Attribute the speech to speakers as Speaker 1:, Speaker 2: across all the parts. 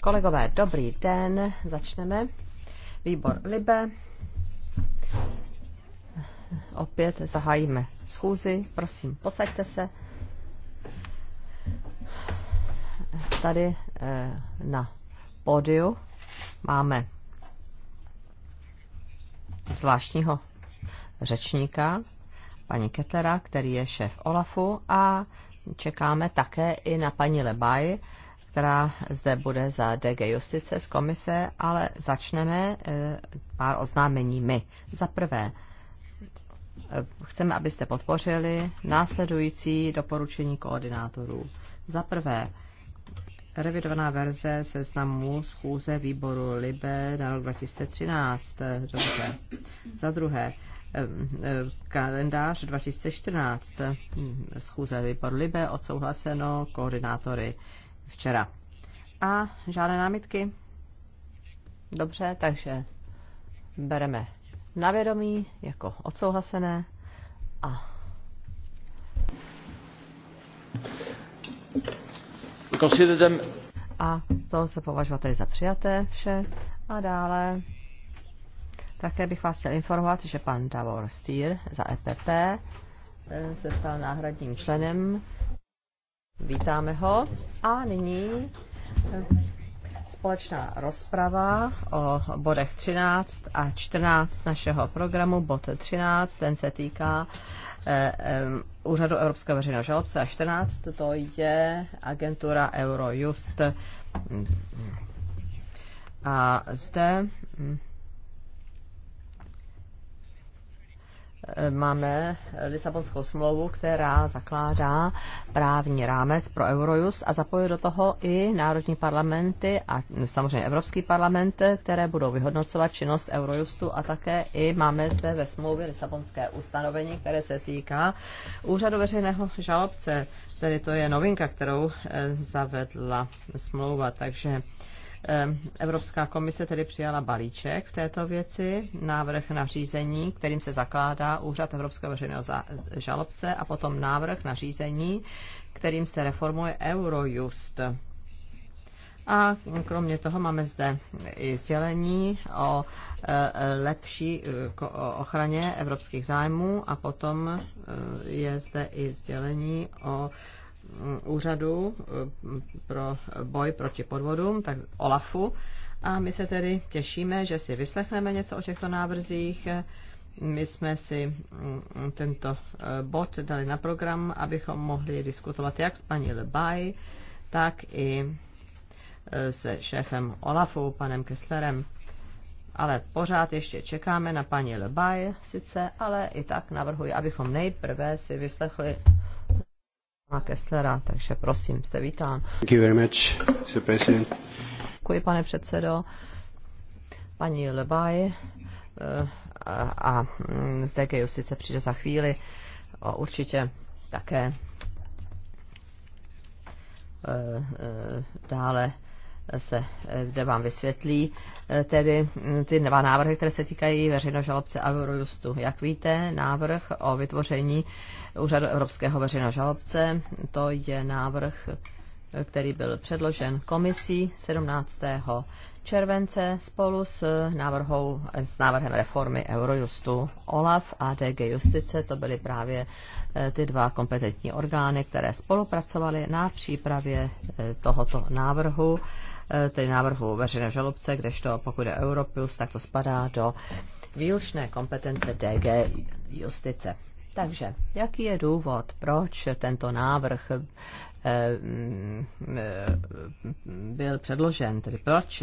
Speaker 1: Kolegové, dobrý den, začneme. Výbor Libe. Opět zahájíme schůzi. Prosím, posaďte se. Tady eh, na pódiu máme zvláštního řečníka, paní Ketlera, který je šéf OLAFu a čekáme také i na paní Lebaj, která zde bude za DG Justice z komise, ale začneme eh, pár oznámení my. Za prvé, eh, chceme, abyste podpořili následující doporučení koordinátorů. Za prvé, revidovaná verze seznamu schůze výboru LIBE na rok 2013. Eh, dobře. Za druhé, kalendář 2014 hmm, schůze výboru LIBE odsouhlaseno koordinátory včera. A žádné námitky? Dobře, takže bereme na vědomí jako odsouhlasené a a to se považovat tedy za přijaté vše. A dále také bych vás chtěl informovat, že pan Davor Stier za EPP eh, se stal náhradním členem Vítáme ho. A nyní eh, společná rozprava o bodech 13 a 14 našeho programu. Bod 13, ten se týká eh, eh, Úřadu Evropského veřejného žalobce a 14 to je agentura Eurojust. A zde hm, máme Lisabonskou smlouvu, která zakládá právní rámec pro Eurojust a zapojuje do toho i národní parlamenty a samozřejmě Evropský parlament, které budou vyhodnocovat činnost Eurojustu a také i máme zde ve smlouvě Lisabonské ustanovení, které se týká úřadu veřejného žalobce. Tedy to je novinka, kterou eh, zavedla smlouva, takže Evropská komise tedy přijala balíček v této věci, návrh na řízení, kterým se zakládá Úřad Evropského veřejného žalobce a potom návrh na řízení, kterým se reformuje Eurojust. A kromě toho máme zde i sdělení o e, lepší e, ochraně evropských zájmů a potom e, je zde i sdělení o Eh, úřadu eh, pro boj proti podvodům, tak OLAFu. A my se tedy těšíme, že si vyslechneme něco o těchto návrzích. My jsme si mm, tento eh, bod dali na program, abychom mohli diskutovat jak s paní Lebaj, tak i se šéfem Olafu, panem Kesslerem. Ale pořád ještě čekáme na paní Lebaj sice, ale i tak navrhuji, abychom nejprve si vyslechli Kesslera, takže prosím, jste vítán.
Speaker 2: Thank you very much, President.
Speaker 1: Děkuji, pane předsedo. Paní Lebaj eh, a, a ke Justice přijde za chvíli. A určitě také eh, eh, dále se, kde vám vysvětlí eh, tedy mm, ty dva návrhy, které se týkají veřejnožalobce a Eurojustu. Jak víte, návrh o vytvoření úřadu Evropského veřejnožalobce, to je návrh, který byl předložen komisí 17. července spolu s, návrhou, s návrhem reformy Eurojustu OLAF a DG Justice. To byly právě eh, ty dva kompetentní orgány, které spolupracovaly na přípravě eh, tohoto návrhu Eh, tedy návrhu veřejné žalobce, kdežto pokud je Europius, tak to spadá do výlučné kompetence DG justice. Takže jaký je důvod, proč tento návrh eh, mm, eh, byl předložen, tedy proč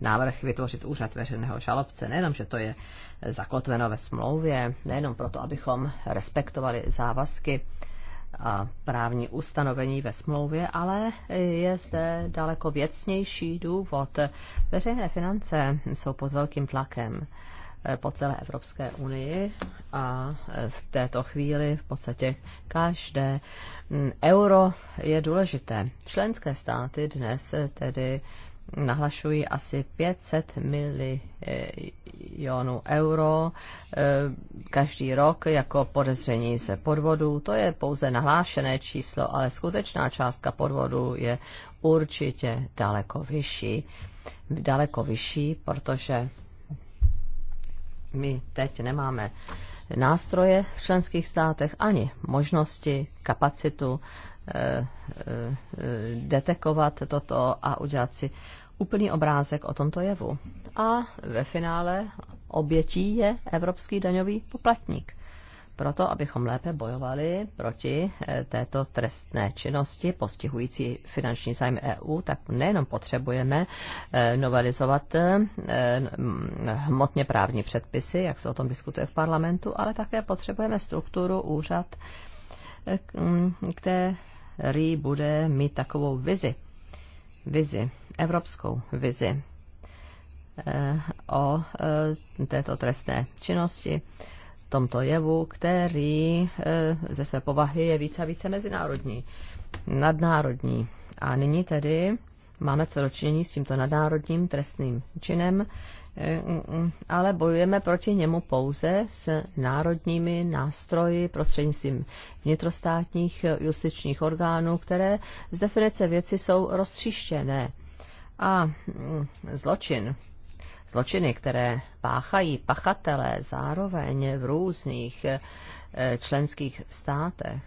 Speaker 1: návrh vytvořit úřad veřejného žalobce, nejenom, že to je zakotveno ve smlouvě, nejenom proto, abychom respektovali závazky a právní ustanovení ve smlouvě, ale je zde daleko věcnější důvod. Veřejné finance jsou pod velkým tlakem eh, po celé Evropské unii a eh, v této chvíli v podstatě každé mm, euro je důležité. Členské státy dnes tedy nahlašují asi 500 milionů euro eh, každý rok jako podezření ze podvodu. To je pouze nahlášené číslo, ale skutečná částka podvodu je určitě daleko vyšší. Daleko vyšší, protože my teď nemáme nástroje v členských státech ani možnosti, kapacitu eh, eh, detekovat toto a udělat si úplný obrázek o tomto jevu. A ve finále obětí je evropský daňový poplatník. Proto, abychom lépe bojovali proti eh, této trestné činnosti postihující finanční zájmy EU, tak nejenom potřebujeme eh, novelizovat eh, hmotně právní předpisy, jak se o tom diskutuje v parlamentu, ale také potřebujeme strukturu úřad, který bude mít takovou vizi. Vizi evropskou vizi eh, o eh, této trestné činnosti, tomto jevu, který eh, ze své povahy je více a více mezinárodní, nadnárodní. A nyní tedy máme co dočinění s tímto nadnárodním trestným činem, ale bojujeme proti němu pouze s národními nástroji prostřednictvím vnitrostátních justičních orgánů, které z definice věci jsou roztříštěné a mm, zločin, zločiny, které páchají pachatelé zároveň v různých eh, členských státech,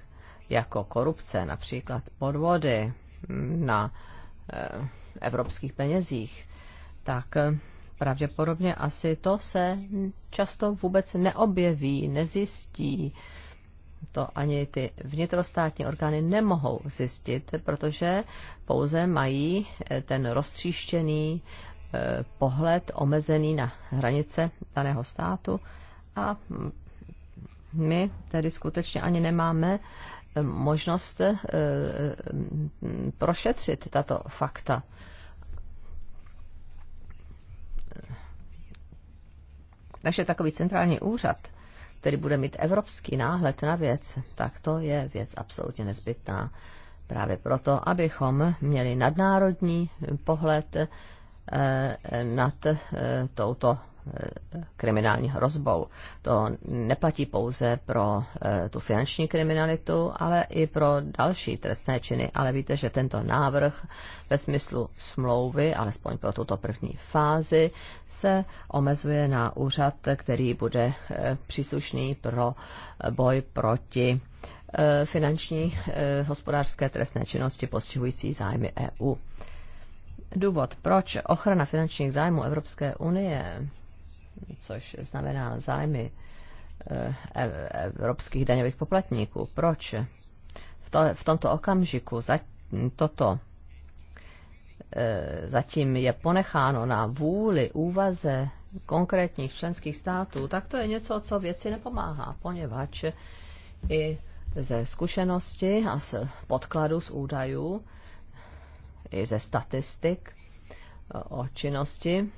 Speaker 1: jako korupce, například podvody mm, na eh, evropských penězích, tak eh, pravděpodobně asi to se často vůbec neobjeví, nezjistí, to ani ty vnitrostátní orgány nemohou zjistit, protože pouze mají eh, ten roztříštěný eh, pohled omezený na hranice daného státu a hm, my tedy skutečně ani nemáme eh, možnost hm, prošetřit tato fakta. Takže takový centrální úřad který bude mít evropský náhled na věc, tak to je věc absolutně nezbytná. Právě proto, abychom měli nadnárodní pohled eh, nad eh, touto kriminální hrozbou. To neplatí pouze pro eh, tu finanční kriminalitu, ale i pro další trestné činy. Ale víte, že tento návrh ve smyslu smlouvy, alespoň pro tuto první fázi, se omezuje na úřad, který bude eh, příslušný pro eh, boj proti finanční hospodářské trestné činnosti postihující zájmy EU důvod, proč ochrana finančních zájmů Evropské unie což znamená zájmy eh, evropských daňových poplatníků. Proč v, to, v tomto okamžiku za, toto eh, zatím je ponecháno na vůli, úvaze konkrétních členských států, tak to je něco, co věci nepomáhá, poněvadž i ze zkušenosti a z podkladu, z údajů, i ze statistik eh, o činnosti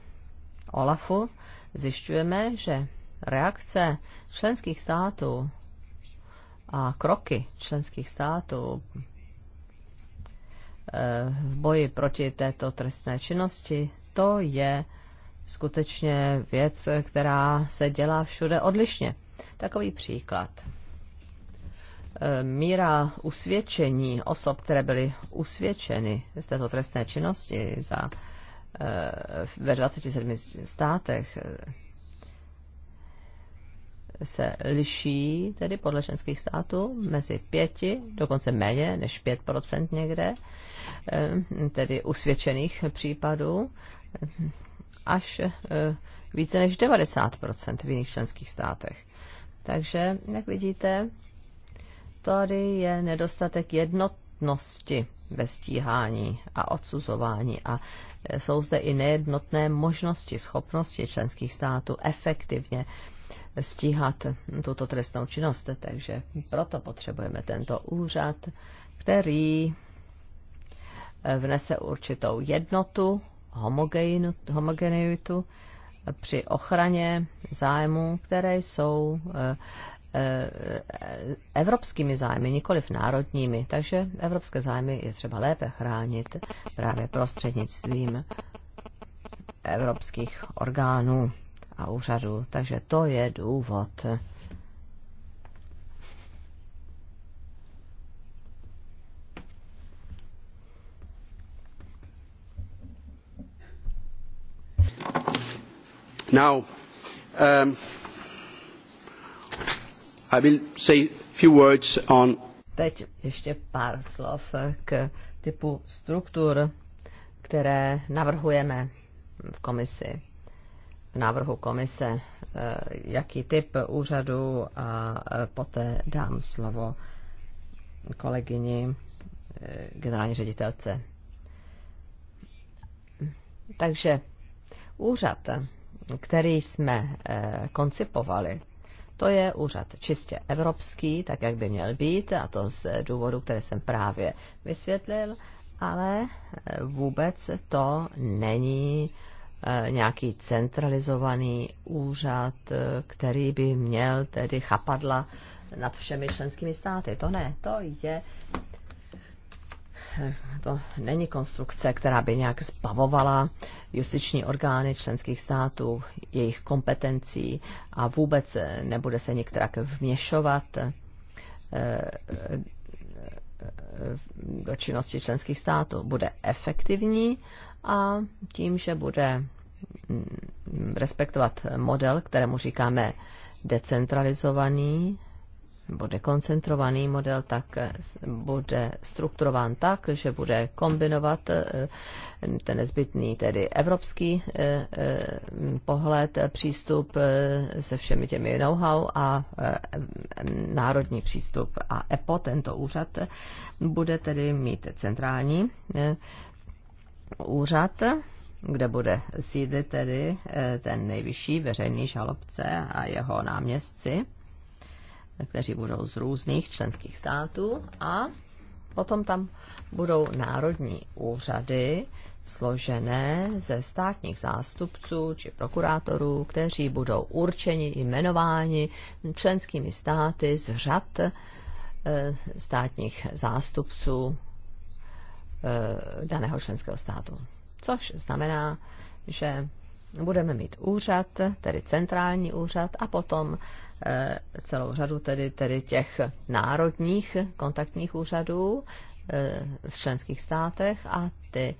Speaker 1: OLAFu zjišťujeme, že reakce členských států a kroky členských států eh, v boji proti této trestné činnosti, to je skutečně věc, která se dělá všude odlišně. Takový příklad. Eh, míra usvědčení osob, které byly usvědčeny z této trestné činnosti za Eh, ve 27 státech eh, se liší tedy podle členských států mezi pěti, dokonce méně než 5% někde, eh, tedy usvědčených případů, až více než 90% v jiných členských státech. Takže, jak vidíte, tady je nedostatek jednot nejednotnosti ve stíhání a odsuzování a e, jsou zde i nejednotné možnosti, schopnosti členských států efektivně stíhat tuto trestnou činnost. Takže proto potřebujeme tento úřad, který e, vnese určitou jednotu, homogenitu při ochraně zájmů, které jsou e, Eh, evropskými zájmy, nikoliv národními. Takže evropské zájmy je třeba lépe chránit právě prostřednictvím evropských orgánů a úřadů. Takže to je důvod.
Speaker 2: Now, um,
Speaker 1: i will say few words on Teď ještě pár slov k typu struktur, které navrhujeme v komisi, v návrhu komise, e, jaký typ úřadu a e, poté dám slovo kolegyni e, generální ředitelce. Takže úřad, který jsme koncipovali, to je úřad čistě evropský, tak jak by měl být, a to z důvodu, které jsem právě vysvětlil, ale e, vůbec to není e, nějaký centralizovaný úřad, e, který by měl tedy chapadla nad všemi členskými státy. To ne, to je to není konstrukce, která by nějak zbavovala justiční orgány členských států jejich kompetencí a vůbec nebude se některak vměšovat eh, eh, do činnosti členských států. Bude efektivní a tím, že bude mm, respektovat model, kterému říkáme decentralizovaný bude koncentrovaný model, tak bude strukturován tak, že bude kombinovat eh, ten nezbytný, tedy evropský eh, eh, pohled, přístup se všemi těmi know-how a národní přístup. A EPO, tento úřad, bude tedy mít centrální úřad, kde bude sídlit tedy ten nejvyšší veřejný žalobce a jeho náměstci kteří budou z různých členských států a potom tam budou národní úřady složené ze státních zástupců či prokurátorů, kteří budou určeni, jmenováni členskými státy z řad eh, státních zástupců eh, daného členského státu. Což znamená, že budeme mít úřad, tedy centrální úřad, a potom Eh, celou řadu tedy, tedy těch národních kontaktních úřadů eh, v členských státech a ty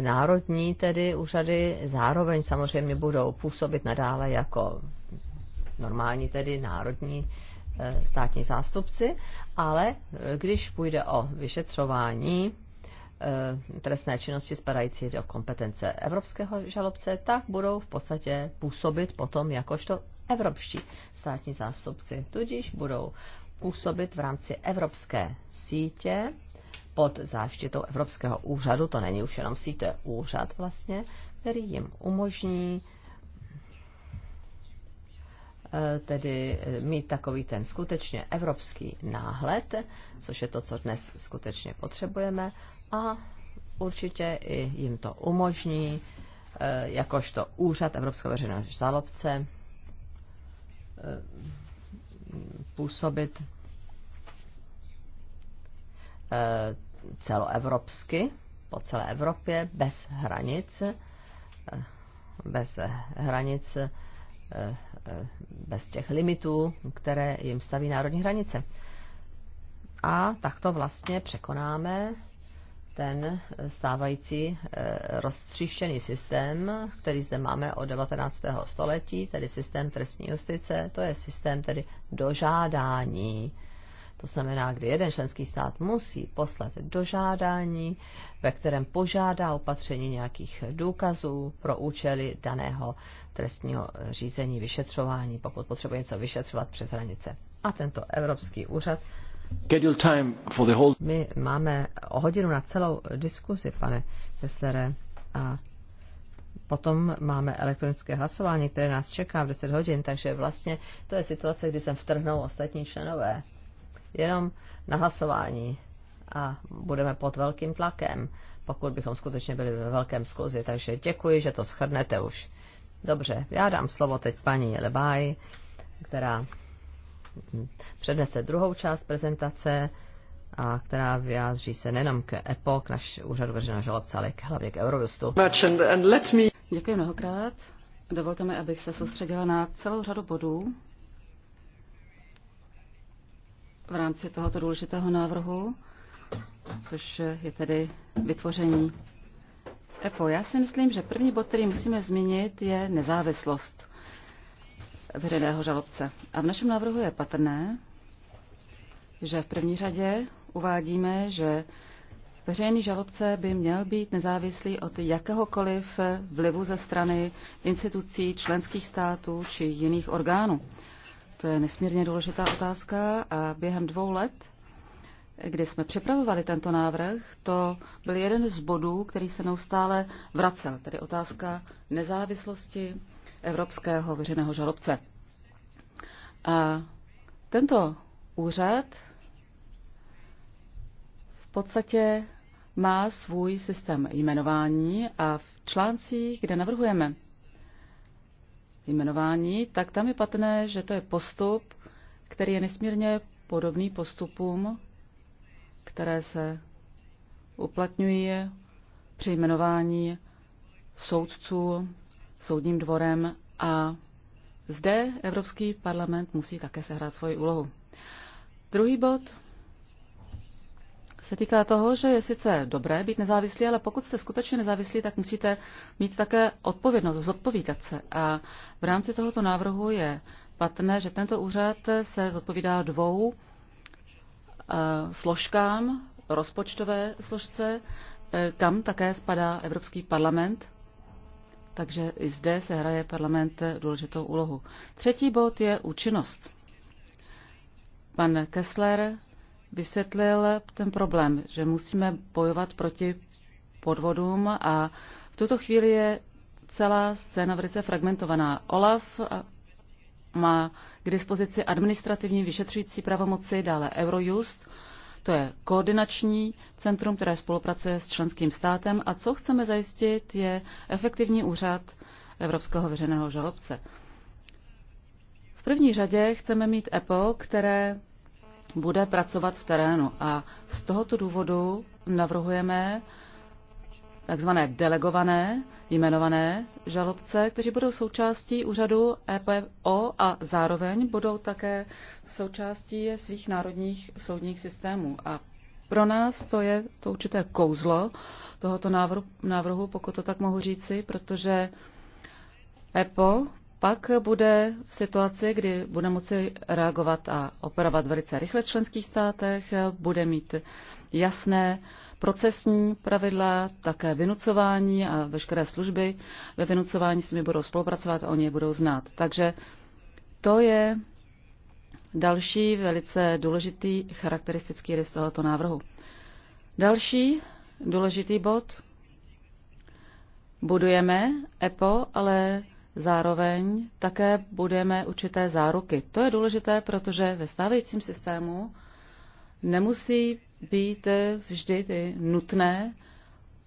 Speaker 1: národní tedy úřady zároveň samozřejmě budou působit nadále jako normální tedy národní eh, státní zástupci, ale když půjde o vyšetřování trestné činnosti spadající do kompetence evropského žalobce, tak budou v podstatě působit potom jakožto evropští státní zástupci, tudíž budou působit v rámci evropské sítě pod záštitou Evropského úřadu, to není už jenom síť, to je úřad vlastně, který jim umožní eh, tedy eh, mít takový ten skutečně evropský náhled, což je to, co dnes skutečně potřebujeme a určitě i jim to umožní eh, jakožto úřad Evropského veřejného žalobce Eh, působit eh, celoevropsky, po celé Evropě, bez hranic, eh, bez hranic, bez těch limitů, které jim staví národní hranice. A takto vlastně překonáme ten stávající eh, roztříštěný systém, který zde máme od 19. století, tedy systém trestní justice, to je systém tedy dožádání. To znamená, kdy jeden členský stát musí poslat dožádání, ve kterém požádá opatření nějakých důkazů pro účely daného trestního řízení, vyšetřování, pokud potřebuje něco vyšetřovat přes hranice. A tento Evropský úřad my máme hodinu na celou diskuzi, pane Kesslere, a potom máme elektronické hlasování, které nás čeká v 10 hodin, takže vlastně to je situace, kdy sem vtrhnou ostatní členové. Jenom na hlasování a budeme pod velkým tlakem, pokud bychom skutečně byli ve velkém skluzi. Takže děkuji, že to schrnete už. Dobře, já dám slovo teď paní Lebaj, která přednese druhou část prezentace, a která vyjádří se nejenom k EPO, k naš úřadu veřejného žalobce, ale k, hlavně k Eurojustu.
Speaker 3: Děkuji mnohokrát. Dovolte mi, abych se soustředila na celou řadu bodů v rámci tohoto důležitého návrhu, což je tedy vytvoření EPO. Já si myslím, že první bod, který musíme zmínit, je nezávislost veřejného žalobce. A v našem návrhu je patrné, že v první řadě uvádíme, že veřejný žalobce by měl být nezávislý od jakéhokoliv vlivu ze strany institucí, členských států či jiných orgánů. To je nesmírně důležitá otázka a během dvou let, kdy jsme připravovali tento návrh, to byl jeden z bodů, který se neustále vracel, tedy otázka nezávislosti evropského veřejného žalobce. A tento úřad v podstatě má svůj systém jmenování a v článcích, kde navrhujeme jmenování, tak tam je patrné, že to je postup, který je nesmírně podobný postupům, které se uplatňují při jmenování soudců soudním dvorem a zde Evropský parlament musí také sehrát svoji úlohu. Druhý bod se týká toho, že je sice dobré být nezávislí, ale pokud jste skutečně nezávislí, tak musíte mít také odpovědnost, zodpovídat se. A v rámci tohoto návrhu je patrné, že tento úřad se zodpovídá dvou eh, složkám, rozpočtové složce, eh, kam také spadá Evropský parlament takže i zde se hraje parlament důležitou úlohu. Třetí bod je účinnost. Pan Kessler vysvětlil ten problém, že musíme bojovat proti podvodům a v tuto chvíli je celá scéna velice fragmentovaná. Olaf má k dispozici administrativní vyšetřující pravomoci, dále Eurojust, to je koordinační centrum, které spolupracuje s členským státem a co chceme zajistit je efektivní úřad Evropského veřejného žalobce. V první řadě chceme mít EPO, které bude pracovat v terénu a z tohoto důvodu navrhujeme takzvané delegované, jmenované žalobce, kteří budou součástí úřadu EPO a zároveň budou také součástí svých národních soudních systémů. A pro nás to je to určité kouzlo tohoto návrhu, návrhu pokud to tak mohu říci, protože EPO pak bude v situaci, kdy bude moci reagovat a operovat velice rychle v členských státech, bude mít jasné procesní pravidla, také vynucování a veškeré služby ve vynucování s nimi budou spolupracovat a oni je budou znát. Takže to je další velice důležitý charakteristický rys tohoto návrhu. Další důležitý bod. Budujeme EPO, ale zároveň také budeme určité záruky. To je důležité, protože ve stávajícím systému nemusí být vždy ty nutné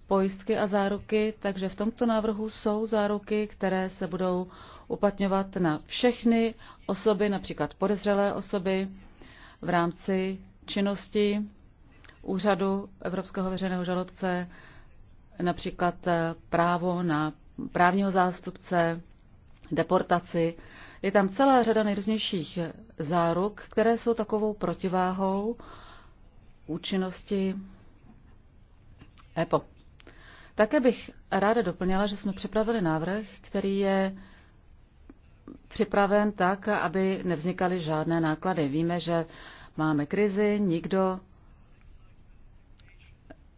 Speaker 3: pojistky a záruky, takže v tomto návrhu jsou záruky, které se budou uplatňovat na všechny osoby, například podezřelé osoby v rámci činnosti úřadu Evropského veřejného žalobce, například eh, právo na právního zástupce, deportaci. Je tam celá řada nejrůznějších eh, záruk, které jsou takovou protiváhou účinnosti EPO. Také bych ráda doplnila, že jsme připravili návrh, který je připraven tak, aby nevznikaly žádné náklady. Víme, že máme krizi, nikdo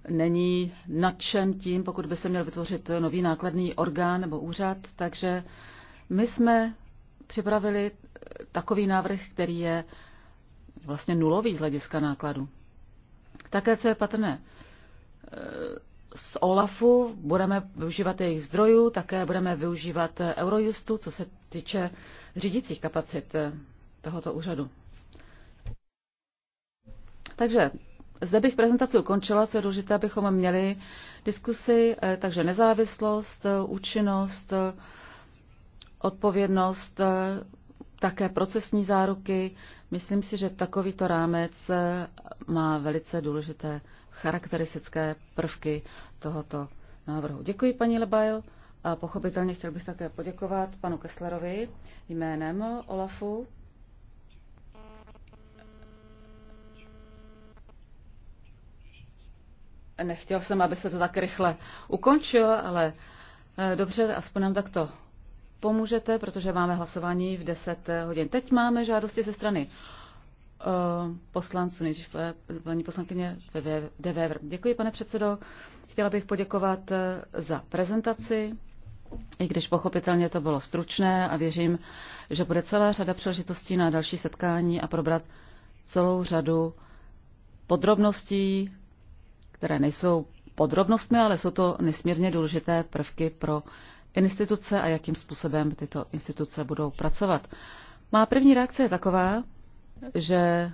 Speaker 3: není nadšen tím, pokud by se měl vytvořit nový nákladný orgán nebo úřad, takže my jsme připravili takový návrh, který je vlastně nulový z hlediska nákladu. Také, co je patrné, eh, z OLAFu budeme využívat jejich zdrojů, také budeme využívat eh, Eurojustu, co se týče řídících kapacit eh, tohoto úřadu. Takže zde bych prezentaci ukončila, co je důležité, abychom měli diskusy, takže nezávislost, účinnost, odpovědnost, také procesní záruky. Myslím si, že takovýto rámec eh, má velice důležité charakteristické prvky tohoto návrhu. Děkuji, paní Lebail. A pochopitelně chtěl bych také poděkovat panu Kesslerovi jménem Olafu. Nechtěl jsem, aby se to tak rychle ukončilo, ale eh, dobře, aspoň nám takto pomůžete, protože máme hlasování v 10 eh, hodin. Teď máme žádosti ze strany eh, poslanců, nejdřív eh, paní poslankyně Devevr. Děkuji, pane předsedo. Chtěla bych poděkovat za prezentaci, i když pochopitelně to bylo stručné a věřím, že bude celá řada příležitostí na další setkání a probrat celou řadu podrobností, které nejsou podrobnostmi, ale jsou to nesmírně důležité prvky pro instituce a jakým způsobem tyto instituce budou pracovat. Má první reakce je taková, že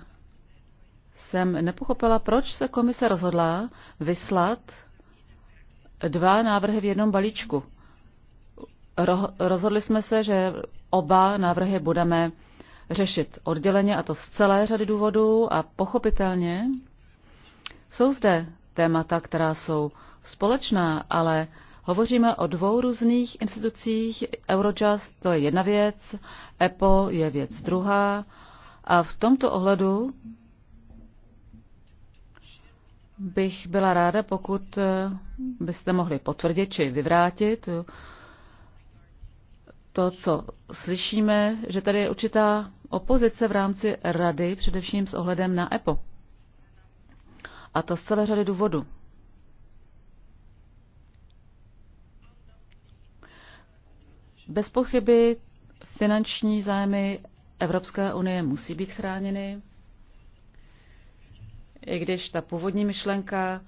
Speaker 3: jsem nepochopila, proč se komise rozhodla vyslat dva návrhy v jednom balíčku. Ro- rozhodli jsme se, že oba návrhy budeme řešit odděleně, a to z celé řady důvodů a pochopitelně jsou zde témata, která jsou společná, ale Hovoříme o dvou různých institucích. Eurojust to je jedna věc, EPO je věc druhá. A v tomto ohledu bych byla ráda, pokud byste mohli potvrdit či vyvrátit to, co slyšíme, že tady je určitá opozice v rámci rady, především s ohledem na EPO. A to z celé řady důvodů. Bez pochyby finanční zájmy Evropské unie musí být chráněny, i když ta původní myšlenka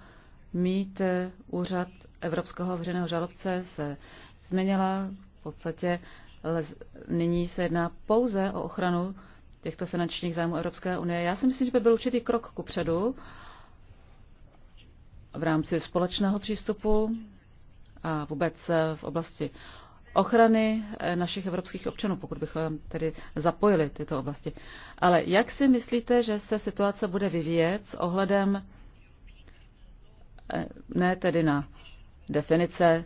Speaker 3: mít eh, úřad Evropského veřejného žalobce se změnila. V podstatě nyní se jedná pouze o ochranu těchto finančních zájmů Evropské unie. Já si myslím, že by byl určitý krok ku předu v rámci společného přístupu a vůbec eh, v oblasti ochrany eh, našich evropských občanů, pokud bychom tedy zapojili tyto oblasti. Ale jak si myslíte, že se situace bude vyvíjet s ohledem eh, ne tedy na definice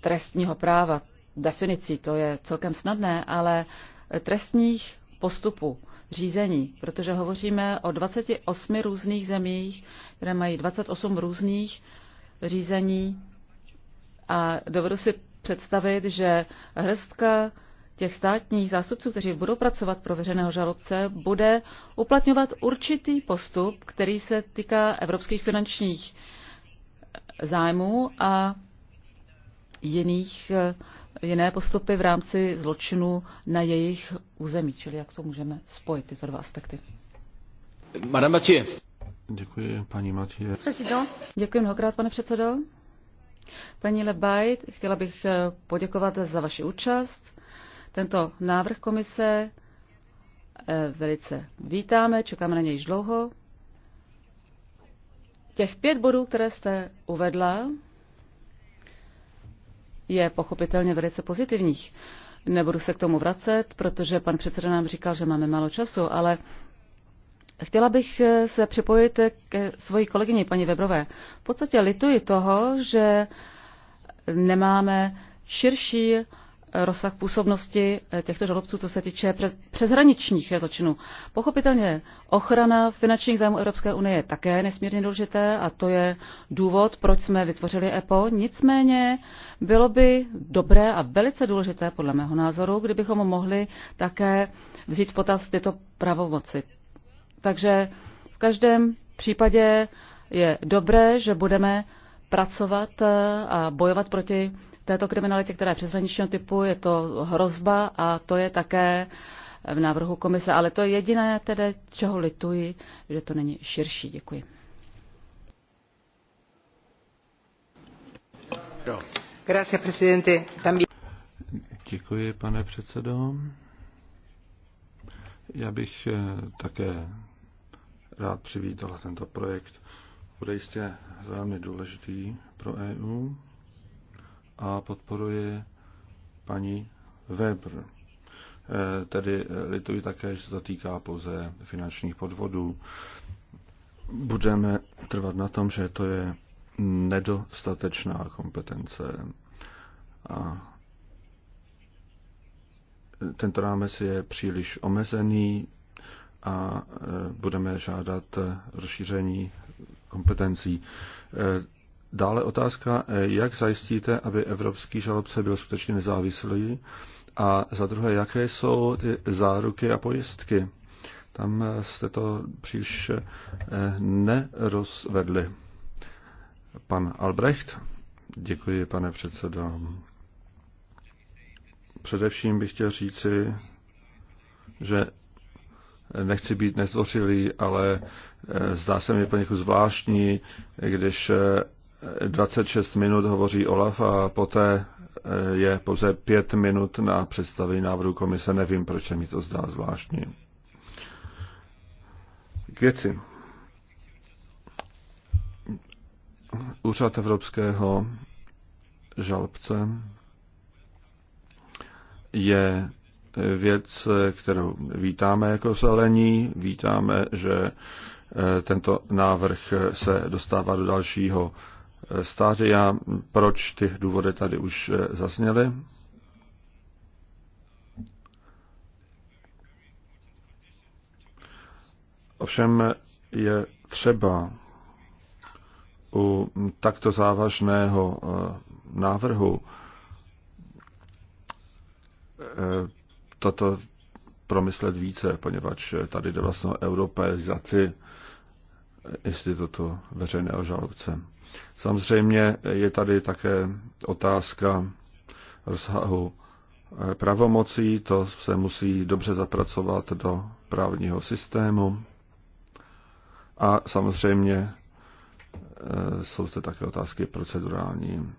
Speaker 3: trestního práva, definicí to je celkem snadné, ale trestních postupů, řízení, protože hovoříme o 28 různých zemích, které mají 28 různých řízení a dovedu si představit, že hrstka těch státních zástupců, kteří budou pracovat pro veřejného žalobce, bude uplatňovat určitý postup, který se týká evropských finančních zájmů a jiných, jiné postupy v rámci zločinu na jejich území. Čili jak to můžeme spojit, tyto dva aspekty.
Speaker 2: Madame Mathieu. Děkuji, paní Mathieu.
Speaker 3: Děkuji mnohokrát, pane předsedo. Paní Lebajt, chtěla bych eh, poděkovat za vaši účast. Tento návrh komise eh, velice vítáme, čekáme na něj již dlouho. Těch pět bodů, které jste uvedla, je pochopitelně velice pozitivních. Nebudu se k tomu vracet, protože pan předseda nám říkal, že máme málo času, ale Chtěla bych eh, se připojit eh, k svoji kolegyni, paní Webrové. V podstatě lituji toho, že nemáme širší eh, rozsah působnosti těchto žalobců, co se týče přes, přeshraničních zločinů. Pochopitelně ochrana finančních zájmů Evropské unie je také nesmírně důležité a to je důvod, proč jsme vytvořili EPO. Nicméně bylo by dobré a velice důležité, podle mého názoru, kdybychom mohli také vzít v potaz tyto pravomoci. Takže v každém případě je dobré, že budeme pracovat eh, a bojovat proti této kriminalitě, která je přeshraničního typu, je to hrozba a to je také v návrhu komise. Ale to je jediné, tedy, čeho lituji, že to není širší. Děkuji.
Speaker 2: Děkuji, pane předsedo. Já bych eh, také rád přivítal tento projekt. Bude jistě velmi důležitý pro EU a podporuje paní Weber. E, tedy e, lituji také, že se to týká pouze finančních podvodů. Budeme trvat na tom, že to je nedostatečná kompetence. A tento rámec je příliš omezený, a e, budeme žádat e, rozšíření kompetencí. E, dále otázka, jak zajistíte, aby evropský žalobce byl skutečně nezávislý a za druhé, jaké jsou ty záruky a pojistky. Tam jste to příliš nerozvedli. Pan Albrecht, děkuji, pane předsedo. Především bych chtěl říci, že nechci být nezdvořilý, ale eh, zdá se mi poněkud zvláštní, když 26 eh, minut hovoří Olaf a poté eh, je pouze 5 minut na představení návrhu komise. Nevím, proč se mi to zdá zvláštní. K věci. Úřad Evropského žalobce je věc, kterou vítáme jako zelení. Vítáme, že eh, tento návrh se dostává do dalšího eh, Já Proč ty důvody tady už eh, zazněly? Ovšem je třeba u takto závažného návrhu toto promyslet více, poněvadž tady jde vlastně o europeizaci institutu veřejného žalobce. Samozřejmě je tady také otázka rozsahu eh, pravomocí, to se musí dobře zapracovat do právního systému. A samozřejmě eh, jsou zde také otázky procedurální.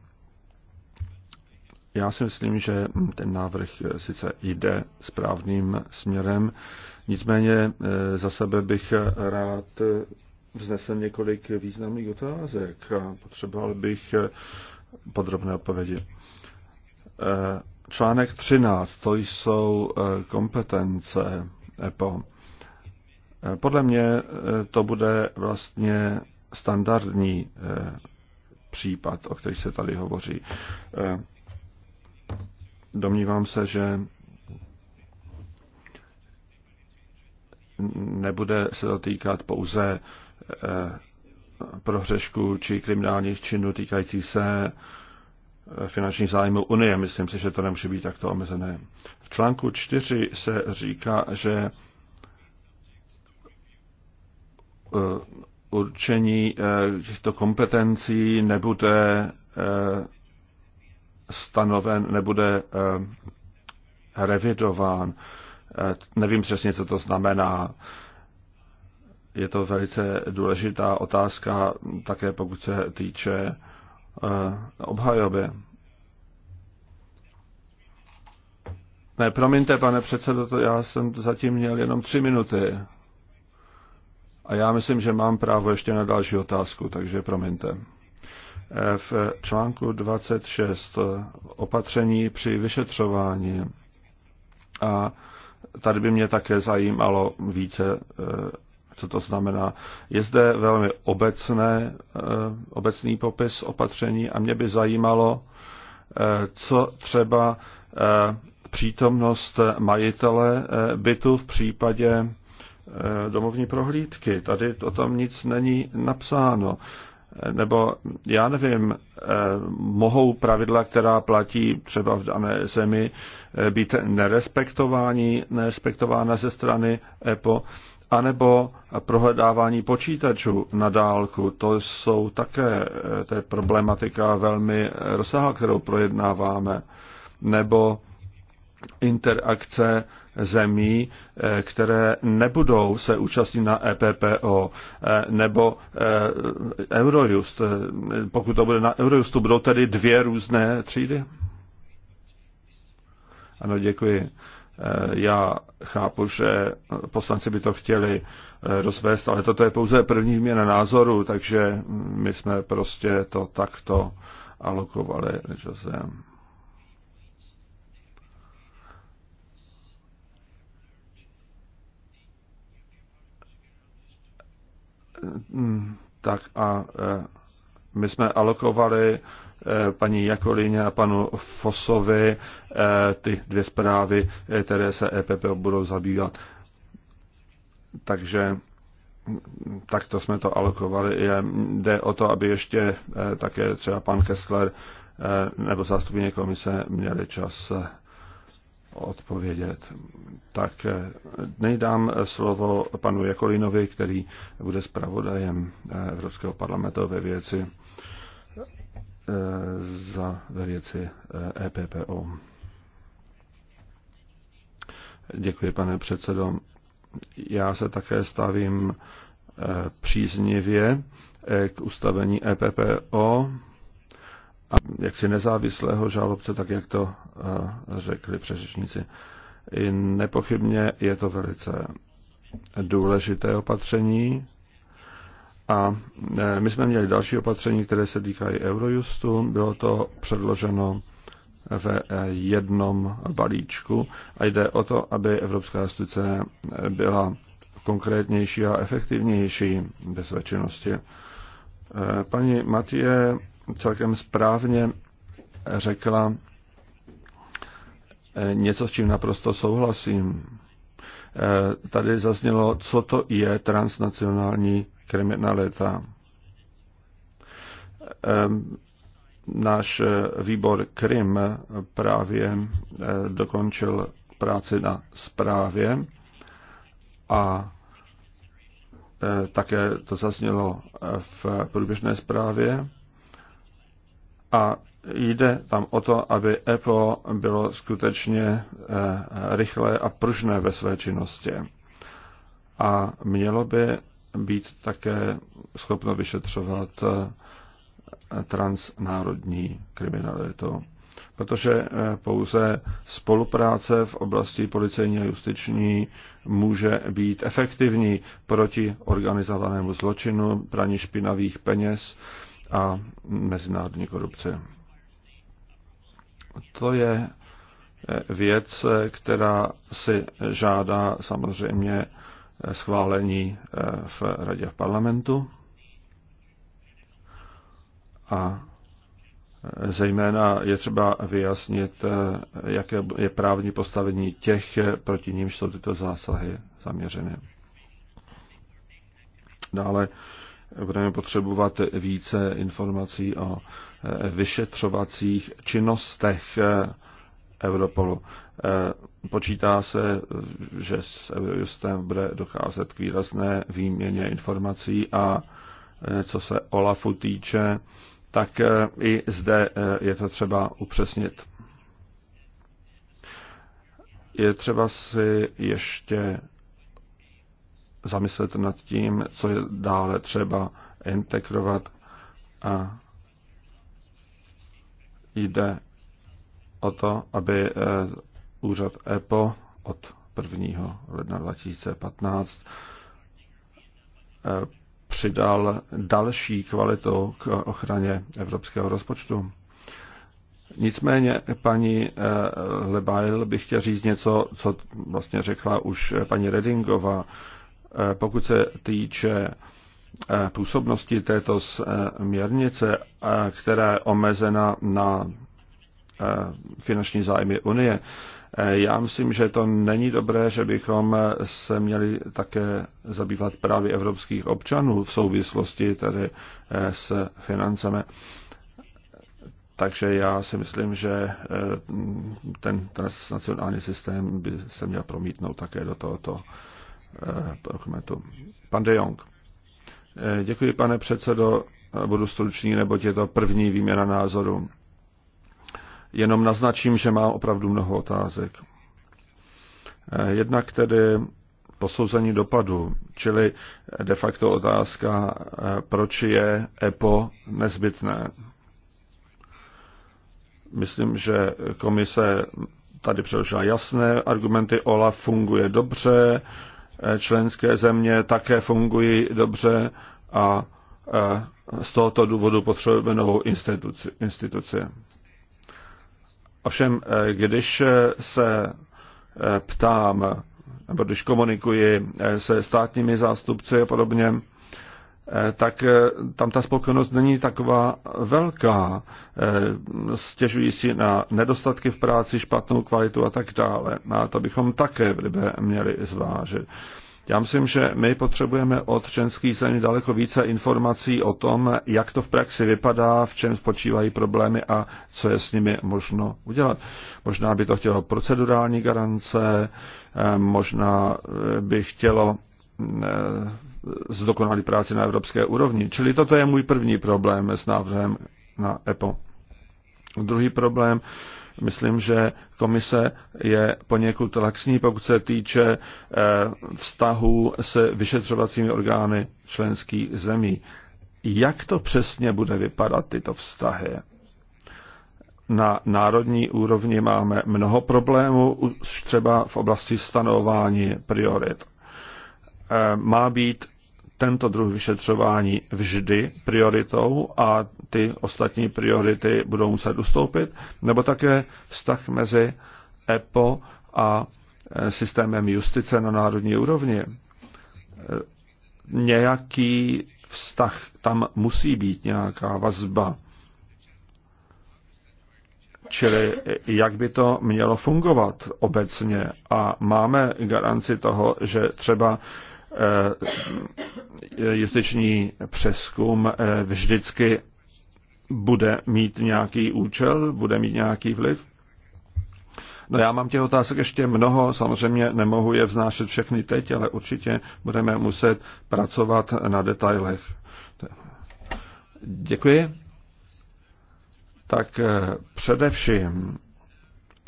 Speaker 2: Já si myslím, že ten návrh eh, sice jde správným směrem, nicméně eh, za sebe bych eh, rád vznesl několik významných otázek a potřeboval bych podrobné odpovědi. Článek 13, to jsou kompetence EPO. Podle mě to bude vlastně standardní případ, o který se tady hovoří. Domnívám se, že nebude se dotýkat pouze eh, prohřešku či kriminálních činů týkající se eh, finančních zájmů Unie. Myslím si, že to nemůže být takto omezené. V článku 4 se říká, že eh, určení těchto kompetencí nebude stanoven, nebude eh, revidován. Eh, nevím přesně, co to znamená. Je to velice důležitá otázka, také pokud se týče eh, obhajoby. Ne, promiňte, pane předsedo, to já jsem zatím měl jenom tři minuty. A já myslím, že mám právo ještě na další otázku, takže promiňte v článku 26 opatření při vyšetřování. A tady by mě také zajímalo více, eh, co to znamená. Je zde velmi obecné, eh, obecný popis opatření a mě by zajímalo, eh, co třeba přítomnost majitele bytu v případě domovní prohlídky. Tady o tom nic není napsáno nebo já nevím, eh, mohou pravidla, která platí třeba v dané zemi, eh, být nerespektování, nerespektována ze strany EPO, anebo prohledávání počítačů na dálku. To jsou také, eh, to je problematika velmi rozsáhlá, kterou projednáváme. Nebo interakce zemí, eh, které nebudou se účastnit na EPPO eh, nebo eh, Eurojust. Pokud to bude na Eurojustu, budou tedy dvě různé třídy? Ano, děkuji. Já chápu, že poslanci by to chtěli rozvést, ale toto je pouze první změna názoru, takže my jsme prostě to takto alokovali Jsem... Mm, tak a e, my jsme alokovali e, paní Jakolině a panu Fosovi e, ty dvě zprávy, které se EPP budou zabývat. Takže mm, tak to jsme to alokovali. Jde o to, aby ještě také třeba pan Kessler nebo zástupně komise měli čas odpovědět. Tak eh, nejdám slovo panu Jakolinovi, který bude zpravodajem eh, Evropského parlamentu ve věci eh, za ve věci EPPO. E Děkuji, pane předsedo. Já se také stavím příznivě k ustavení EPPO a jaksi nezávislého žalobce, tak jak to eh, řekli přeřečníci. I nepochybně je to velice důležité opatření. A eh, my jsme měli další opatření, které se týkají Eurojustu. Bylo to předloženo ve eh, jednom balíčku a jde o to, aby Evropská instituce byla konkrétnější a efektivnější ve své činnosti. Paní Matie celkem správně řekla eh, něco, s čím naprosto souhlasím. Eh, tady zaznělo, co to je transnacionální kriminalita. Eh, náš výbor Krim právě dokončil práci na zprávě a také to zaznělo v průběžné zprávě. A jde tam o to, aby EPO bylo skutečně eh, rychlé a pružné ve své činnosti. A mělo by být také schopno vyšetřovat eh, transnárodní kriminalitu. Protože eh, pouze spolupráce v oblasti policejní a justiční může být efektivní proti organizovanému zločinu, praní špinavých peněz, a mezinárodní korupce. To je eh, věc, eh, která si žádá samozřejmě eh, schválení v radě v parlamentu a zejména je třeba vyjasnit, jaké je právní postavení těch, proti nímž jsou tyto zásahy zaměřeny. Dále budeme potřebovat více informací o e, vyšetřovacích činnostech e, Europolu. E, počítá se, že s Eurojustem bude docházet k výrazné výměně informací a co se OLAFu týče, tak i zde je to třeba upřesnit. Je třeba si ještě zamyslet nad tím, co je dále třeba integrovat a jde o to, aby eh, úřad EPO od 1. ledna 2015 eh, přidal další kvalitu k ochraně evropského rozpočtu. Nicméně paní eh, Lebail bych chtěl říct něco, co vlastně řekla už paní Redingová. Eh, pokud se týče eh, působnosti této směrnice, eh, která je omezena na finanční zájmy Unie, já myslím, že to není dobré, že bychom se měli také zabývat právě evropských občanů v souvislosti tedy s financemi. Takže já si myslím, že ten transnacionální systém by se měl promítnout také do tohoto Pan De Jong. Eh, děkuji, pane předsedo. Budu stručný, neboť je to první výměna názoru. Jenom naznačím, že mám opravdu mnoho otázek. Eh, jednak tedy posouzení dopadu, čili de facto otázka, eh, proč je EPO nezbytné. Myslím, že komise tady předložila jasné argumenty, Ola funguje dobře, členské země také fungují dobře a e, z tohoto důvodu potřebujeme novou instituci. instituci. Ovšem, e, když se e, ptám, nebo když komunikuji se státními zástupci a podobně, Eh, tak eh, tam ta spokojenost není taková velká. Eh, stěžují si na nedostatky v práci, špatnou kvalitu a tak dále. A to bychom také v Libe měli zvážit. Já myslím, že my potřebujeme od členských zemí daleko více informací o tom, jak to v praxi vypadá, v čem spočívají problémy a co je s nimi možno udělat. Možná by to chtělo procedurální garance, možná by chtělo zdokonalí práci na evropské úrovni. Čili toto je můj první problém s návrhem na EPO. Druhý problém, myslím, že komise je poněkud laxní, pokud se týče eh, vztahu se vyšetřovacími orgány členských zemí. Jak to přesně bude vypadat, tyto vztahy? Na národní úrovni máme mnoho problémů, už třeba v oblasti stanovování priorit. Eh, má být tento druh vyšetřování vždy prioritou a ty ostatní priority budou muset ustoupit, nebo také vztah mezi EPO a eh, systémem justice na národní úrovni. Eh, nějaký vztah tam musí být, nějaká vazba. Čili jak by to mělo fungovat obecně a máme garanci toho, že třeba Eh, eh, justiční přeskum eh, vždycky bude mít nějaký účel, bude mít nějaký vliv? No já mám těch otázek ještě mnoho, samozřejmě nemohu je vznášet všechny teď, ale určitě budeme muset pracovat na detailech. Děkuji. Tak především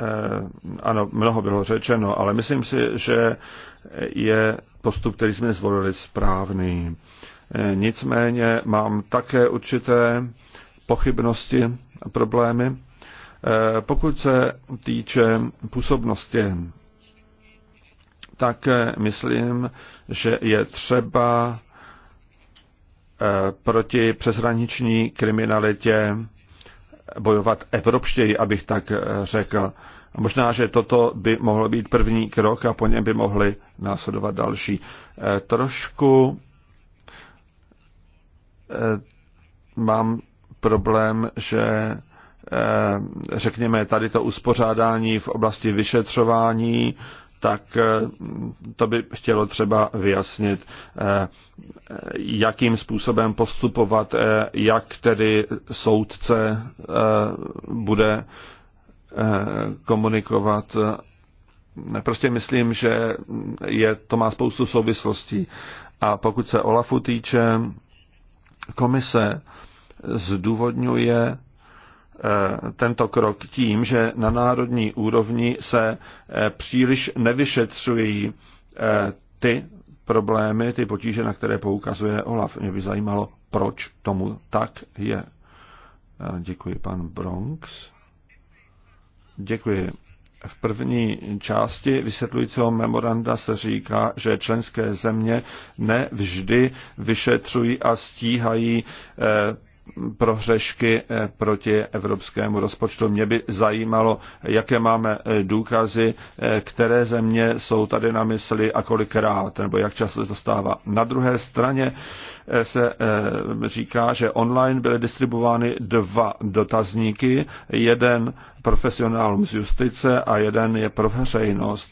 Speaker 2: Eh, ano, mnoho bylo řečeno, ale myslím si, že je postup, který jsme zvolili, správný. Eh, nicméně mám také určité pochybnosti a problémy. Eh, pokud se týče působnosti, tak myslím, že je třeba proti přeshraniční kriminalitě bojovat evropštěji, abych tak eh, řekl. Možná, že toto by mohl být první krok a po něm by mohly následovat další. Eh, trošku eh, mám problém, že řekněme tady to uspořádání v oblasti vyšetřování tak eh, to by chtělo třeba vyjasnit, eh, jakým způsobem postupovat, eh, jak tedy soudce bude komunikovat. Prostě myslím, že je, to má spoustu souvislostí. A pokud se Olafu týče, komise zdůvodňuje Eh, tento krok tím, že na národní úrovni se eh, příliš nevyšetřují eh, ty problémy, ty potíže, na které poukazuje Olaf. Mě by zajímalo, proč tomu tak je. Děkuji, pan Bronx. Děkuji. V první části vysvětlujícího memoranda se říká, že členské země nevždy vyšetřují a stíhají prohřešky eh, proti evropskému rozpočtu. Mě by zajímalo, jaké máme eh, důkazy, eh, které země jsou tady na mysli a kolikrát, nebo jak často se dostává. Na druhé straně se říká, že online byly distribuovány dva dotazníky, jeden profesionálům z justice a jeden je pro veřejnost.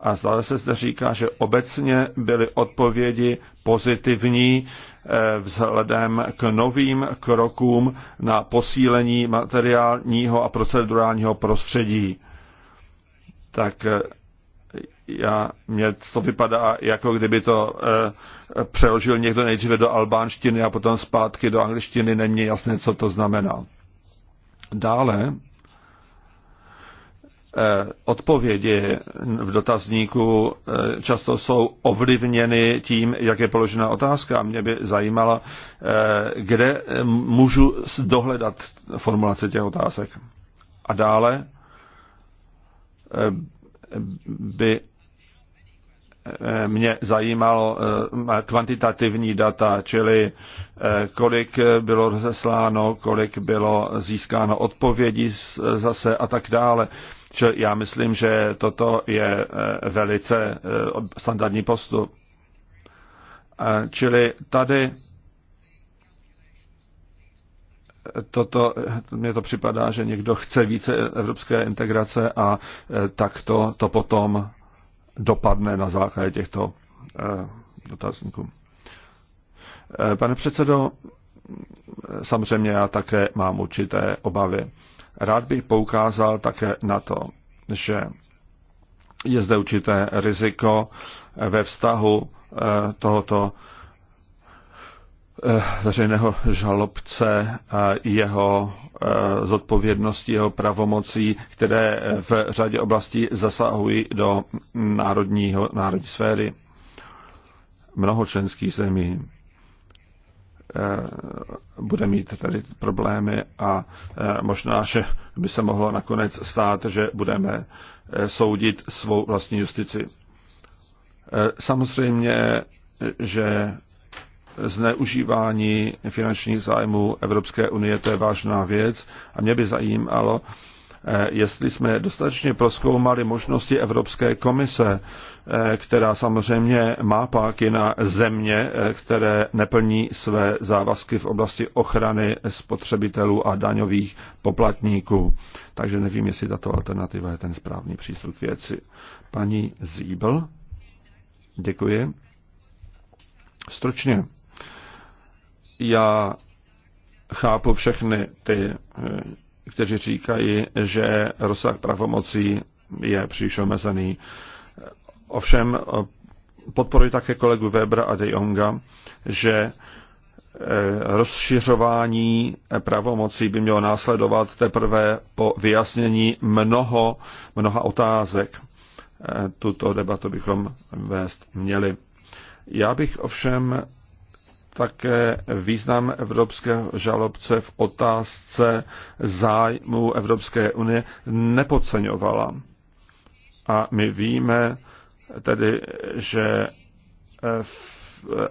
Speaker 2: A zase se zde říká, že obecně byly odpovědi pozitivní, vzhledem k novým krokům na posílení materiálního a procedurálního prostředí. Tak eh, já, mě to vypadá, jako kdyby to eh, přeložil někdo nejdříve do albánštiny a potom zpátky do angličtiny, není jasné, co to znamená. Dále Eh, odpovědi v dotazníku eh, často jsou ovlivněny tím, jak je položena otázka. Mě by zajímalo, eh, kde můžu dohledat formulace těch otázek. A dále by mě zajímalo kvantitativní data, čili kolik bylo rozesláno, kolik bylo získáno odpovědí zase a tak dále. Čili já myslím, že toto je eh, velice eh, standardní postup. Eh, čili tady toto, mně to připadá, že někdo chce více evropské integrace a tak to, to potom dopadne na základě těchto dotazníků. Pane předsedo, samozřejmě já také mám určité obavy. Rád bych poukázal také na to, že je zde určité riziko eh, ve vztahu eh, tohoto eh, veřejného žalobce a jeho zodpovědnosti, jeho pravomocí, které v řadě oblastí zasahují do národního, národní sféry. Mnoho členských zemí Eh, bude mít tady problémy a eh, možná, že by se mohlo nakonec stát, že budeme eh, soudit svou vlastní justici. Samozřejmě, že zneužívání finančních zájmů Evropské unie, to je vážná věc a mě by zajímalo, Eh, jestli jsme dostatečně proskoumali možnosti Evropské komise, eh, která samozřejmě má páky na země, eh, které neplní své závazky v oblasti ochrany spotřebitelů a daňových poplatníků. Takže nevím, jestli tato alternativa je ten správný přístup věci. Paní Zíbel, děkuji. Stručně. Já chápu všechny ty kteří říkají, že rozsah pravomocí je příliš omezený. Ovšem podporuji také kolegu Webera a De Jonga, že eh, rozšiřování pravomocí by mělo následovat teprve po vyjasnění mnoho, mnoha otázek. Eh, tuto debatu bychom vést měli. Já bych ovšem také význam evropského žalobce v otázce zájmu Evropské unie nepodceňovala. A my víme tedy, že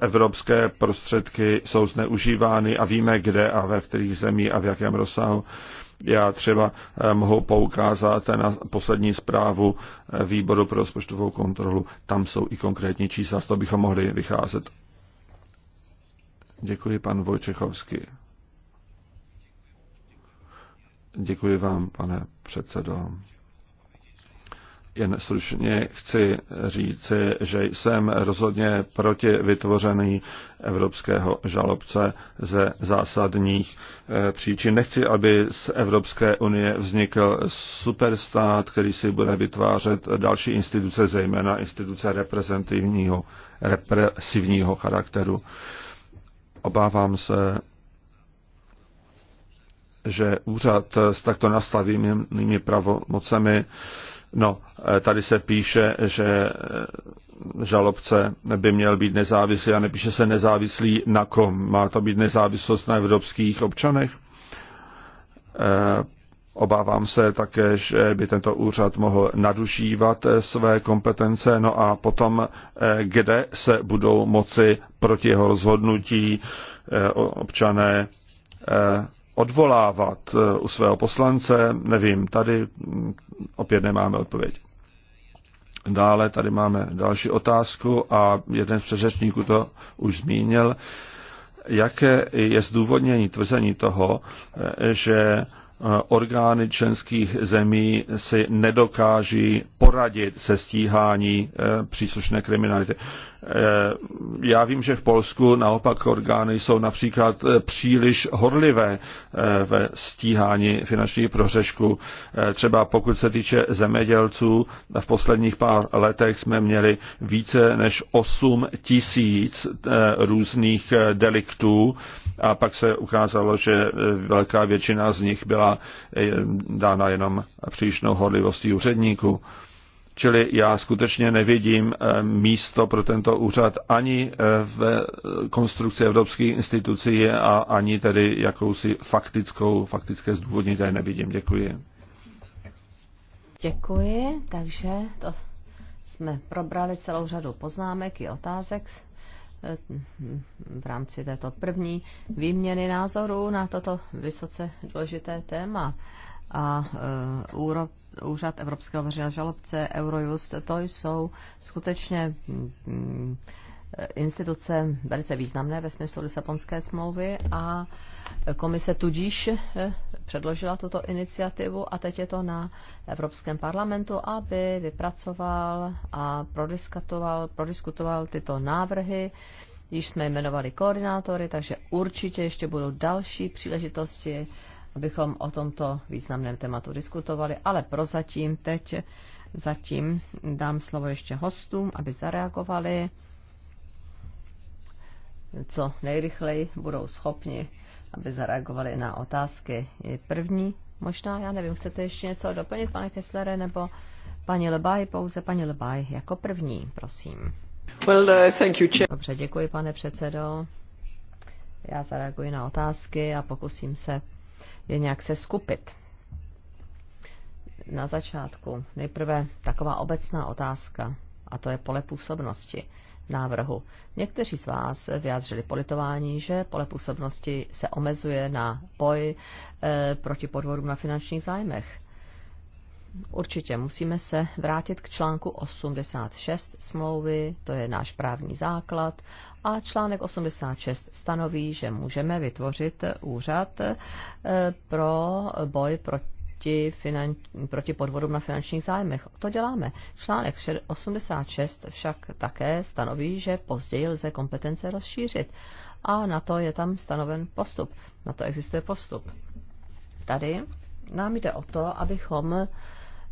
Speaker 2: evropské prostředky jsou zneužívány a víme, kde a ve kterých zemích a v jakém rozsahu. Já třeba eh, mohu poukázat na poslední zprávu eh, výboru pro rozpočtovou kontrolu. Tam jsou i konkrétní čísla, z toho bychom mohli vycházet. Děkuji pan Vojčechovský. Děkuji vám, pane předsedo. Jen slušně chci říci, že jsem rozhodně proti vytvoření evropského žalobce ze zásadních eh, příčin. Nechci, aby z Evropské unie vznikl superstát, který si bude vytvářet další instituce, zejména instituce reprezentativního, represivního charakteru obávám se, že úřad s takto nastavenými pravomocemi, no, tady se píše, že žalobce by měl být nezávislý a nepíše se nezávislý na kom. Má to být nezávislost na evropských občanech? Obávám se také, že by tento úřad mohl nadužívat eh, své kompetence, no a potom, eh, kde se budou moci proti jeho rozhodnutí eh, občané odvolávat u svého poslance, nevím, tady hm, opět nemáme odpověď. Dále tady máme další otázku a jeden z přeřečníků to už zmínil. Jaké je zdůvodnění tvrzení toho, že Eh, orgány členských zemí si nedokáží poradit se stíhání eh, příslušné kriminality. Eh, já vím, že v Polsku naopak orgány jsou například eh, příliš horlivé eh, ve stíhání finančních prořešků. Třeba pokud se týče zemědělců, v posledních pár letech jsme měli více než 8 tisíc různých deliktů a pak se ukázalo, že velká většina z nich byla dána jenom přílišnou horlivostí úředníků. Čili já skutečně nevidím eh, místo pro tento úřad ani eh, v eh, konstrukci evropských institucí a ani tedy jakousi faktickou, faktické zdůvodnění tady nevidím. Děkuji.
Speaker 1: Děkuji, takže to jsme probrali celou řadu poznámek i otázek v rámci této první výměny názorů na toto vysoce důležité téma. A e, Úřad Evropského veřejného žalobce, Eurojust, to jsou skutečně mm, mm, instituce velice významné ve smyslu Lisabonské smlouvy a komise tudíž eh, předložila tuto iniciativu a teď je to na Evropském parlamentu, aby vypracoval a prodiskutoval, prodiskutoval tyto návrhy. Již jsme jmenovali koordinátory, takže určitě ještě budou další příležitosti abychom o tomto významném tématu diskutovali, ale prozatím teď zatím dám slovo ještě hostům, aby zareagovali co nejrychleji budou schopni, aby zareagovali na otázky. První, možná, já nevím, chcete ještě něco doplnit, pane Kesslere, nebo paní Lebaj, pouze paní Lebaj jako první, prosím. Well, uh, thank you, chair. Dobře, děkuji, pane předsedo. Já zareaguji na otázky a pokusím se je nějak se skupit. Na začátku nejprve taková obecná otázka, a to je pole působnosti návrhu. Někteří z vás vyjádřili politování, že pole působnosti se omezuje na boj e, proti podvodům na finančních zájmech. Určitě musíme se vrátit k článku 86 smlouvy, to je náš právní základ, a článek 86 stanoví, že můžeme vytvořit úřad eh, pro boj proti, finan... proti podvodům na finančních zájmech. To děláme. Článek 86 však také stanoví, že později lze kompetence rozšířit. A na to je tam stanoven postup. Na to existuje postup. Tady nám jde o to, abychom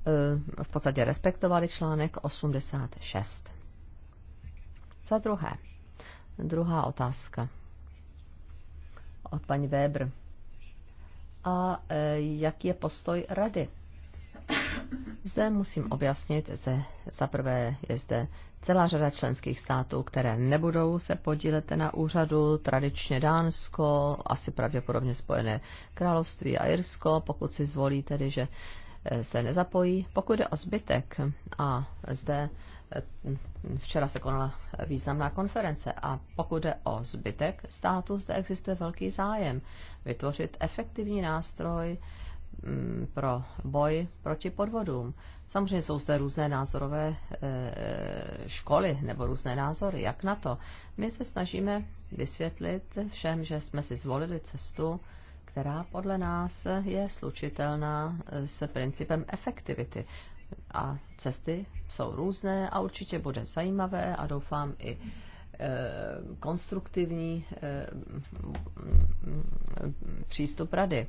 Speaker 1: Eh, v podstatě respektovali článek 86. Za druhé, druhá otázka od paní Weber. A eh, jaký je postoj rady? Zde musím objasnit, že za prvé je zde celá řada členských států, které nebudou se podílet na úřadu, tradičně Dánsko, asi pravděpodobně Spojené království a Irsko, pokud si zvolí tedy, že se nezapojí. Pokud jde o zbytek, a zde eh, včera se konala významná konference, a pokud jde o zbytek státu, zde existuje velký zájem vytvořit efektivní nástroj mm, pro boj proti podvodům. Samozřejmě jsou zde různé názorové eh, školy nebo různé názory, jak na to. My se snažíme vysvětlit všem, že jsme si zvolili cestu, která podle nás je slučitelná s principem efektivity. A cesty jsou různé a určitě bude zajímavé a doufám i eh, konstruktivní eh, přístup rady.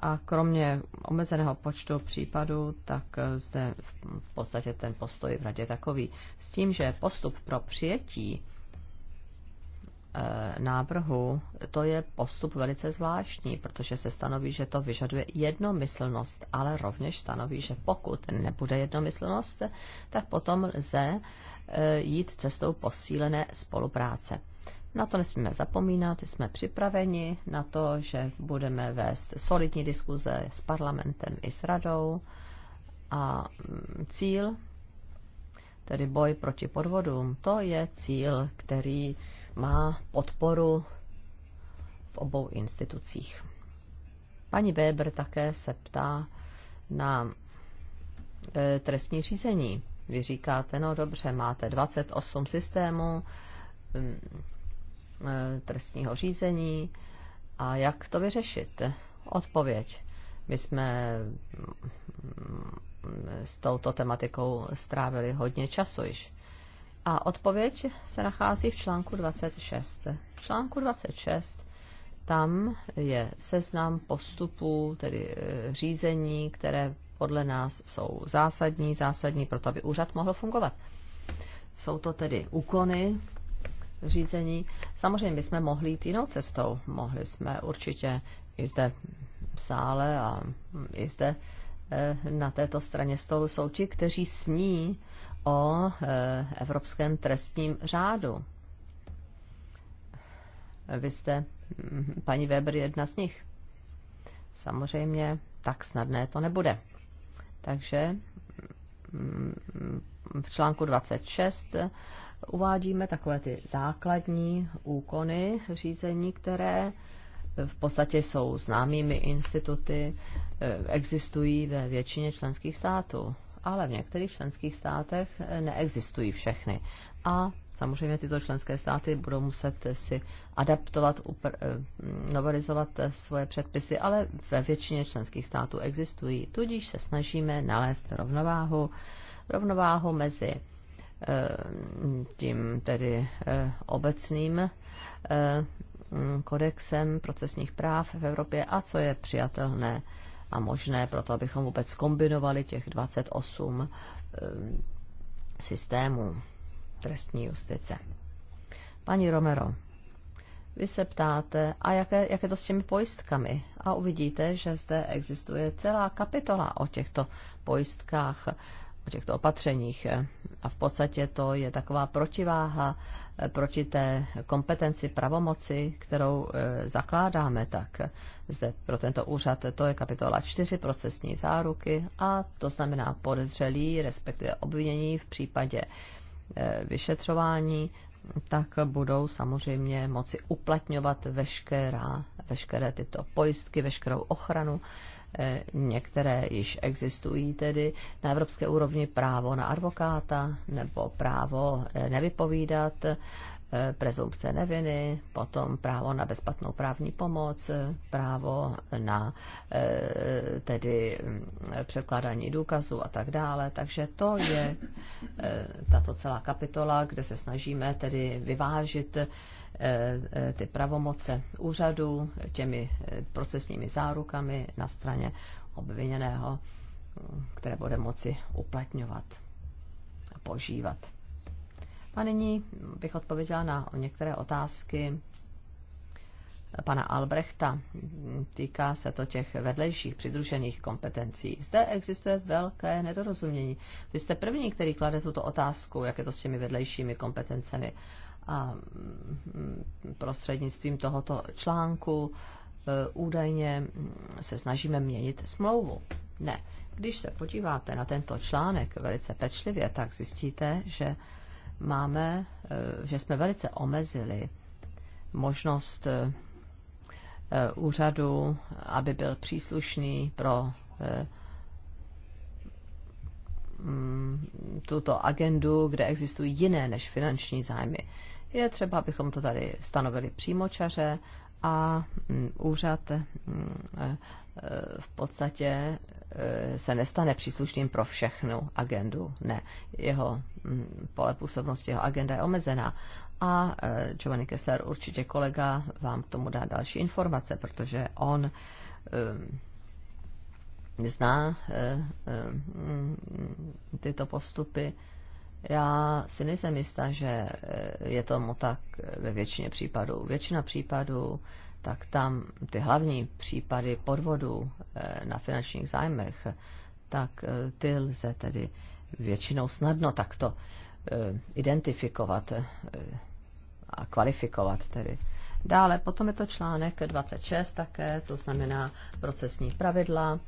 Speaker 1: A kromě omezeného počtu případů, tak eh, zde v podstatě ten postoj v radě takový. S tím, že postup pro přijetí Eh, návrhu, to je postup velice zvláštní, protože se stanoví, že to vyžaduje jednomyslnost, ale rovněž stanoví, že pokud nebude jednomyslnost, tak potom lze eh, jít cestou posílené spolupráce. Na to nesmíme zapomínat, jsme připraveni na to, že budeme vést solidní diskuze s parlamentem i s radou a mm, cíl, tedy boj proti podvodům, to je cíl, který má podporu v obou institucích. Paní Weber také se ptá na e, trestní řízení. Vy říkáte, no dobře, máte 28 systémů mm, e, trestního řízení a jak to vyřešit? Odpověď. My jsme mm, mm, s touto tematikou strávili hodně času již. A odpověď se nachází v článku 26. V článku 26 tam je seznam postupů, tedy e, řízení, které podle nás jsou zásadní, zásadní pro to, aby úřad mohl fungovat. Jsou to tedy úkony, řízení. Samozřejmě bychom mohli jít jinou cestou. Mohli jsme určitě i zde v sále a i zde e, na této straně stolu jsou ti, kteří sní o e, Evropském trestním řádu. Vy jste, paní Weber, jedna z nich. Samozřejmě tak snadné to nebude. Takže v článku 26 uvádíme takové ty základní úkony řízení, které v podstatě jsou známými instituty, e, existují ve většině členských států ale v některých členských státech eh, neexistují všechny. A samozřejmě tyto členské státy budou muset si adaptovat, upr- eh, novelizovat eh, svoje předpisy, ale ve většině členských států existují. Tudíž se snažíme nalézt rovnováhu, rovnováhu mezi tím tedy obecným kodexem procesních práv v Evropě a co je přijatelné a možné pro to, abychom vůbec kombinovali těch 28 eh, systémů trestní justice. Paní Romero, vy se ptáte, a jaké, jak je to s těmi pojistkami? A uvidíte, že zde existuje celá kapitola o těchto pojistkách o těchto opatřeních. A v podstatě to je taková protiváha eh, proti té kompetenci, pravomoci, kterou eh, zakládáme, tak eh, zde pro tento úřad to je kapitola 4 procesní záruky a to znamená podezřelí, respektive obvinění v případě vyšetřování, tak budou samozřejmě moci uplatňovat veškerá, veškeré tyto pojistky, veškerou ochranu, Eh, některé již existují tedy na evropské úrovni právo na advokáta nebo právo eh, nevypovídat, eh, prezumpce neviny, potom právo na bezplatnou právní pomoc, právo na tedy mm, předkládání důkazů a tak dále. Takže to je tato celá kapitola, kde se snažíme tedy vyvážit Eh, eh, ty pravomoce úřadu těmi eh, procesními zárukami na straně obviněného, mm, které bude moci uplatňovat a požívat. A nyní bych odpověděla na některé otázky pana Albrechta. Týká se to těch vedlejších přidružených kompetencí. Zde existuje velké nedorozumění. Vy jste první, který klade tuto otázku, jak je to s těmi vedlejšími kompetencemi a mm, prostřednictvím tohoto článku e, údajně mm, se snažíme měnit smlouvu. Ne. Když se podíváte na tento článek velice pečlivě, tak zjistíte, že máme, e, že jsme velice omezili možnost e, úřadu, aby byl příslušný pro mm, tuto agendu, kde existují jiné než finanční zájmy je třeba, abychom to tady stanovili přímočaře a mm, úřad mm, e, e, v podstatě e, se nestane příslušným pro všechnu agendu. Ne, jeho mm, pole působnosti, jeho agenda je omezená. A Giovanni Kessler, určitě kolega, vám k tomu dá další informace, protože on zná tyto postupy já si nejsem jistá, že eh, je tomu tak eh, ve většině případů. Většina případů, tak tam ty hlavní případy podvodu eh, na finančních zájmech, tak ty lze tedy většinou snadno takto identifikovat a kvalifikovat tedy. Dále potom je to článek 26 také, to znamená procesní pravidla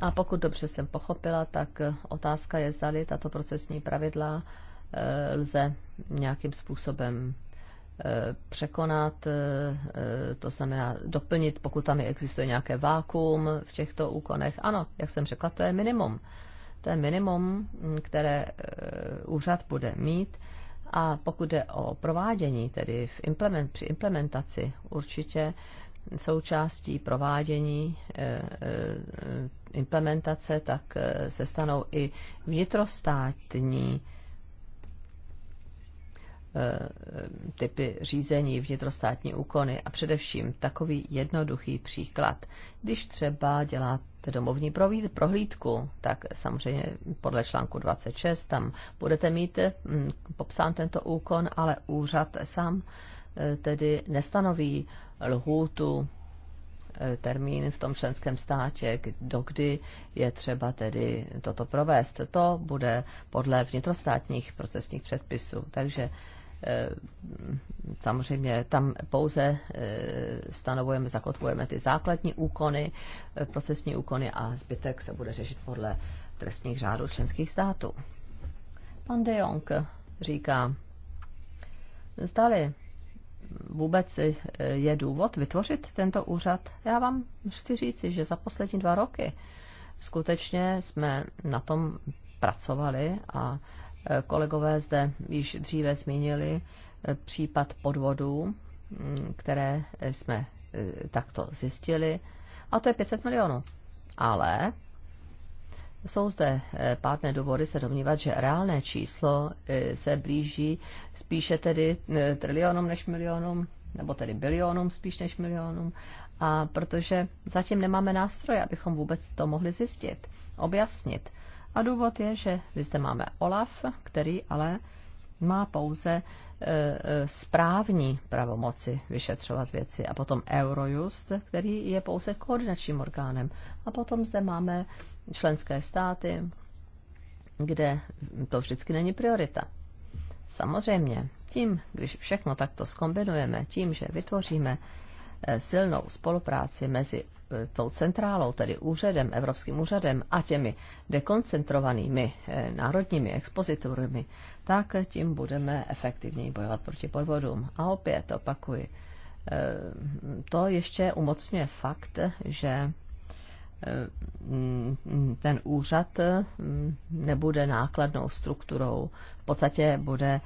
Speaker 1: a pokud dobře jsem pochopila, tak eh, otázka je, zdali tato procesní pravidla eh, lze nějakým způsobem eh, překonat, to znamená doplnit, pokud tam existuje nějaké vákuum v těchto úkonech. Ano, jak jsem řekla, to je minimum. To je minimum, mm, které úřad bude mít. A pokud jde o provádění, tedy v implement, při implementaci, určitě součástí provádění eh, eh, implementace, tak eh, se stanou i vnitrostátní typy řízení, vnitrostátní úkony a především takový jednoduchý příklad. Když třeba děláte domovní prohlídku, tak samozřejmě podle článku 26 tam budete mít hm, popsán tento úkon, ale úřad sám tedy nestanoví lhůtu, eh, termín v tom členském státě, dokdy je třeba tedy toto provést. To bude podle vnitrostátních procesních předpisů. Takže eh, samozřejmě tam pouze eh, stanovujeme, zakotvujeme ty základní úkony, procesní úkony a zbytek se bude řešit podle trestních řádů členských států. Pan de Jong říká, zdali vůbec eh, je důvod vytvořit tento úřad? Já vám chci říci, že za poslední dva roky skutečně jsme na tom pracovali a eh, kolegové zde již dříve zmínili eh, případ podvodů, mm, které jsme takto zjistili, a to je 500 milionů. Ale jsou zde eh, pádné důvody se domnívat, že reálné číslo eh, se blíží spíše tedy eh, trilionům než milionům, nebo tedy bilionům spíš než milionům, a protože zatím nemáme nástroje, abychom vůbec to mohli zjistit, objasnit. A důvod je, že zde máme OLAF, který ale má pouze e, e, správní pravomoci vyšetřovat věci a potom Eurojust, který je pouze koordinačním orgánem. A potom zde máme členské státy, kde to vždycky není priorita. Samozřejmě, tím, když všechno takto skombinujeme, tím, že vytvoříme e, silnou spolupráci mezi Eh, tou centrálou, tedy úřadem, Evropským úřadem a těmi dekoncentrovanými eh, národními expozitorymi, tak tím budeme efektivněji bojovat proti podvodům. A opět opakuji, eh, to ještě umocňuje fakt, že ten úřad mm, nebude nákladnou strukturou, v podstatě bude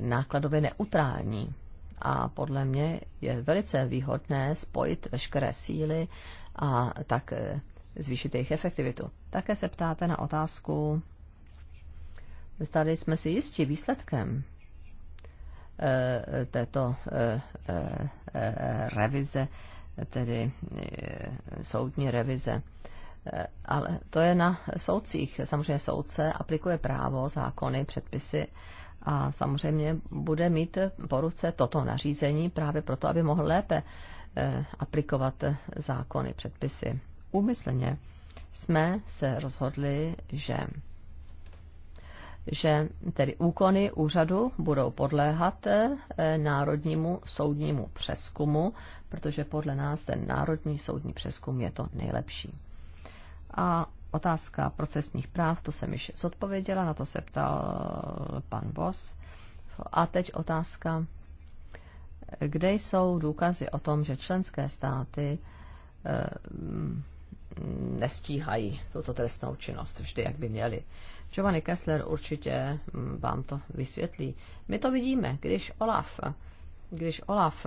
Speaker 1: nákladově neutrální a podle mě je velice výhodné spojit veškeré síly a tak eh, zvýšit jejich efektivitu. Také se ptáte na otázku, zda jsme si jistí výsledkem eh, této eh, revize, tedy soudní revize. Ale to je na soudcích. Samozřejmě soudce aplikuje právo, zákony, předpisy a samozřejmě bude mít po ruce toto nařízení právě proto, aby mohl lépe eh, aplikovat zákony, předpisy. Úmyslně jsme se rozhodli, že že tedy úkony úřadu budou podléhat eh, národnímu soudnímu přeskumu, protože podle nás ten národní soudní přeskum je to nejlepší. A Otázka procesních práv, to jsem již zodpověděla, na to se ptal pan Bos. A teď otázka, kde jsou důkazy o tom, že členské státy eh, mm, nestíhají tuto trestnou činnost vždy, jak by měli. Giovanni Kessler určitě mm, vám to vysvětlí. My to vidíme, když Olaf, když Olaf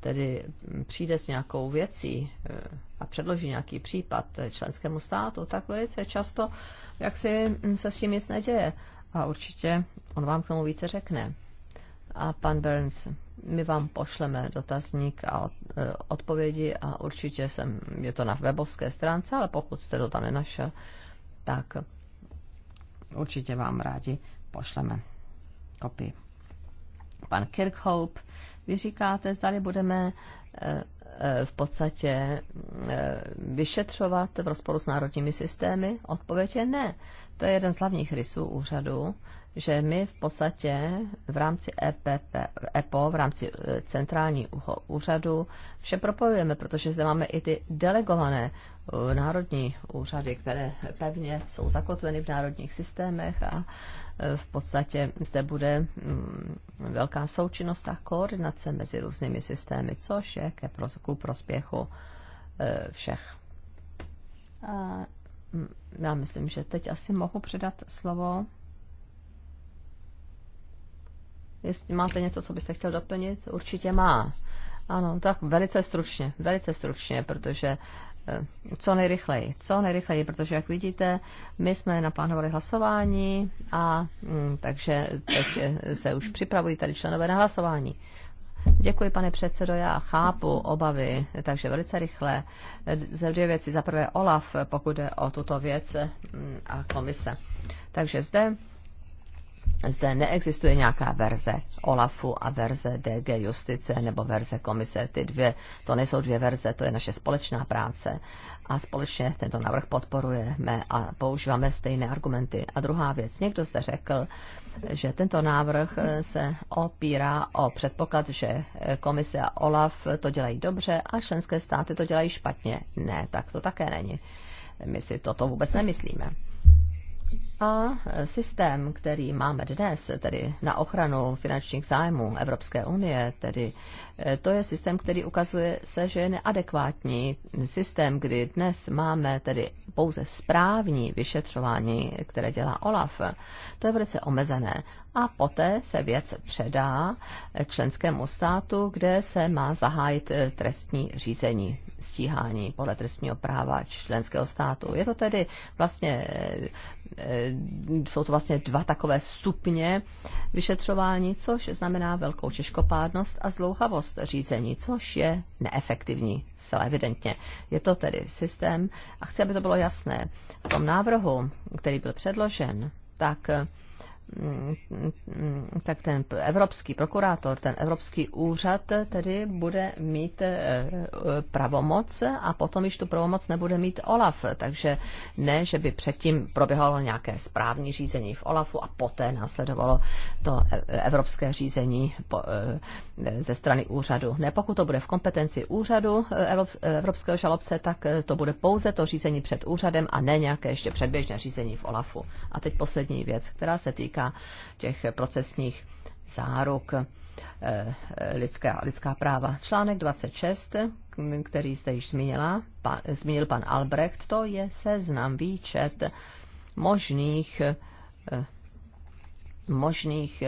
Speaker 1: tedy přijde s nějakou věcí eh, a předloží nějaký případ eh, členskému státu, tak velice často jak si hm, se s tím nic neděje. A určitě on vám k tomu více řekne. A pan Burns, my vám pošleme dotazník a eh, odpovědi a určitě jsem, je to na webovské stránce, ale pokud jste to tam nenašel, tak určitě vám rádi pošleme kopii. Pan Kirkhope vy říkáte, zdali budeme eh, eh, v podstatě eh, vyšetřovat v rozporu s národními systémy? Odpověď je ne. To je jeden z hlavních rysů úřadu že my v podstatě v rámci EPP, EPO, v rámci eh, centrální úřadu vše propojujeme, protože zde máme i ty delegované eh, národní úřady, které pevně jsou zakotveny v národních systémech a eh, v podstatě zde bude mm, velká součinnost a koordinace mezi různými systémy, což je ke prospěchu všech. A mm, já myslím, že teď asi mohu předat slovo Jestli máte něco, co byste chtěl doplnit? Určitě má. Ano, tak velice stručně, velice stručně, protože eh, co nejrychleji, co nejrychleji, protože jak vidíte, my jsme naplánovali hlasování a mm, takže teď eh, se už připravují tady členové na hlasování. Děkuji, pane předsedo, já chápu obavy, takže velice rychle. Ze dvě věci. Za prvé OLAF, pokud jde o tuto věc mm, a komise. Takže zde zde neexistuje nějaká verze OLAFu a verze DG Justice nebo verze komise. Ty dvě, to nejsou dvě verze, to je naše společná práce. A společně tento návrh podporujeme a používáme stejné argumenty. A druhá věc, někdo zde řekl, že tento návrh se opírá o předpoklad, že komise a OLAF to dělají dobře a členské státy to dělají špatně. Ne, tak to také není. My si toto vůbec nemyslíme. A systém, který máme dnes, tedy na ochranu finančních zájmů Evropské unie, tedy eh, to je systém, který ukazuje se, že je neadekvátní. Systém, kdy dnes máme tedy pouze správní vyšetřování, které dělá OLAF, to je velice omezené a poté se věc předá členskému státu, kde se má zahájit eh, trestní řízení, stíhání podle trestního práva členského státu. Je to tedy vlastně, eh, eh, jsou to vlastně dva takové stupně vyšetřování, což znamená velkou těžkopádnost a zlouhavost řízení, což je neefektivní celé evidentně. Je to tedy systém a chci, aby to bylo jasné. V tom návrhu, který byl předložen, tak tak ten evropský prokurátor, ten evropský úřad tedy bude mít eh, pravomoc a potom již tu pravomoc nebude mít OLAF. Takže ne, že by předtím proběhalo nějaké správní řízení v OLAFu a poté následovalo to e, evropské řízení eh, ze strany úřadu. Ne, pokud to bude v kompetenci úřadu eh, evropského žalobce, tak to bude pouze to řízení před úřadem a ne nějaké ještě předběžné řízení v OLAFu. A teď poslední věc, která se týká týká těch procesních záruk eh, eh, lidská, lidská práva. Článek 26, který jste již zmínila, pa, zmínil pan Albrecht, to je seznam výčet možných eh, možných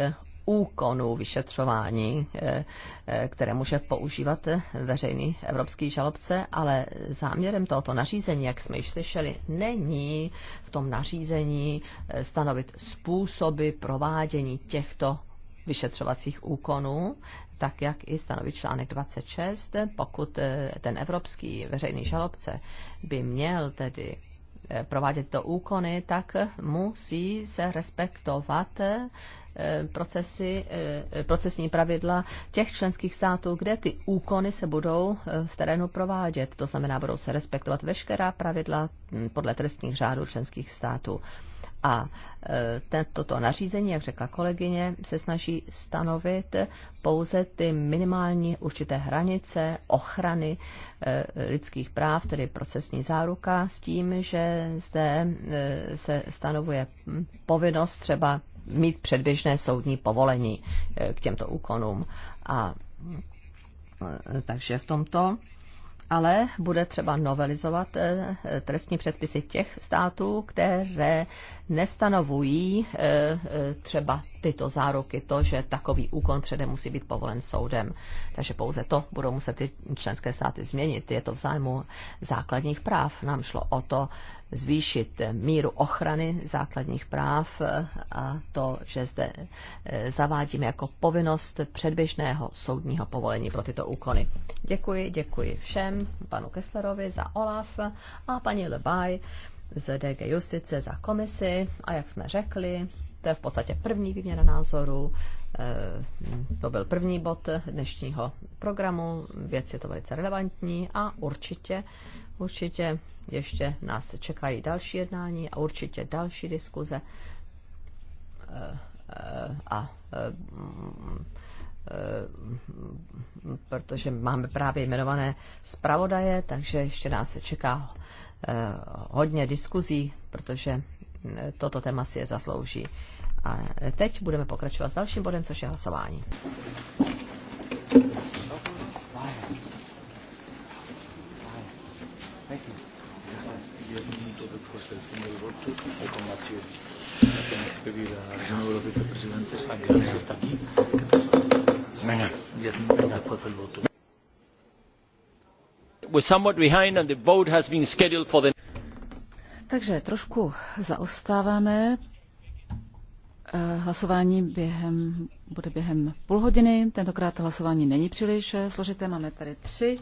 Speaker 1: úkonů vyšetřování, eh, eh, které může používat veřejný evropský žalobce, ale záměrem tohoto nařízení, jak jsme již slyšeli, není v tom nařízení eh, stanovit způsoby provádění těchto vyšetřovacích úkonů, tak jak i stanoví článek 26, pokud ten evropský veřejný žalobce by měl tedy Eh, provádět to úkony, tak musí se respektovat eh, procesy, eh, procesní pravidla těch členských států, kde ty úkony se budou v terénu provádět. To znamená, budou se respektovat veškerá pravidla hm, podle trestních řádů členských států. A e, toto nařízení, jak řekla kolegyně, se snaží stanovit pouze ty minimální určité hranice ochrany e, lidských práv, tedy procesní záruka, s tím, že zde e, se stanovuje povinnost třeba mít předběžné soudní povolení k těmto úkonům. A takže v tomto ale bude třeba novelizovat eh, trestní předpisy těch států, které nestanovují eh, eh, třeba tyto záruky, to, že takový úkon předem musí být povolen soudem. Takže pouze to budou muset ty členské státy změnit. Je to v zájmu základních práv. Nám šlo o to, zvýšit míru ochrany základních práv a to, že zde eh, zavádíme jako povinnost předběžného soudního povolení pro tyto úkony. Děkuji, děkuji všem, panu Kesslerovi za OLAF a paní Lebaj z DG Justice za komisi a jak jsme řekli, to je v podstatě první výměna názoru. Eh, to byl první bod dnešního programu, věc je to velice relevantní a určitě, určitě ještě nás čekají další jednání a určitě další diskuze eh, eh, a eh, mm, protože máme právě jmenované zpravodaje, takže ještě nás čeká hodně diskuzí, protože toto téma si je zaslouží. A teď budeme pokračovat s dalším bodem, což je hlasování.
Speaker 2: Thank you
Speaker 3: takže trošku zaostáváme. Eh, hlasování během, bude během půl hodiny. Tentokrát hlasování není příliš eh, složité. Máme tady tři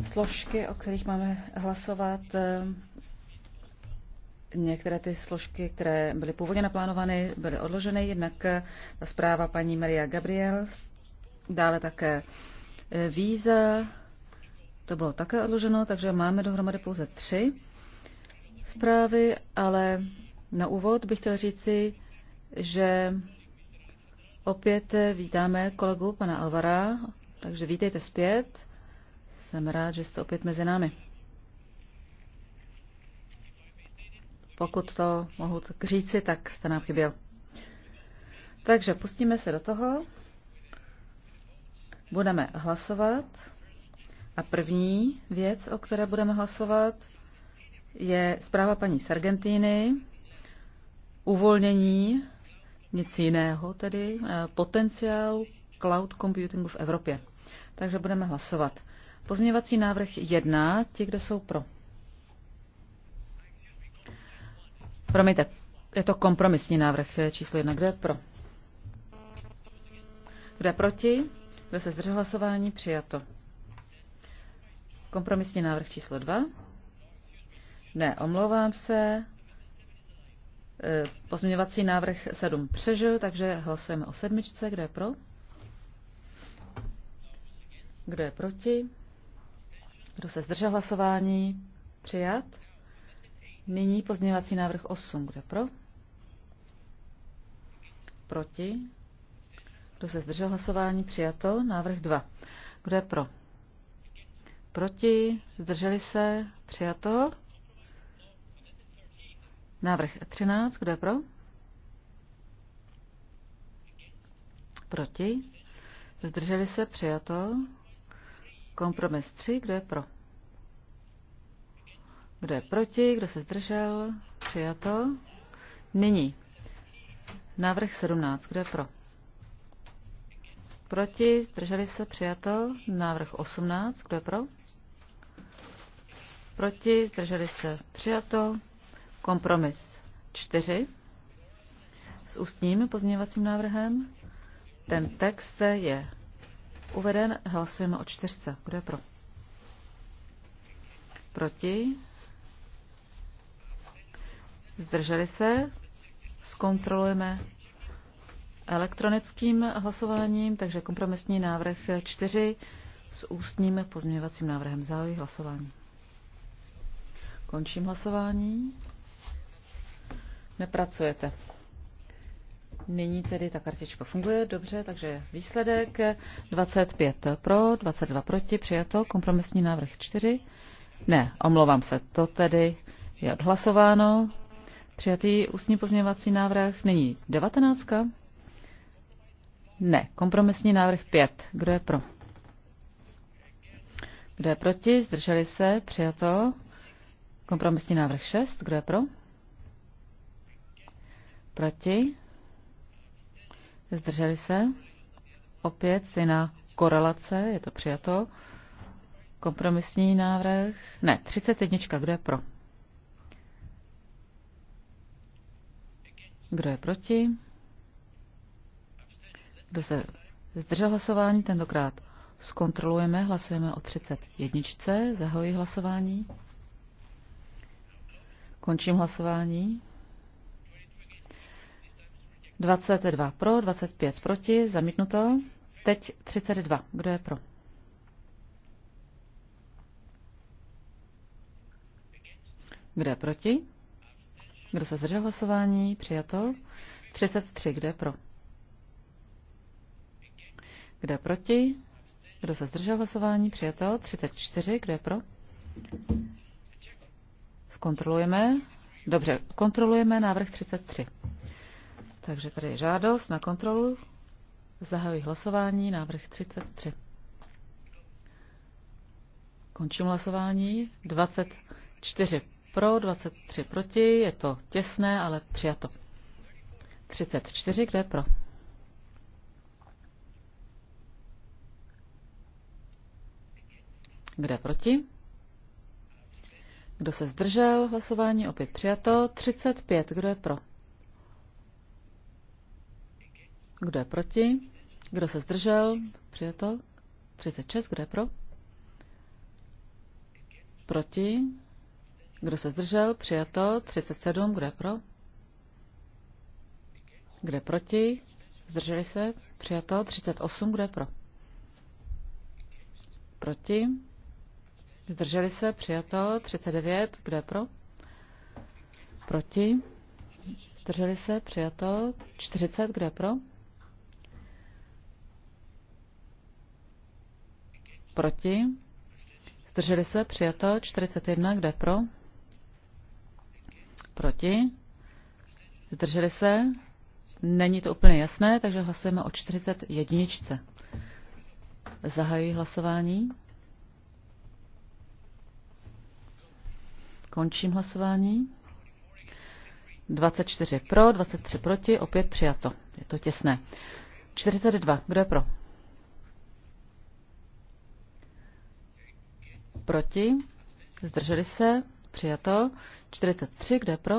Speaker 3: složky, o kterých máme hlasovat, eh, některé ty složky, které byly původně naplánovány, byly odloženy. Jednak eh, ta zpráva paní Maria Gabriel, dále také eh, víza, to bylo také odloženo, takže máme dohromady pouze tři zprávy, ale na úvod bych chtěl říci, že opět vítáme kolegu pana Alvara, takže vítejte zpět. Jsem rád, že jste opět mezi námi. Pokud to mohu tak říci, tak jste nám chyběl. Takže pustíme se do toho. Budeme hlasovat. A první věc, o které budeme hlasovat, je zpráva paní Sargentiny. Uvolnění, nic jiného tedy, eh, potenciál cloud computingu v Evropě. Takže budeme hlasovat. Pozměňovací návrh 1, ti, kdo jsou pro. Promiňte, je to kompromisní návrh číslo 1. Kdo je pro? Kdo je proti? Kdo se zdržel hlasování? Přijato. Kompromisní návrh číslo 2. Ne, omlouvám se. E, pozměňovací návrh 7 přežil, takže hlasujeme o sedmičce. Kdo je pro? Kdo je proti? Kdo se zdržel hlasování? Přijat. Nyní pozměňovací návrh 8. Kdo pro? Proti? Kdo se zdržel hlasování? Přijato. Návrh 2. Kdo je pro? Proti? Zdrželi se? Přijato. Návrh 13. Kdo je pro? Proti? Zdrželi se? Přijato. Kompromis 3, kdo je pro? Kdo je proti? Kdo se zdržel? Přijato. Nyní. Návrh 17. Kdo je pro? Proti? Zdrželi se? Přijato. Návrh 18. Kdo je pro? Proti? Zdrželi se? Přijato. Kompromis 4. S ústním pozměňovacím návrhem. Ten text je uveden. Hlasujeme o čtyřce. Kdo je pro? Proti? Zdrželi se? Zkontrolujeme elektronickým hlasováním, takže kompromisní návrh 4 s ústním pozměňovacím návrhem Zahajuji hlasování. Končím hlasování. Nepracujete. Nyní tedy ta kartička funguje dobře, takže výsledek 25 pro, 22 proti, přijato, kompromisní návrh 4. Ne, omlouvám se, to tedy je odhlasováno. Přijatý ústní pozměňovací návrh nyní 19. Ne, kompromisní návrh 5. Kdo je pro? Kdo je proti? Zdrželi se? Přijato. Kompromisní návrh 6. Kdo je pro? Proti? Zdrželi se? Opět stejná korelace, je to přijato. Kompromisní návrh? Ne, 31. Kdo je pro? Kdo je proti? Kdo se zdržel hlasování? Tentokrát zkontrolujeme, hlasujeme o 31. Zahoji hlasování. Končím hlasování. 22 pro, 25 proti, zamítnuto. Teď 32. Kdo je pro? Kdo je proti? Kdo se zdržel hlasování? Přijato. 33. Kdo je pro? Kdo je proti? Kdo se zdržel hlasování? Přijato. 34. Kdo je pro? Zkontrolujeme. Dobře, kontrolujeme návrh 33. Takže tady je žádost na kontrolu. Zahajuji hlasování, návrh 33. Končím hlasování. 24 pro, 23 proti. Je to těsné, ale přijato. 34, kde je pro? Kde je proti? Kdo se zdržel hlasování? Opět přijato. 35, kdo je pro? Kdo je proti? Kdo se zdržel? Přijeto. 36. Kdo je pro? Proti? Kdo se zdržel? Přijato. 37. Kdo je pro? Kdo je proti? Zdrželi se? Přijato. 38. Kdo je pro? Proti? Zdrželi se? Přijato. 39. Kdo je pro? Proti? Zdrželi se? Přijato. 40. Kdo je pro? Proti? Zdrželi se? Přijato. 41. Kde pro? Proti? Zdrželi se? Není to úplně jasné, takže hlasujeme o 41. Zahajuji hlasování. Končím hlasování. 24 pro, 23 proti, opět přijato. Je to těsné. 42. Kdo je pro? Proti? Zdrželi se? Přijato. 43, kde pro?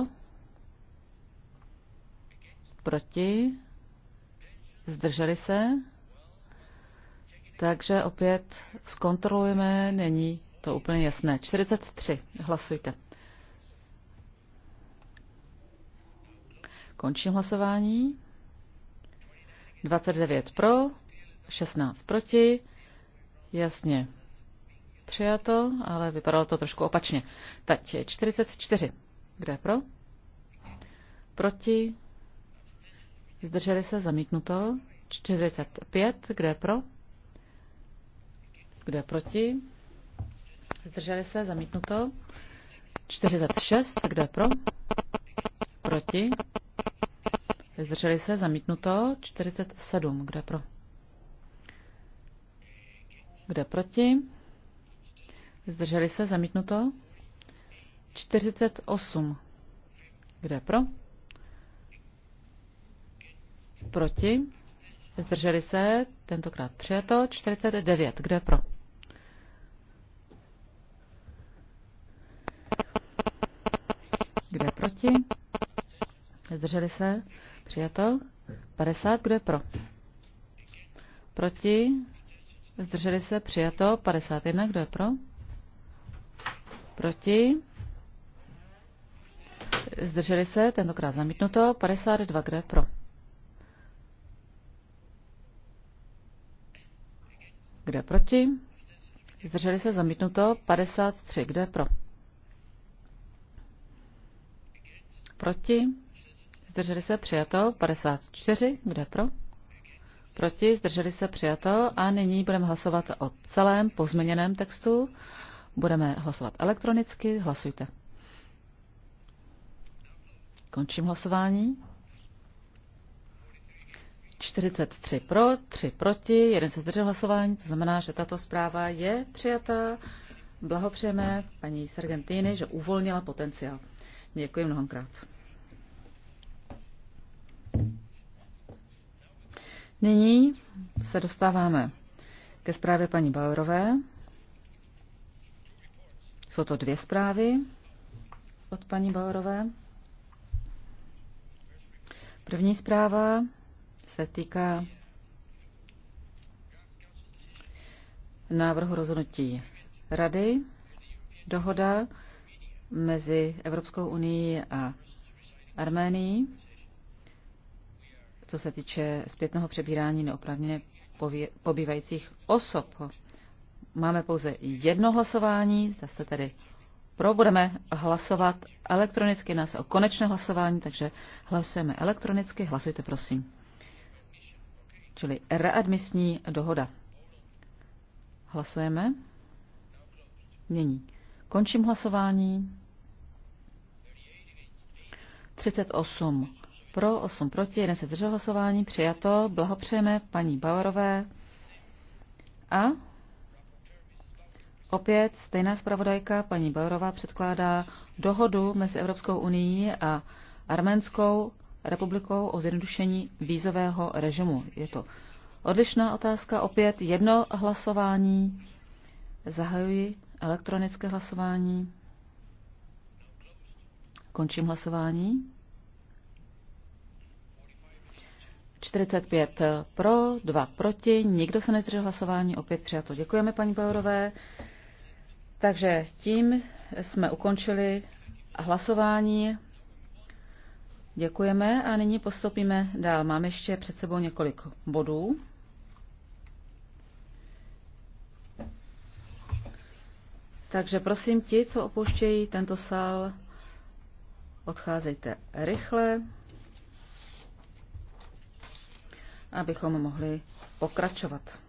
Speaker 3: Proti? Zdrželi se? Takže opět zkontrolujeme, není to úplně jasné. 43, hlasujte. Končím hlasování. 29 pro, 16 proti. Jasně, Přijato, ale vypadalo to trošku opačně. Teď 44. Kde je pro? Proti? Zdrželi se, zamítnuto. 45. Kde je pro? Kde je proti? Zdrželi se, zamítnuto. 46. Kde je pro? Proti? Zdrželi se, zamítnuto. 47. Kde je pro? Kde je proti? Zdrželi se? Zamítnuto. 48. Kde pro? Proti. Zdrželi se? Tentokrát přijeto. 49. Kde pro? Kde proti? Zdrželi se? Přijato. 50. Kde pro? Proti? Zdrželi se? Přijato. 51. Kdo je pro? Proti? Zdrželi se, tentokrát zamítnuto. 52, kde pro? Kde proti? Zdrželi se, zamítnuto. 53, kde pro? Proti? Zdrželi se, přijato. 54, kde pro? Proti, zdrželi se, přijato. A nyní budeme hlasovat o celém pozměněném textu. Budeme hlasovat elektronicky. Hlasujte. Končím hlasování. 43 pro, 3 proti, 1 se zdržel hlasování, to znamená, že tato zpráva je přijatá. Blahopřejeme paní Sargentini, že uvolnila potenciál. Děkuji mnohokrát. Nyní se dostáváme ke zprávě paní Bauerové. Jsou to dvě zprávy od paní Bauerové. První zpráva se týká návrhu rozhodnutí Rady, dohoda mezi Evropskou unii a Arménií, co se týče zpětného přebírání neoprávněně pobývajících osob. Máme pouze jedno hlasování, zda jste tedy pro, budeme hlasovat elektronicky, nás o konečné hlasování, takže hlasujeme elektronicky, hlasujte prosím. Čili readmisní dohoda. Hlasujeme. Nyní končím hlasování. 38 pro, 8 proti, 1 se držel hlasování, přijato, blahopřejeme paní Bauerové a Opět stejná zpravodajka, paní Bauerová, předkládá dohodu mezi Evropskou unii a Arménskou republikou o zjednodušení vízového režimu. Je to odlišná otázka, opět jedno hlasování. Zahajuji elektronické hlasování. Končím hlasování. 45 pro, 2 proti, nikdo se nezdržel hlasování, opět přijato. Děkujeme paní Bauerové. Takže tím jsme ukončili hlasování. Děkujeme a nyní postoupíme dál. Máme ještě před sebou několik bodů. Takže prosím ti, co opouštějí tento sál, odcházejte rychle, abychom mohli pokračovat.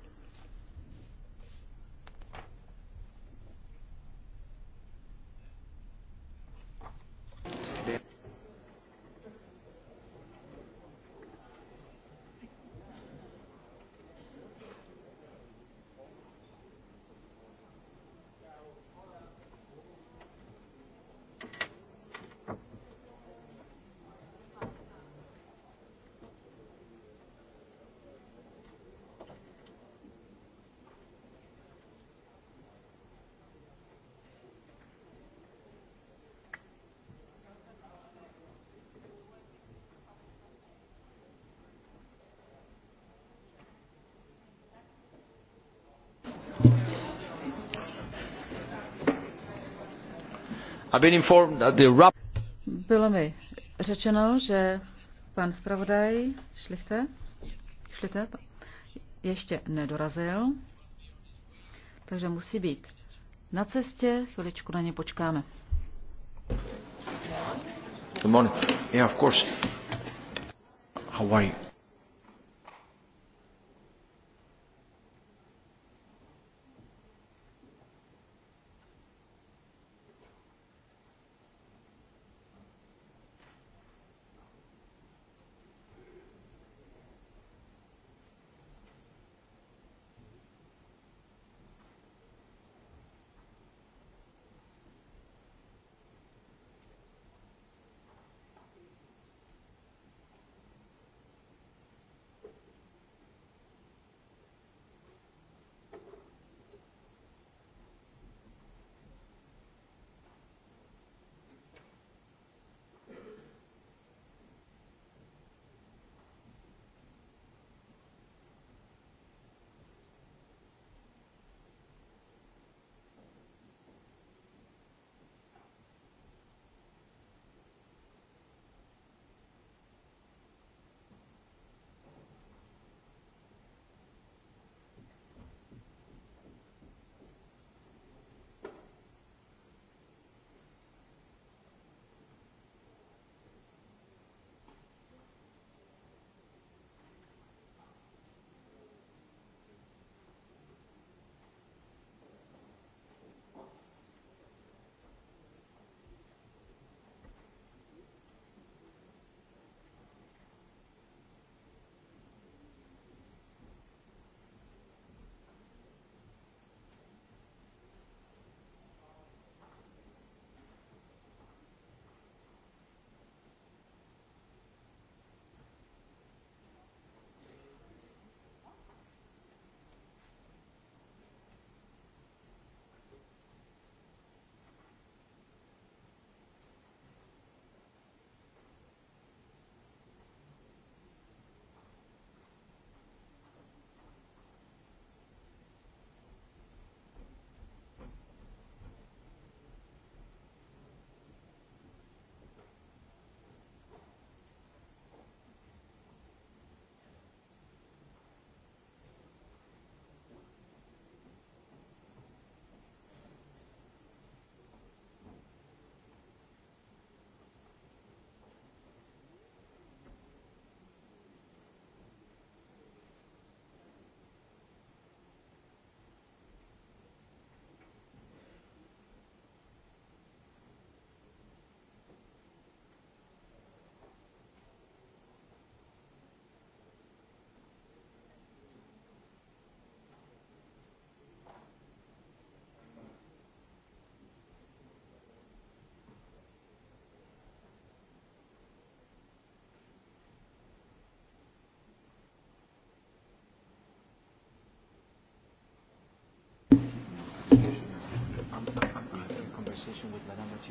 Speaker 3: Bylo mi řečeno, že pan zpravodaj Šlichte, Šlichte ještě nedorazil, takže musí být na cestě. Chviličku na ně počkáme.
Speaker 2: Good morning. Yeah, of course. How are you?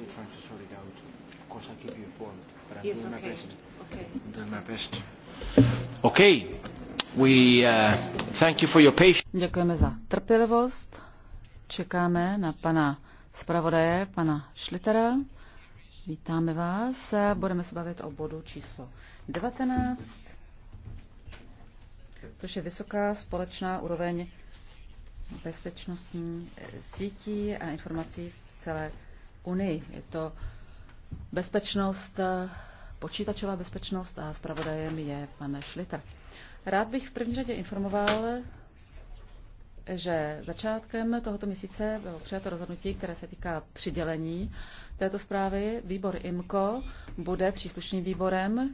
Speaker 2: still trying to sort it out. Of course, I'll keep you informed, but I'm yes, doing okay. my best. Okay. I'm doing my best. Okay. We, uh, thank you for your patience.
Speaker 3: Děkujeme za trpělivost. Čekáme na pana zpravodaje, pana Šlitera. Vítáme vás. Budeme se bavit o bodu číslo 19, což je vysoká společná úroveň bezpečnostní sítí a informací v celé unii. Je to bezpečnost, eh, počítačová bezpečnost a zpravodajem je pan Šliter. Rád bych v první řadě informoval, že začátkem tohoto měsíce bylo přijato rozhodnutí, které se týká přidělení této zprávy. Výbor IMCO bude příslušným výborem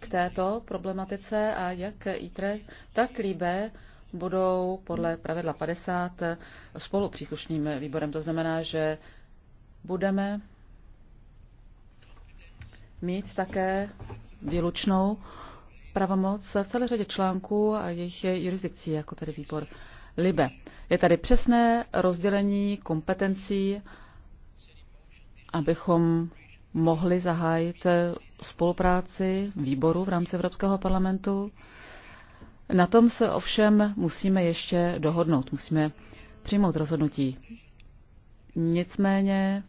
Speaker 3: k této problematice a jak ITRE, tak LIBE budou podle pravidla 50 spolu příslušným výborem. To znamená, že budeme mít také výlučnou pravomoc v celé řadě článků a jejich jurisdikcí, jako tedy výbor LIBE. Je tady přesné rozdělení kompetencí, abychom mohli zahájit spolupráci výboru v rámci Evropského parlamentu. Na tom se ovšem musíme ještě dohodnout, musíme přijmout rozhodnutí. Nicméně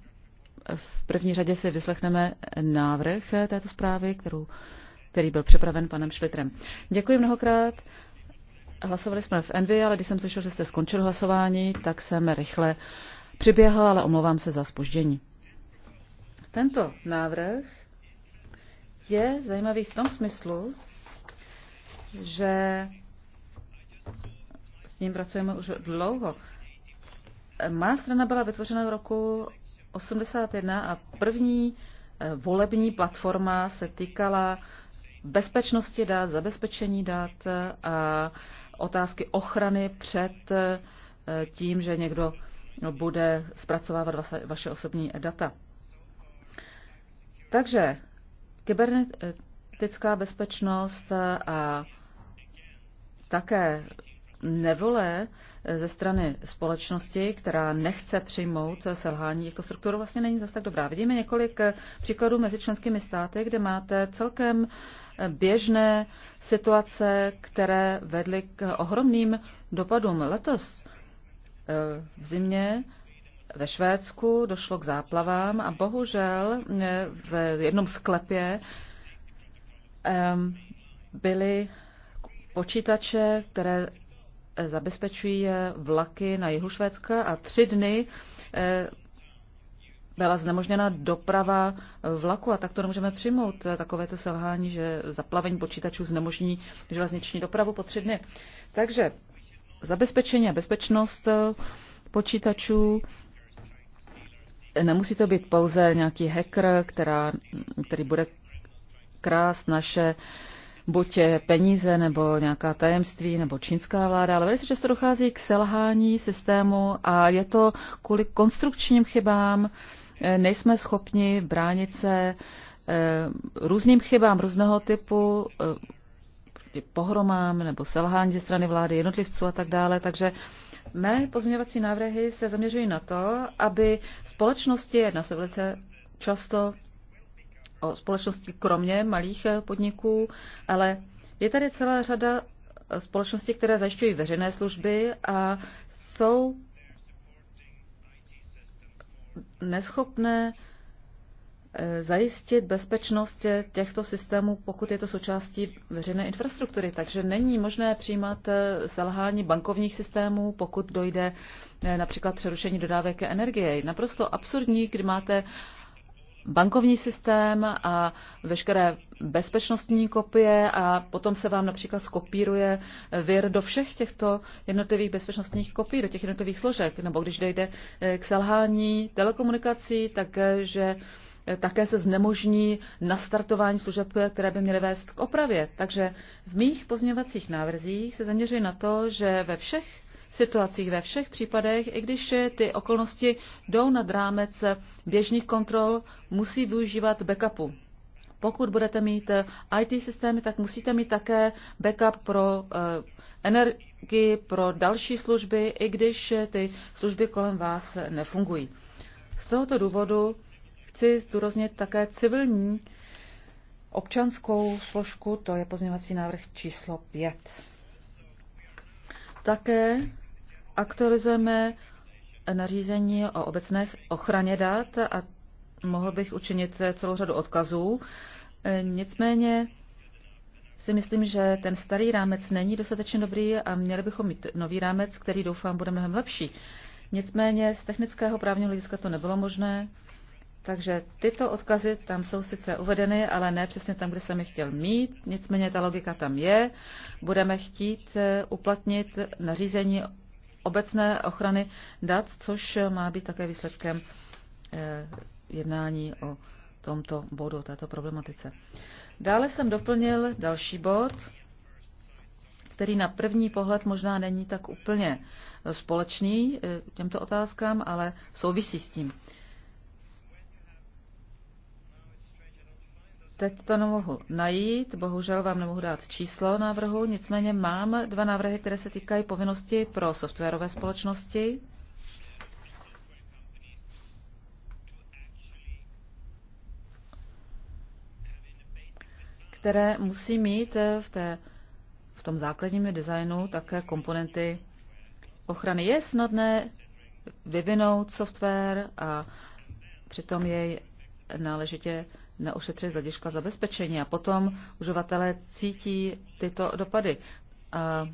Speaker 3: v první řadě si vyslechneme návrh této zprávy, kterou, který byl připraven panem Šlitrem. Děkuji mnohokrát. Hlasovali jsme v Envy, ale když jsem slyšel, že jste skončil hlasování, tak jsem rychle přiběhl, ale omlouvám se za spoždění. Tento návrh je zajímavý v tom smyslu, že s ním pracujeme už dlouho. Má strana byla vytvořena v roku 81 a první eh, volební platforma se týkala bezpečnosti dat, zabezpečení dat eh, a otázky ochrany před eh, tím, že někdo bude zpracovávat vaše osobní data. Takže kybernetická bezpečnost a také nevole ze strany společnosti, která nechce přijmout selhání těchto struktur, vlastně není zase tak dobrá. Vidíme několik příkladů mezi členskými státy, kde máte celkem běžné situace, které vedly k ohromným dopadům. Letos eh, v zimě ve Švédsku došlo k záplavám a bohužel eh, v jednom sklepě eh, byly počítače, které zabezpečují vlaky na jihu Švédska a tři dny eh, byla znemožněna doprava vlaku a tak to nemůžeme přijmout eh, takovéto selhání, že zaplavení počítačů znemožní železniční dopravu po tři dny. Takže zabezpečení a bezpečnost eh, počítačů nemusí to být pouze nějaký hacker, která, který bude krást naše uh, buď peníze nebo nějaká tajemství nebo čínská vláda, ale velice často dochází k selhání systému a je to kvůli konstrukčním chybám, eh, nejsme schopni bránit se eh, různým chybám různého typu, eh, pohromám nebo selhání ze strany vlády, jednotlivců a tak dále. Takže mé pozměňovací návrhy se zaměřují na to, aby společnosti, jedna se velice často o společnosti kromě malých eh, podniků, ale je tady celá řada eh, společností, které zajišťují veřejné služby a jsou neschopné eh, zajistit bezpečnost těchto systémů, pokud je to součástí veřejné infrastruktury. Takže není možné přijímat selhání bankovních systémů, pokud dojde například přerušení dodávek energie. Je naprosto absurdní, kdy máte bankovní systém a veškeré bezpečnostní kopie a potom se vám například skopíruje vir do všech těchto jednotlivých bezpečnostních kopií, do těch jednotlivých složek. Nebo když dojde eh, k selhání telekomunikací, takže eh, také se znemožní nastartování služeb, které by měly vést k opravě. Takže v mých pozměňovacích návrzích se zaměřuji na to, že ve všech situacích, ve všech případech, i když ty okolnosti jdou nad rámec běžných kontrol, musí využívat backupu. Pokud budete mít eh, IT systémy, tak musíte mít také backup pro eh, energii, pro další služby, i když ty služby kolem vás nefungují. Z tohoto důvodu chci zdůraznit také civilní občanskou složku, to je pozměňovací návrh číslo 5. Také aktualizujeme nařízení o obecné ochraně dat a mohl bych učinit celou řadu odkazů. Nicméně si myslím, že ten starý rámec není dostatečně dobrý a měli bychom mít nový rámec, který doufám bude mnohem lepší. Nicméně z technického právního hlediska to nebylo možné, takže tyto odkazy tam jsou sice uvedeny, ale ne přesně tam, kde jsem je chtěl mít. Nicméně ta logika tam je. Budeme chtít eh, uplatnit nařízení obecné ochrany dat, což má být také výsledkem eh, jednání o tomto bodu, této problematice. Dále jsem doplnil další bod, který na první pohled možná není tak úplně eh, společný eh, těmto otázkám, ale souvisí s tím. Teď to nemohu najít, bohužel vám nemohu dát číslo návrhu, nicméně mám dva návrhy, které se týkají povinnosti pro softwarové společnosti. které musí mít v, té, v tom základním designu také komponenty ochrany. Je snadné vyvinout software a přitom jej náležitě neošetřit z hlediska zabezpečení. A potom uživatelé cítí tyto dopady. A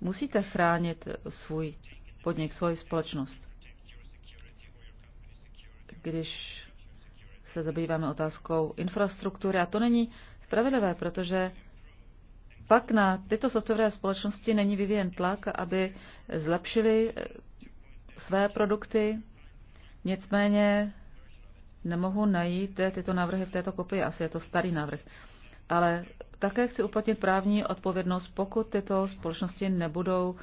Speaker 3: musíte chránit svůj podnik, svoji společnost. Když se zabýváme otázkou infrastruktury, a to není spravedlivé, protože pak na tyto softwarové společnosti není vyvíjen tlak, aby zlepšili své produkty, nicméně nemohu najít tyto návrhy v této kopii, asi je to starý návrh. Ale také chci uplatnit právní odpovědnost, pokud tyto společnosti nebudou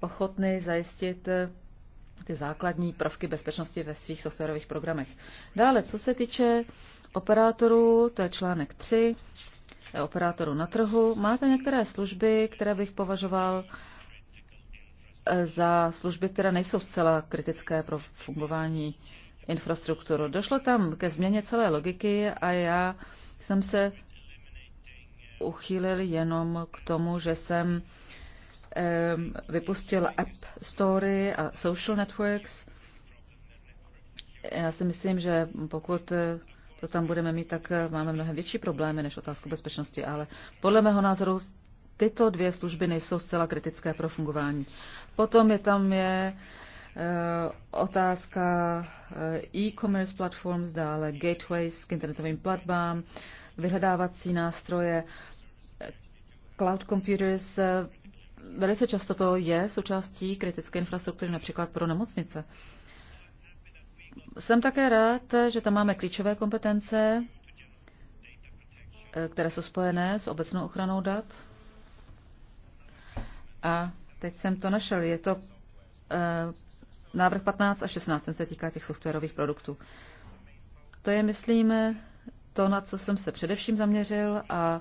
Speaker 3: ochotny zajistit eh, ty základní prvky bezpečnosti ve svých softwarových programech. Dále, co se týče operátorů, to je článek 3, eh, operátorů na trhu. Máte některé služby, které bych považoval eh, za služby, které nejsou zcela kritické pro fungování infrastrukturu. Došlo tam ke změně celé logiky a já jsem se uchýlil jenom k tomu, že jsem vypustil App Story a Social Networks. Já si myslím, že pokud to tam budeme mít, tak máme mnohem větší problémy než otázku bezpečnosti, ale podle mého názoru tyto dvě služby nejsou zcela kritické pro fungování. Potom je tam je Eh, otázka eh, e-commerce platform, dále gateways k internetovým platbám, vyhledávací nástroje, eh, cloud computers. Velice často to je součástí kritické infrastruktury, například pro nemocnice. Jsem také rád, že tam máme klíčové kompetence, které jsou spojené s obecnou ochranou dat. A teď jsem to našel. Je to Návrh 15 a 16 ten se týká těch softwarových produktů. To je, myslím, to, na co jsem se především zaměřil a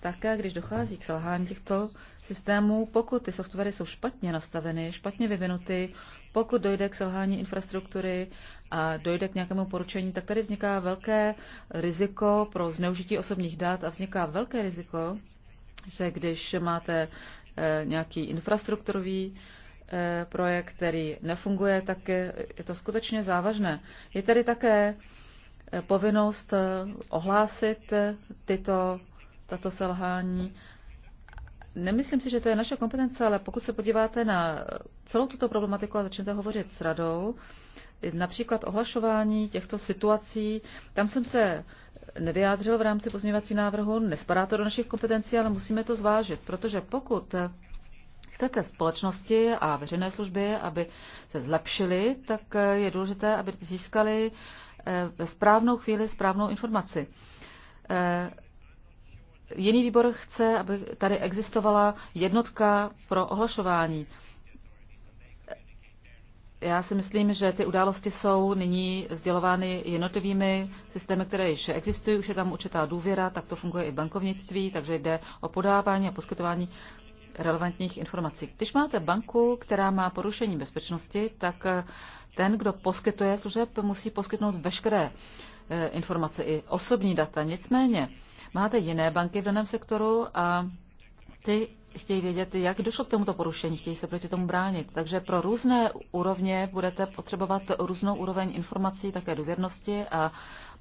Speaker 3: také, když dochází k selhání těchto systémů, pokud ty softwary jsou špatně nastaveny, špatně vyvinuty, pokud dojde k selhání infrastruktury a dojde k nějakému poručení, tak tady vzniká velké riziko pro zneužití osobních dat a vzniká velké riziko, že když máte eh, nějaký infrastrukturový Eh, projekt, který nefunguje, tak je, je to skutečně závažné. Je tady také eh, povinnost eh, ohlásit tyto, tato selhání. Nemyslím si, že to je naše kompetence, ale pokud se podíváte na celou tuto problematiku a začnete hovořit s radou, například ohlašování těchto situací, tam jsem se nevyjádřil v rámci pozměňovací návrhu, nespadá to do našich kompetencí, ale musíme to zvážit, protože pokud chcete společnosti a veřejné služby, aby se zlepšily, tak eh, je důležité, aby získali ve eh, správnou chvíli správnou informaci. Eh, jiný výbor chce, aby tady existovala jednotka pro ohlašování. Já si myslím, že ty události jsou nyní sdělovány jednotlivými systémy, které již existují, už je tam určitá důvěra, tak to funguje i bankovnictví, takže jde o podávání a poskytování relevantních informací. Když máte banku, která má porušení bezpečnosti, tak eh, ten, kdo poskytuje služeb, musí poskytnout veškeré eh, informace i osobní data. Nicméně máte jiné banky v daném sektoru a ty chtějí vědět, jak došlo k tomuto porušení, chtějí se proti tomu bránit. Takže pro různé úrovně budete potřebovat různou úroveň informací, také důvěrnosti a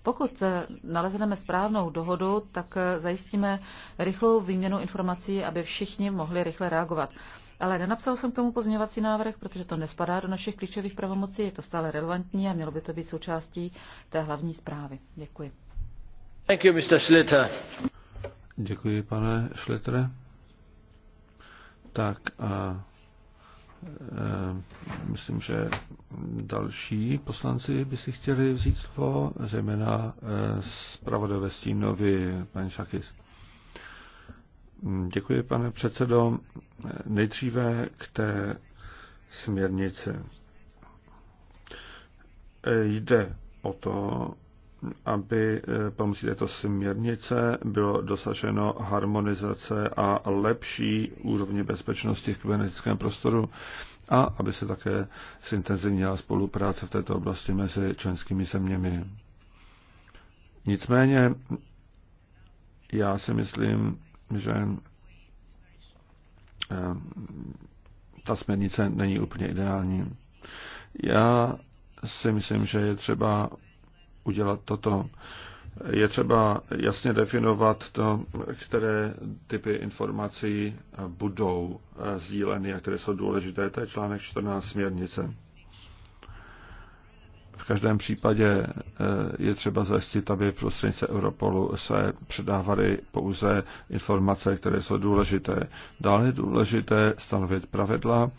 Speaker 3: pokud eh, nalezeme správnou dohodu, tak eh, zajistíme rychlou výměnu informací, aby všichni mohli rychle reagovat. Ale nenapsal jsem k tomu pozměňovací návrh, protože to nespadá do našich klíčových pravomocí, je to stále relevantní a mělo by to být součástí té hlavní zprávy. Děkuji.
Speaker 2: Thank you, Mr. Schlitter. Děkuji, pane Schlitter. Tak a Eh, myslím, že další poslanci by si chtěli vzít slovo, zejména eh, pravodové stínovy, paní Šakis. Děkuji, pane předsedo. Nejdříve k té směrnici. Eh, jde o to, aby eh, pomocí této směrnice bylo dosaženo harmonizace a lepší úrovně bezpečnosti v kybernetickém prostoru a aby se také zintenzivnila spolupráce v této oblasti mezi členskými zeměmi. Nicméně já si myslím, že eh, ta směrnice není úplně ideální. Já si myslím, že je třeba udělat toto. Je třeba jasně definovat to, které typy informací budou eh, sdíleny a které jsou důležité. To je článek 14 směrnice. V každém případě eh, je třeba zajistit, aby prostřednice Europolu se předávaly pouze informace, které jsou důležité. Dále je důležité stanovit pravidla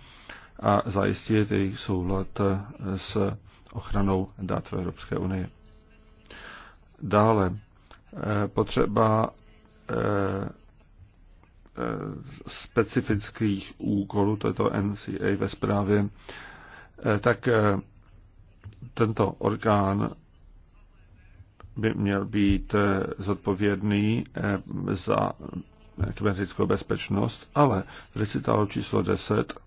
Speaker 2: a zajistit jejich soulad eh, s ochranou dat v Evropské unii. Dále eh, potřeba eh, eh, specifických úkolů, to je to NCA ve zprávě, tak tento orgán by měl být zodpovědný za kybernetickou bezpečnost, ale v recitálu číslo 10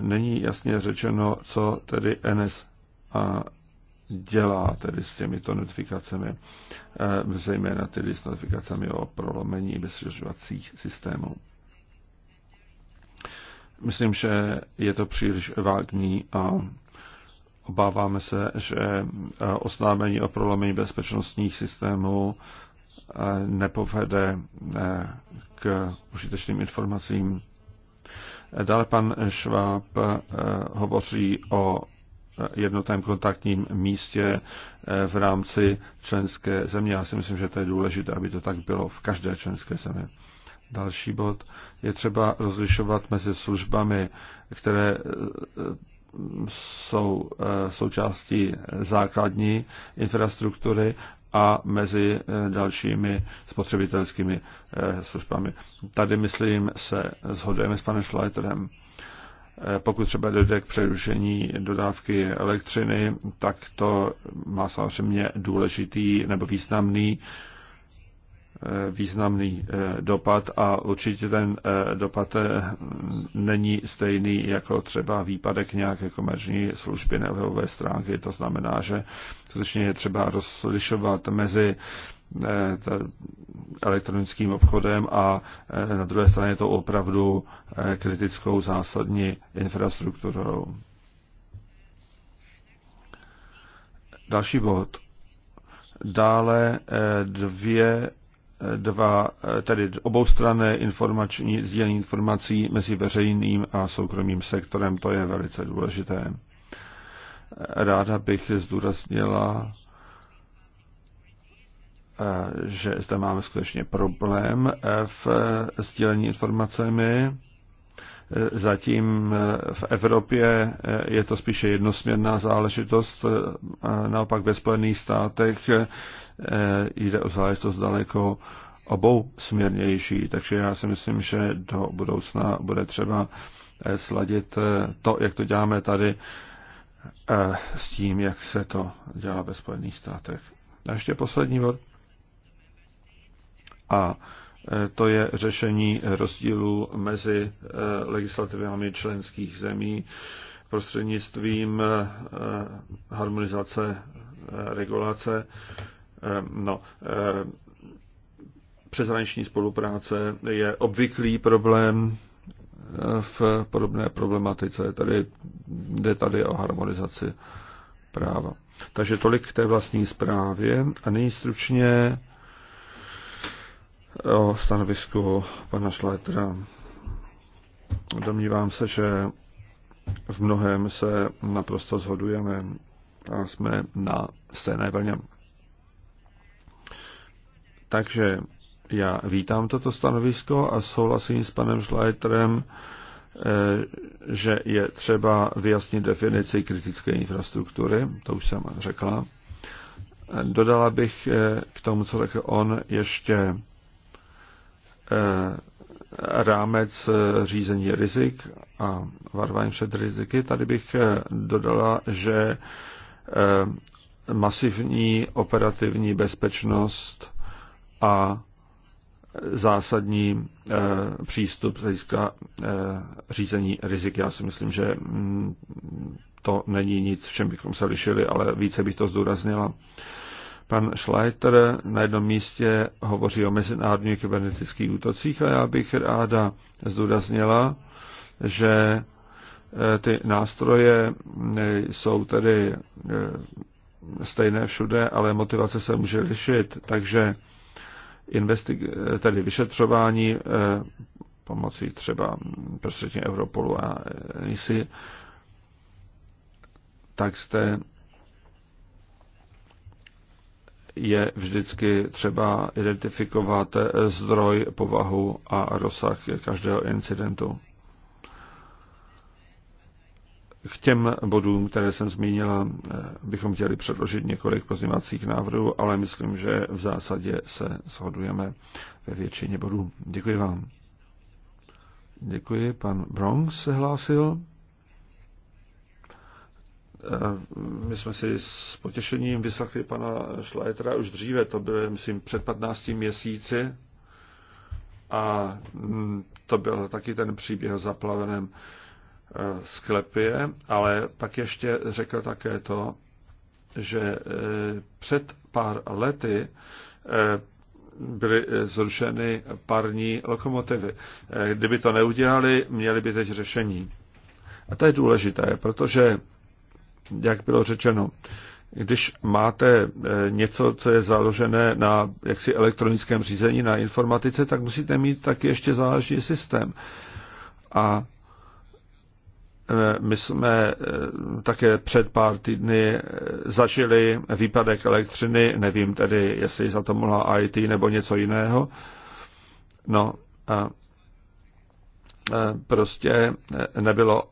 Speaker 2: není jasně řečeno, co tedy NSA dělá tedy s těmito notifikacemi, eh, zejména tedy s notifikacemi o prolomení bezřežovacích systémů. Myslím, že je to příliš vágní a obáváme se, že eh, oznámení o prolomení bezpečnostních systémů eh, nepovede k užitečným informacím. Dále pan Šváb hovoří o jednotném kontaktním místě eh, v rámci členské země. Já si myslím, že to je důležité, aby to tak bylo v každé členské zemi. Další bod je třeba rozlišovat mezi službami, které eh, jsou eh, součástí základní infrastruktury a mezi dalšími spotřebitelskými službami. Tady, myslím, se shodujeme s panem Schleiterem. Eh, pokud třeba dojde k přerušení dodávky elektřiny, tak to má samozřejmě důležitý nebo významný eh, významný eh, dopad a určitě ten dopad není stejný jako třeba výpadek nějaké komerční služby nebo stránky. To znamená, že skutečně je třeba rozlišovat mezi Eh, elektronickým obchodem a eh, na druhé straně je to opravdu eh, kritickou zásadní infrastrukturou. Další bod. Dále dvě, dva, tedy oboustranné informační sdílení informací mezi veřejným a soukromým sektorem, to je velice důležité. Ráda bych zdůraznila že zde máme skutečně problém e, v e, sdílení informacemi. E, zatím v Evropě je to spíše jednosměrná záležitost, naopak ve Spojených státech jde o záležitost daleko obou směrnější, takže já si myslím, že do budoucna bude třeba sladit to, jak to děláme tady, s tím, jak se to dělá ve Spojených státech. A ještě poslední bod. A e, to je řešení rozdílu mezi e, legislativami členských zemí prostřednictvím e, harmonizace regulace. No, přeshraniční spolupráce je obvyklý problém v podobné problematice. Tady jde tady o harmonizaci práva. Takže tolik k té vlastní zprávě a nejstručně o stanovisku pana Šlétra. Domnívám se, že v mnohem se naprosto shodujeme a jsme na stejné vlně. Takže já vítám toto stanovisko a souhlasím s panem Schleiterem, eh, že je třeba vyjasnit definici kritické infrastruktury, to už jsem řekla. Dodala bych eh, k tomu, co řekl on, ještě Eh, rámec eh, řízení rizik a varování před riziky. Tady bych eh, dodala, že masivní operativní bezpečnost a zásadní přístup z hlediska řízení rizik. Já si myslím, že mm, to není nic, v čem bychom se lišili, ale více bych to zdůraznila. Pan Schleiter na jednom místě hovoří o mezinárodních kybernetických útocích a já bych ráda zdůraznila, že eh, ty nástroje eh, jsou tedy eh, stejné všude, ale motivace se může lišit, takže investi- tedy vyšetřování pomocí třeba prostředně Europolu a ISI, tak jste je vždycky třeba identifikovat zdroj, povahu a rozsah každého incidentu. K těm bodům, které jsem zmínila, bychom chtěli předložit několik pozměňovacích návrhů, ale myslím, že v zásadě se shodujeme ve většině bodů. Děkuji vám. Děkuji. Pan Bronx se hlásil. Eh, my jsme si s potěšením vyslechli pana Schleitera už dříve, to bylo, myslím, před 15 měsíci. A mm, to byl taky ten příběh o zaplaveném eh, sklepě, ale pak ještě řekl také to, že eh, před pár lety byly zrušeny parní lokomotivy. Kdyby to neudělali, měli by teď řešení. A to je důležité, protože jak bylo řečeno, když máte eh, něco, co je založené na jaksi elektronickém řízení, na informatice, tak musíte mít taky ještě záležitý systém. A eh, my jsme eh, také před pár týdny zažili výpadek elektřiny, nevím tedy, jestli za to mohla IT nebo něco jiného. No, a prostě nebylo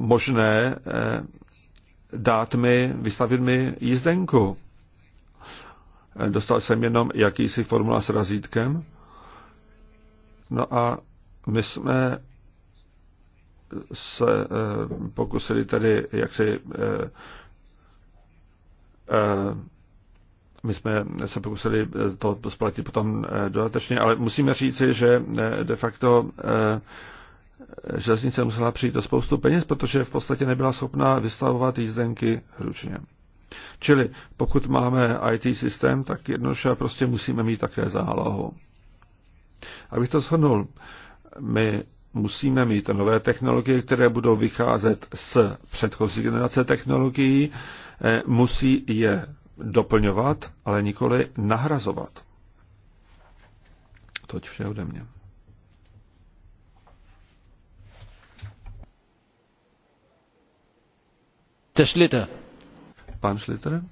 Speaker 2: možné eh, dát mi, vystavit mi jízdenku. Eh, dostal jsem jenom jakýsi formulář s razítkem. No a my jsme se eh, pokusili tedy, jak si my jsme se pokusili to splatit potom dodatečně, ale musíme říci, že de facto železnice musela přijít o spoustu peněz, protože v podstatě nebyla schopná vystavovat jízdenky ručně. Čili pokud máme IT systém, tak jednoduše prostě musíme mít také zálohu. Abych to shodnul, my musíme mít nové technologie, které budou vycházet z předchozí generace technologií, eh, musí je doplňovat, ale nikoli nahrazovat. Toť vše ode mě. Der Schlitter. Pan Schlitter?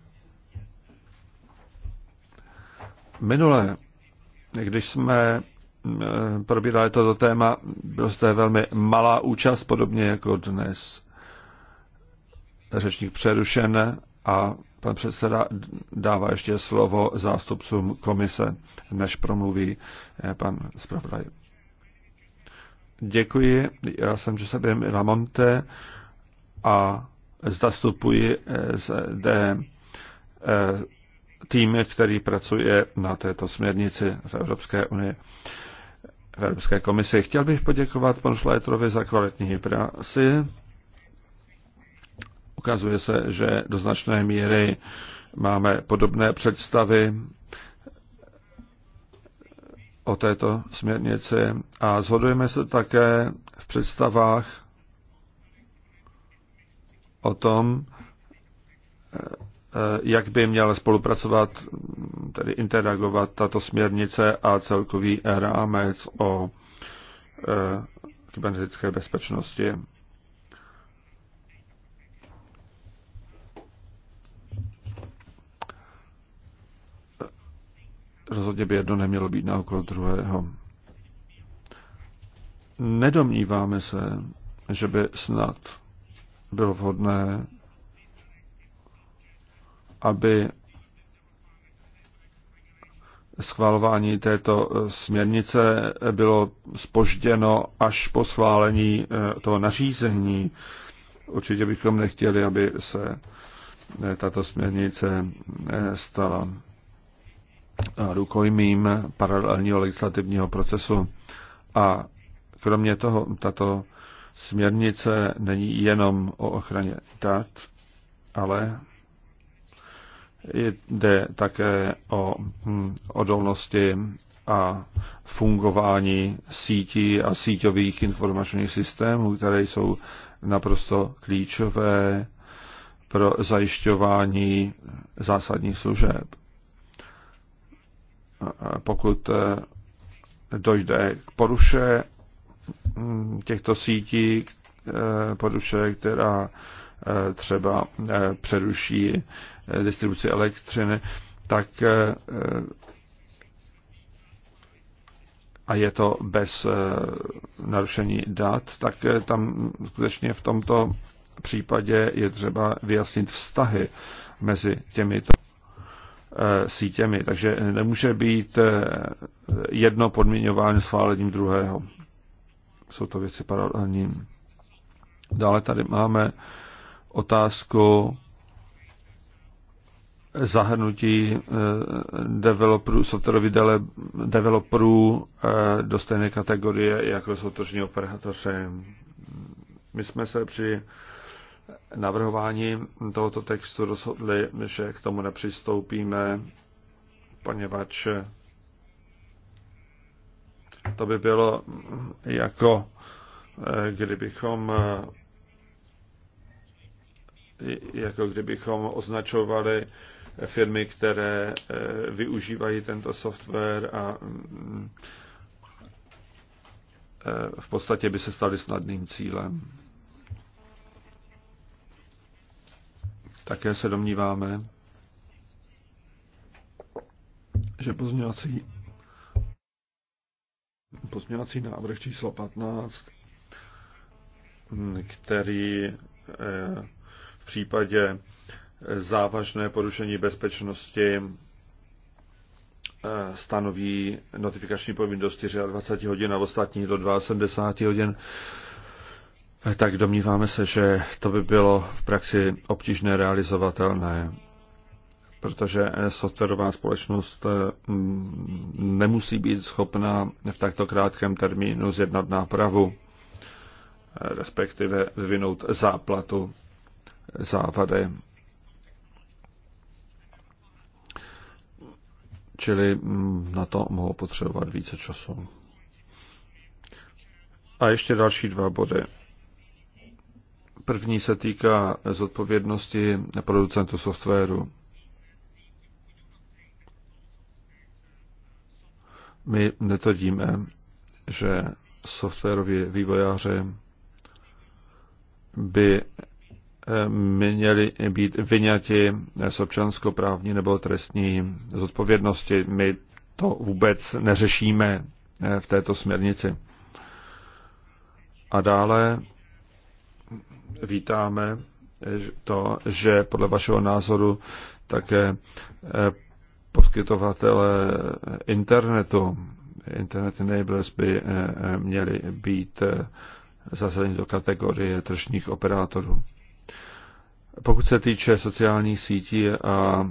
Speaker 2: Minule, když jsme eh, probírali toto téma, byla zde velmi malá účast, podobně jako dnes. Řečník přerušen a pan předseda dává ještě slovo zástupcům komise, než promluví eh, pan zpravodaj. Děkuji, já jsem Giuseppe Ramonte a zastupuji zde eh, eh, tým, který pracuje na této směrnici v Evropské unii. V Evropské komisi. Chtěl bych poděkovat panu Šlajtrovi za kvalitní práci. Ukazuje se, že do značné míry máme podobné představy o této směrnici a zhodujeme se také v představách o tom, eh, eh, jak by měla spolupracovat, tedy interagovat tato směrnice a celkový rámec o eh, kybernetické bezpečnosti. Rozhodně by jedno nemělo být na okolo druhého. Nedomníváme se, že by snad bylo vhodné, aby schvalování této eh, směrnice bylo spožděno až po schválení eh, toho nařízení. Určitě bychom nechtěli, aby se eh, tato směrnice stala rukojmím paralelního legislativního procesu. A kromě toho tato Směrnice není jenom o ochraně dat, ale jde také o hm, odolnosti a fungování sítí a síťových informačních systémů, které jsou naprosto klíčové pro zajišťování zásadních služeb. Pokud eh, dojde k poruše Mm, těchto sítí eh, poruše, která eh, třeba eh, přeruší distribuci elektřiny, tak a je to bez narušení dat, tak tam skutečně v tomto případě je třeba vyjasnit vztahy mezi těmito sítěmi. Takže nemůže být jedno podmiňování schválením druhého jsou to věci paralelní. Dále tady máme otázku zahrnutí eh, developerů, softwarových developerů eh, do stejné kategorie jako jsou tržní operátoři. My jsme se při navrhování tohoto textu rozhodli, že k tomu nepřistoupíme, poněvadž to by bylo jako, eh, kdybychom eh, jako kdybychom označovali firmy, které eh, využívají tento software a mm, v podstatě by se staly snadným cílem. Také se domníváme, že pozměňovací pozměňovací návrh číslo 15, který eh, v případě eh, závažné porušení bezpečnosti eh, stanoví notifikační povinnost 24 hodin a ostatní do 72 hodin, tak domníváme se, že to by bylo v praxi obtížně realizovatelné protože softwarová společnost eh, nemusí být schopna v takto krátkém termínu zjednat nápravu, eh, respektive vyvinout záplatu závady. Čili mm, na to mohou potřebovat více času. A ještě další dva body. První se týká zodpovědnosti producentu softwaru. My netvrdíme, že softwaroví vývojáři by eh, měli být vyňati z občanskoprávní nebo trestní zodpovědnosti. My to vůbec neřešíme eh, v této směrnici. A dále vítáme eh, to, že podle vašeho názoru také poskytovatele internetu, internet enablers by eh, eh, měli být eh, zařazeni do kategorie tržních operátorů. Pokud se týče sociálních sítí a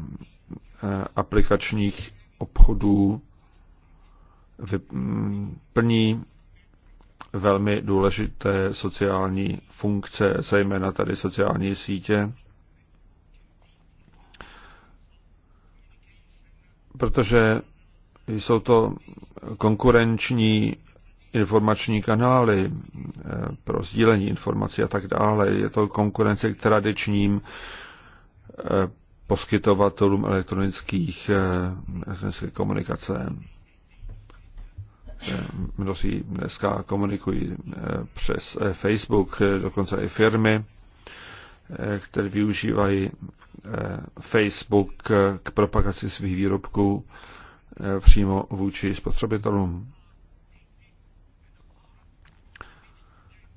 Speaker 2: aplikačních obchodů, mm, plní velmi důležité sociální funkce, zejména tady sociální sítě. protože jsou to konkurenční informační kanály eh, pro sdílení informací a tak dále. Je to konkurence k tradičním eh, poskytovatelům elektronických, eh, komunikace. Mnozí dneska komunikují přes Facebook, dokonce i firmy. Eh, které využívají eh, Facebook eh, k propagaci svých výrobků přímo vůči spotřebitelům.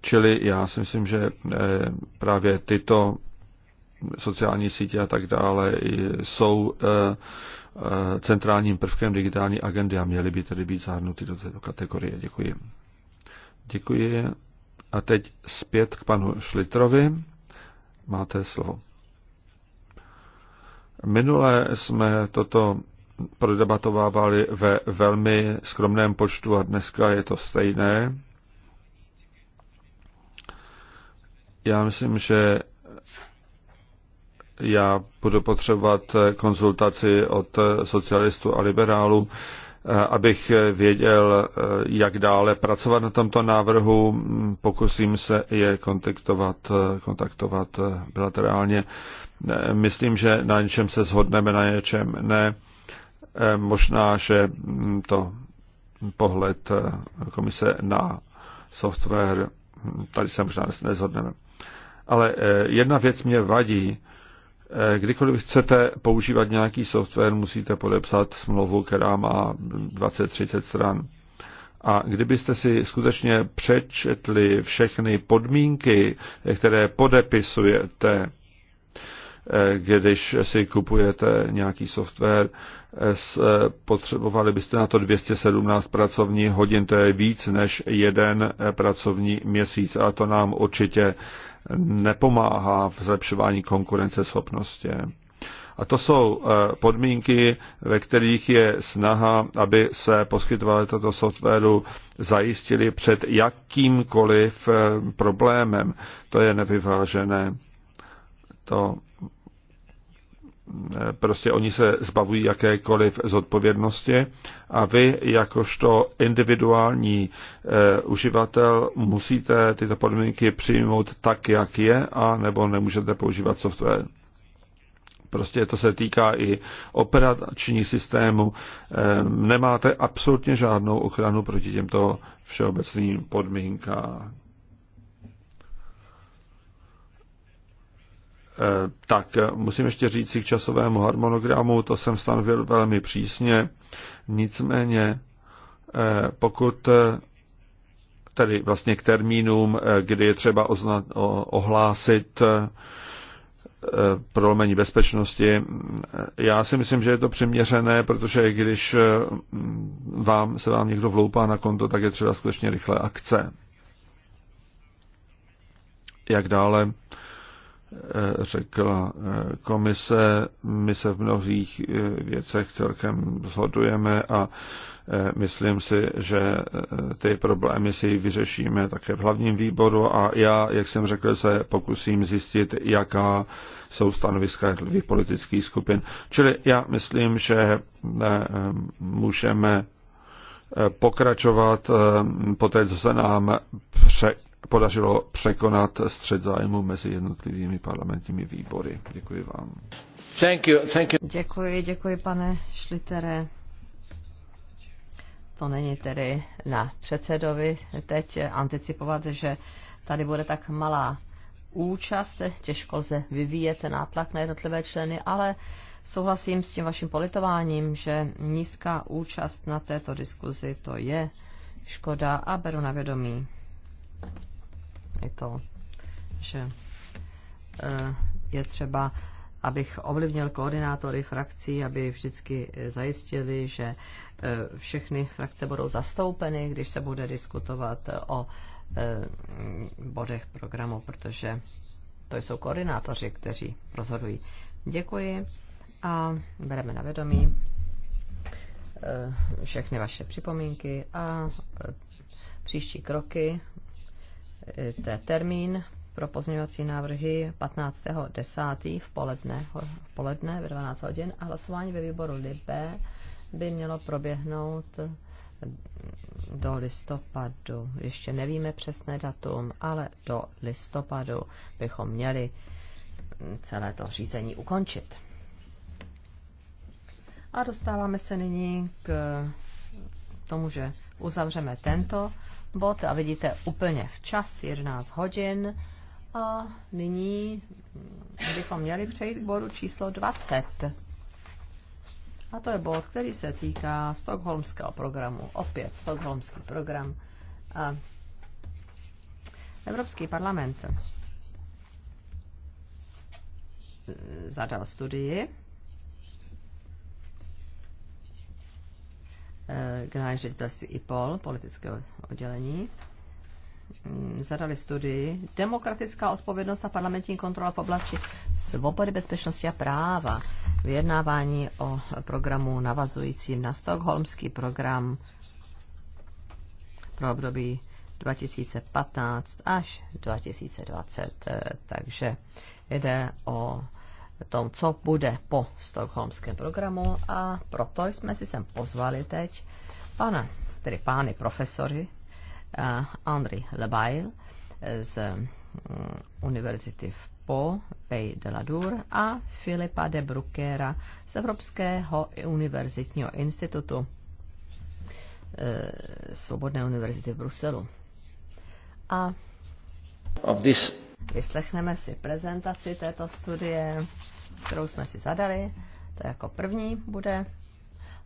Speaker 2: Čili já si myslím, že právě tyto sociální sítě a tak dále jsou centrálním prvkem digitální agendy a měly by tedy být zahrnuty do této kategorie. Děkuji. Děkuji. A teď zpět k panu Šlitrovi máte slovo. Minule jsme toto prodebatovávali ve velmi skromném počtu a dneska je to stejné. Já myslím, že já budu potřebovat konzultaci od socialistů a liberálů, Eh, abych věděl, eh, jak dále pracovat na tomto návrhu. Hm, pokusím se je kontaktovat, eh, kontaktovat bilaterálně. Myslím, že na něčem se shodneme, na něčem ne. Možná, že hm, to pohled komise na software, hm, tady se možná nezhodneme. Ale jedna věc mě vadí, Eh, kdykoliv chcete používat nějaký software, musíte podepsat smlouvu, která má 20-30 stran. A kdybyste si skutečně přečetli všechny podmínky, eh, které podepisujete, eh, když si kupujete nějaký software, potřebovali byste na to 217 pracovní hodin, to je víc než jeden pracovní měsíc a to nám určitě nepomáhá v zlepšování konkurenceschopnosti. A to jsou eh, podmínky, ve kterých je snaha, aby se poskytovali toto softwaru zajistili před jakýmkoliv eh, problémem. To je nevyvážené. To prostě oni se zbavují jakékoliv zodpovědnosti a vy jakožto individuální e, uživatel musíte tyto podmínky přijmout tak, jak je, a nebo nemůžete používat software. Prostě to se týká i operační systému. E, nemáte absolutně žádnou ochranu proti těmto všeobecným podmínkám. tak musím ještě říct si k časovému harmonogramu, to jsem stanovil velmi přísně, nicméně eh, pokud eh, tedy vlastně k termínům, eh, kdy je třeba oznat, ohlásit prolomení bezpečnosti. Já si myslím, že je to přiměřené, protože když vám, se vám někdo vloupá na konto, tak je třeba skutečně rychle akce. Jak dále? Eh, řekla eh, komise. My se v mnohých eh, věcech celkem shodujeme a myslím si, že ty problémy si vyřešíme také v hlavním výboru a já, jak jsem řekl, se pokusím zjistit, jaká jsou stanoviska jednotlivých politických skupin. Čili já myslím, že můžeme pokračovat po té, co se nám pře- podařilo překonat střed zájmu mezi jednotlivými parlamentními výbory. Děkuji vám. Thank you, thank you.
Speaker 1: Děkuji, děkuji pane Šlitere. To není tedy na předsedovi teď anticipovat, že tady bude tak malá účast, těžko lze vyvíjet nátlak na jednotlivé členy, ale souhlasím s tím vaším politováním, že nízká účast na této diskuzi to je škoda a beru na vědomí je to, že eh, je třeba, abych ovlivnil koordinátory frakcí, aby vždycky eh, zajistili, že eh, všechny frakce budou zastoupeny, když se bude diskutovat o bodech programu, protože to jsou koordinátoři, kteří rozhodují. Děkuji a bereme na vědomí všechny vaše připomínky a příští kroky ten termín pro pozměňovací návrhy 15.10. v poledne, v poledne ve 12 hodin a hlasování ve výboru LIBE by mělo proběhnout do listopadu. Ještě nevíme přesné datum, ale do listopadu bychom měli celé to řízení ukončit. A dostáváme se nyní k tomu, že uzavřeme tento bod a vidíte úplně včas, 11 hodin. A nyní bychom měli přejít k bodu číslo 20. A to je bod, který se týká stokholmského programu. Opět stokholmský program. A Evropský parlament eh, zadal studii Eh, generální ředitelství IPOL, politického oddělení, mm, zadali studii Demokratická odpovědnost a parlamentní kontrola v oblasti svobody, bezpečnosti a práva. Vyjednávání o programu navazujícím na stokholmský program pro období 2015 až 2020. Eh, takže jde o tom, co bude po stokholmském programu a proto jsme si sem pozvali teď pana, tedy pány profesory uh, Andri Lebail eh, z um, Univerzity v Po, Pays de la Dour a Filipa de Bruckera z Evropského univerzitního institutu uh, Svobodné univerzity v Bruselu. A of this Vyslechneme si prezentaci této studie, kterou jsme si zadali. To jako první bude,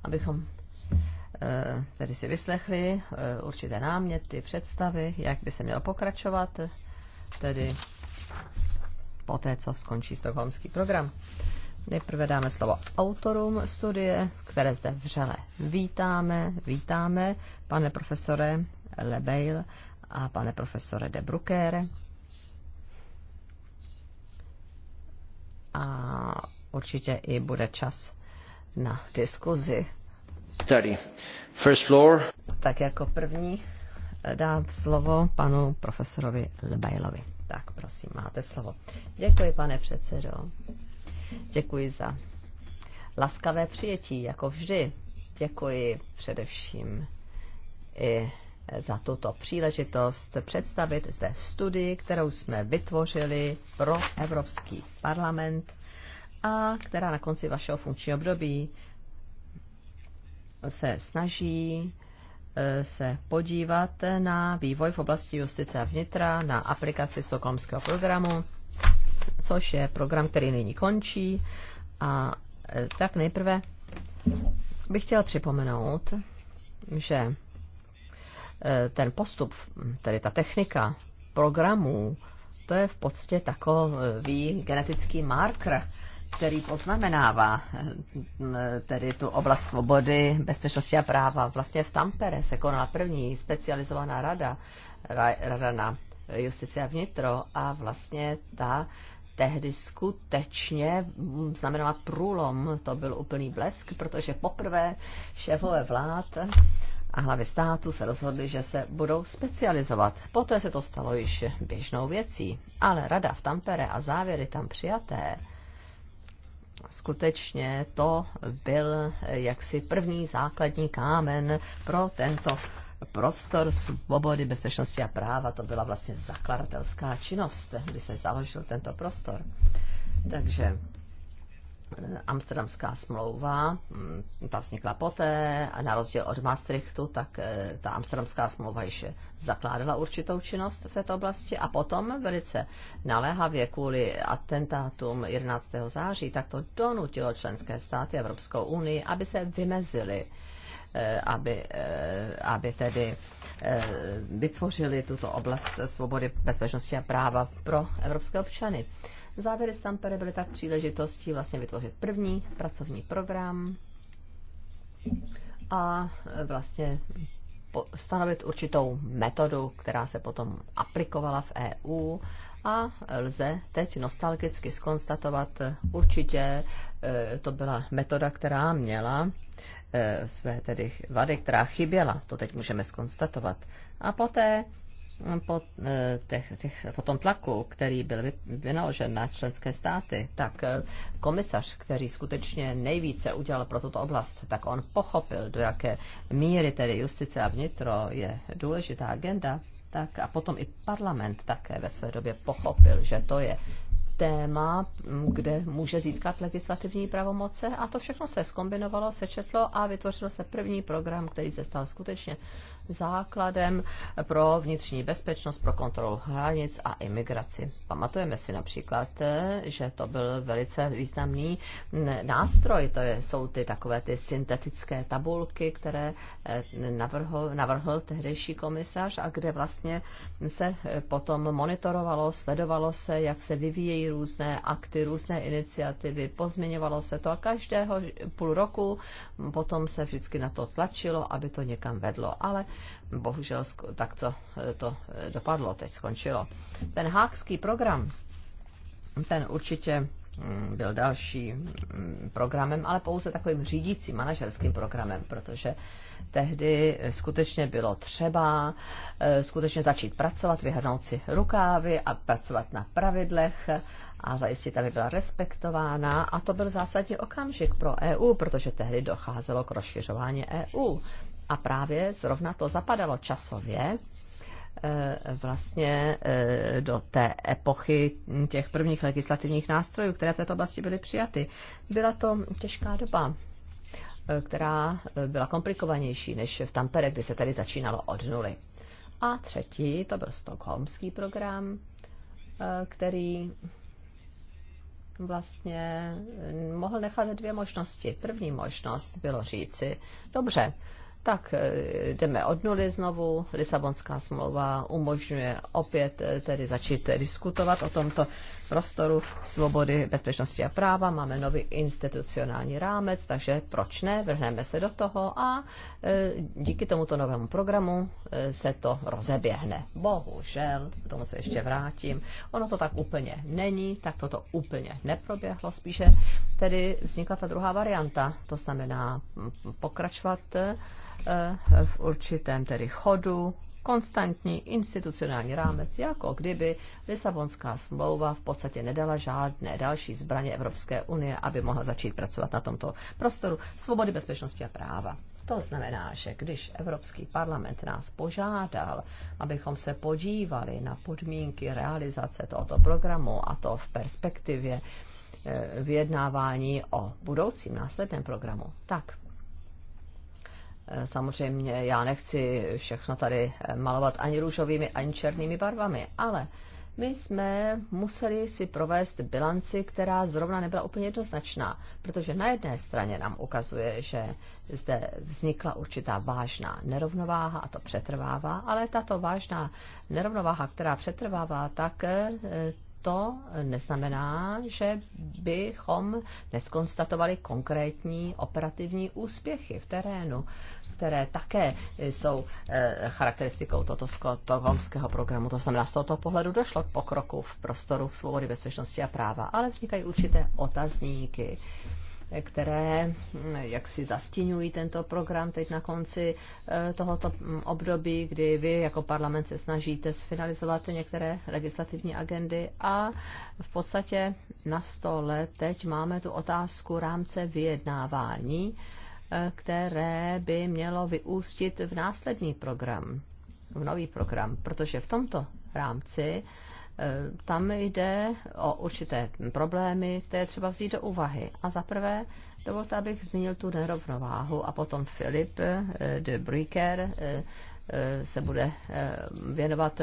Speaker 1: abychom eh, tedy si vyslechli eh, určité náměty, představy, jak by se mělo pokračovat, tedy po té, co skončí stokholmský program. Nejprve dáme slovo autorům studie, které zde vřele vítáme. Vítáme pane profesore Lebeil a pane profesore De Bruckere. a určitě i bude čas na diskuzi. Tady. First floor. Tak jako první eh, dát slovo panu profesorovi Lebajlovi. Tak prosím, máte slovo. Děkuji, pane předsedo. Děkuji za laskavé přijetí, jako vždy. Děkuji především i za tuto příležitost představit zde studii, kterou jsme vytvořili pro Evropský parlament a která na konci vašeho funkčního období se snaží e, se podívat na vývoj v oblasti justice a vnitra, na aplikaci stokholmského programu, což je program, který nyní končí. A e, tak nejprve bych chtěl připomenout, že Eh, ten postup, tedy ta technika programů, to je v podstatě takový genetický marker, který poznamenává eh, tedy tu oblast svobody, bezpečnosti a práva. Vlastně v Tampere se konala první specializovaná rada, rada na justici a vnitro a vlastně ta tehdy skutečně mm, znamenala průlom, to byl úplný blesk, protože poprvé šéfové vlád a hlavy státu se rozhodly, že se budou specializovat. Poté se to stalo již běžnou věcí, ale rada v Tampere a závěry tam přijaté skutečně to byl jaksi první základní kámen pro tento prostor svobody, bezpečnosti a práva. To byla vlastně zakladatelská činnost, kdy se založil tento prostor. Takže Amsterdamská smlouva, mm, ta vznikla poté a na rozdíl od Maastrichtu, tak eh, ta Amsterdamská smlouva již zakládala určitou činnost v této oblasti a potom velice naléhavě kvůli atentátům 11. září, tak to donutilo členské státy Evropskou unii, aby se vymezili eh, aby, eh, aby tedy vytvořili tuto oblast svobody, bezpečnosti a práva pro evropské občany. Závěry Stampere byly tak příležitostí vlastně vytvořit první pracovní program a vlastně stanovit určitou metodu, která se potom aplikovala v EU a lze teď nostalgicky skonstatovat, určitě e, to byla metoda, která měla e, své tedy vady, která chyběla, to teď můžeme skonstatovat. A poté po, eh, těch, těch, po tom tlaku, který byl vynaložen na členské státy, tak eh, komisař, který skutečně nejvíce udělal pro tuto oblast, tak on pochopil, do jaké míry tedy justice a vnitro je důležitá agenda, tak a potom i parlament také ve své době pochopil, že to je téma, kde může získat legislativní pravomoce a to všechno se skombinovalo, sečetlo a vytvořilo se první program, který se stal skutečně základem pro vnitřní bezpečnost, pro kontrolu hranic a imigraci. Pamatujeme si například, že to byl velice významný mm, nástroj, to je, jsou ty takové ty syntetické tabulky, které eh, navrhl, navrhl tehdejší komisař a kde vlastně se eh, potom monitorovalo, sledovalo se, jak se vyvíjejí různé akty, různé iniciativy, pozměňovalo se to a každého půl roku potom se vždycky na to tlačilo, aby to někam vedlo. Ale bohužel tak to, eh, to eh, dopadlo, teď skončilo. Ten hákský program, ten určitě mm, byl další mm, programem, ale pouze takovým řídícím manažerským programem, protože tehdy eh, skutečně bylo třeba skutečně začít pracovat, vyhrnout si rukávy a pracovat na pravidlech a zajistit, aby byla respektována. A to byl zásadní okamžik pro EU, protože tehdy docházelo k rozšiřování EU. A právě zrovna to zapadalo časově e, vlastně e, do té epochy těch prvních legislativních nástrojů, které v této oblasti byly přijaty. Byla to těžká doba, e, která byla komplikovanější než v Tampere, kdy se tady začínalo od nuly. A třetí, to byl stokholmský program, který vlastně mohl nechat dvě možnosti. První možnost bylo říci, dobře, tak eh, jdeme od nuly znovu. Lisabonská smlouva umožňuje opět eh, tedy začít diskutovat o tomto prostoru svobody, bezpečnosti a práva. Máme nový institucionální rámec, takže proč ne? Vrhneme se do toho a eh, díky tomuto novému programu se to rozeběhne. Bohužel, k tomu se ještě vrátím. Ono to tak úplně není, tak toto úplně neproběhlo. Spíše tedy vznikla ta druhá varianta, to znamená hm, pokračovat Eh, v určitém tedy chodu, konstantní institucionální rámec, jako kdyby Lisabonská smlouva v podstatě nedala žádné další zbraně Evropské unie, aby mohla začít pracovat na tomto prostoru svobody, bezpečnosti a práva. To znamená, že když Evropský parlament nás požádal, abychom se podívali na podmínky realizace tohoto programu a to v perspektivě eh, vyjednávání o budoucím následném programu, tak Eh, samozřejmě já nechci všechno tady eh, malovat ani růžovými, ani černými barvami, ale my jsme museli si provést bilanci, která zrovna nebyla úplně jednoznačná, protože na jedné straně nám ukazuje, že zde vznikla určitá vážná nerovnováha a to přetrvává, ale tato vážná nerovnováha, která přetrvává, tak eh, to neznamená, že bychom neskonstatovali konkrétní operativní úspěchy v terénu, které také jsou eh, charakteristikou tohoto stokholmského programu. To znamená, z tohoto pohledu došlo k pokroku v prostoru svobody, bezpečnosti a práva, ale vznikají určité otazníky které hm, jak si zastínují tento program teď na konci eh, tohoto hm, období, kdy vy jako parlament se snažíte sfinalizovat některé legislativní agendy a v podstatě na stole teď máme tu otázku rámce vyjednávání, eh, které by mělo vyústit v následný program, v nový program, protože v tomto rámci Eh, tam jde o určité problémy, které třeba vzít do úvahy. A zaprvé dovolte, abych zmínil tu nerovnováhu a potom Filip eh, de Bruyker eh, se bude věnovat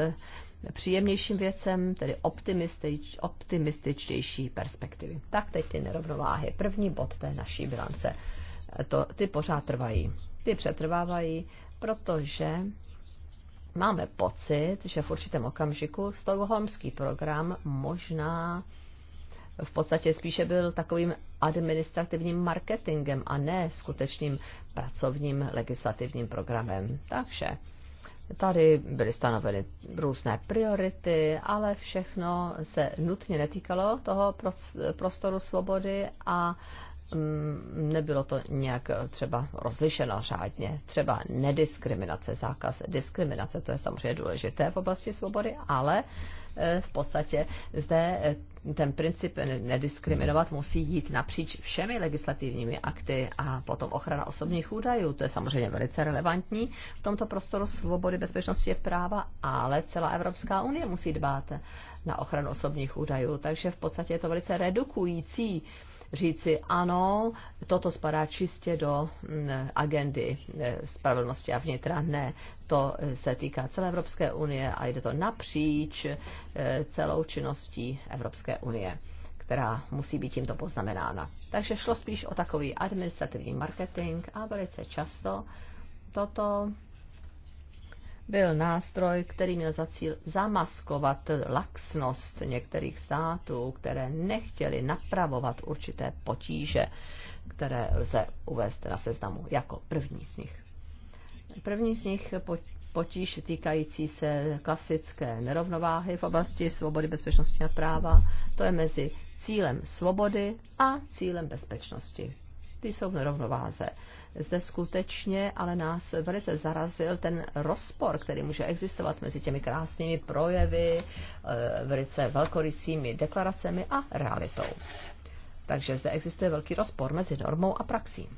Speaker 1: příjemnějším věcem, tedy optimistič, optimističtější perspektivy. Tak teď ty nerovnováhy. První bod té naší bilance. To, ty pořád trvají. Ty přetrvávají, protože máme pocit, že v určitém okamžiku stokholmský program možná v podstatě spíše byl takovým administrativním marketingem a ne skutečným pracovním legislativním programem. Takže tady byly stanoveny různé priority, ale všechno se nutně netýkalo toho prostoru svobody a Mm, nebylo to nějak eh, třeba rozlišeno řádně. Třeba nediskriminace, zákaz diskriminace, to je samozřejmě důležité v oblasti svobody, ale eh, v podstatě zde eh, ten princip nediskriminovat musí jít napříč všemi legislativními akty a potom ochrana osobních údajů. To je samozřejmě velice relevantní v tomto prostoru svobody, bezpečnosti je práva, ale celá Evropská unie musí dbát na ochranu osobních údajů. Takže v podstatě je to velice redukující říci ano, toto spadá čistě do mm, agendy eh, spravedlnosti a vnitra. Ne, to eh, se týká celé Evropské unie a jde to napříč eh, celou činností Evropské unie která musí být tímto poznamenána. Takže šlo spíš o takový administrativní marketing a velice často toto byl nástroj, který měl za cíl zamaskovat laxnost některých států, které nechtěly napravovat určité potíže, které lze uvést na seznamu jako první z nich. První z nich potíž týkající se klasické nerovnováhy v oblasti svobody, bezpečnosti a práva, to je mezi cílem svobody a cílem bezpečnosti ty jsou v nerovnováze. Zde skutečně ale nás velice zarazil ten rozpor, který může existovat mezi těmi krásnými projevy, eh, velice velkorysými deklaracemi a realitou. Takže zde existuje velký rozpor mezi normou a praxí.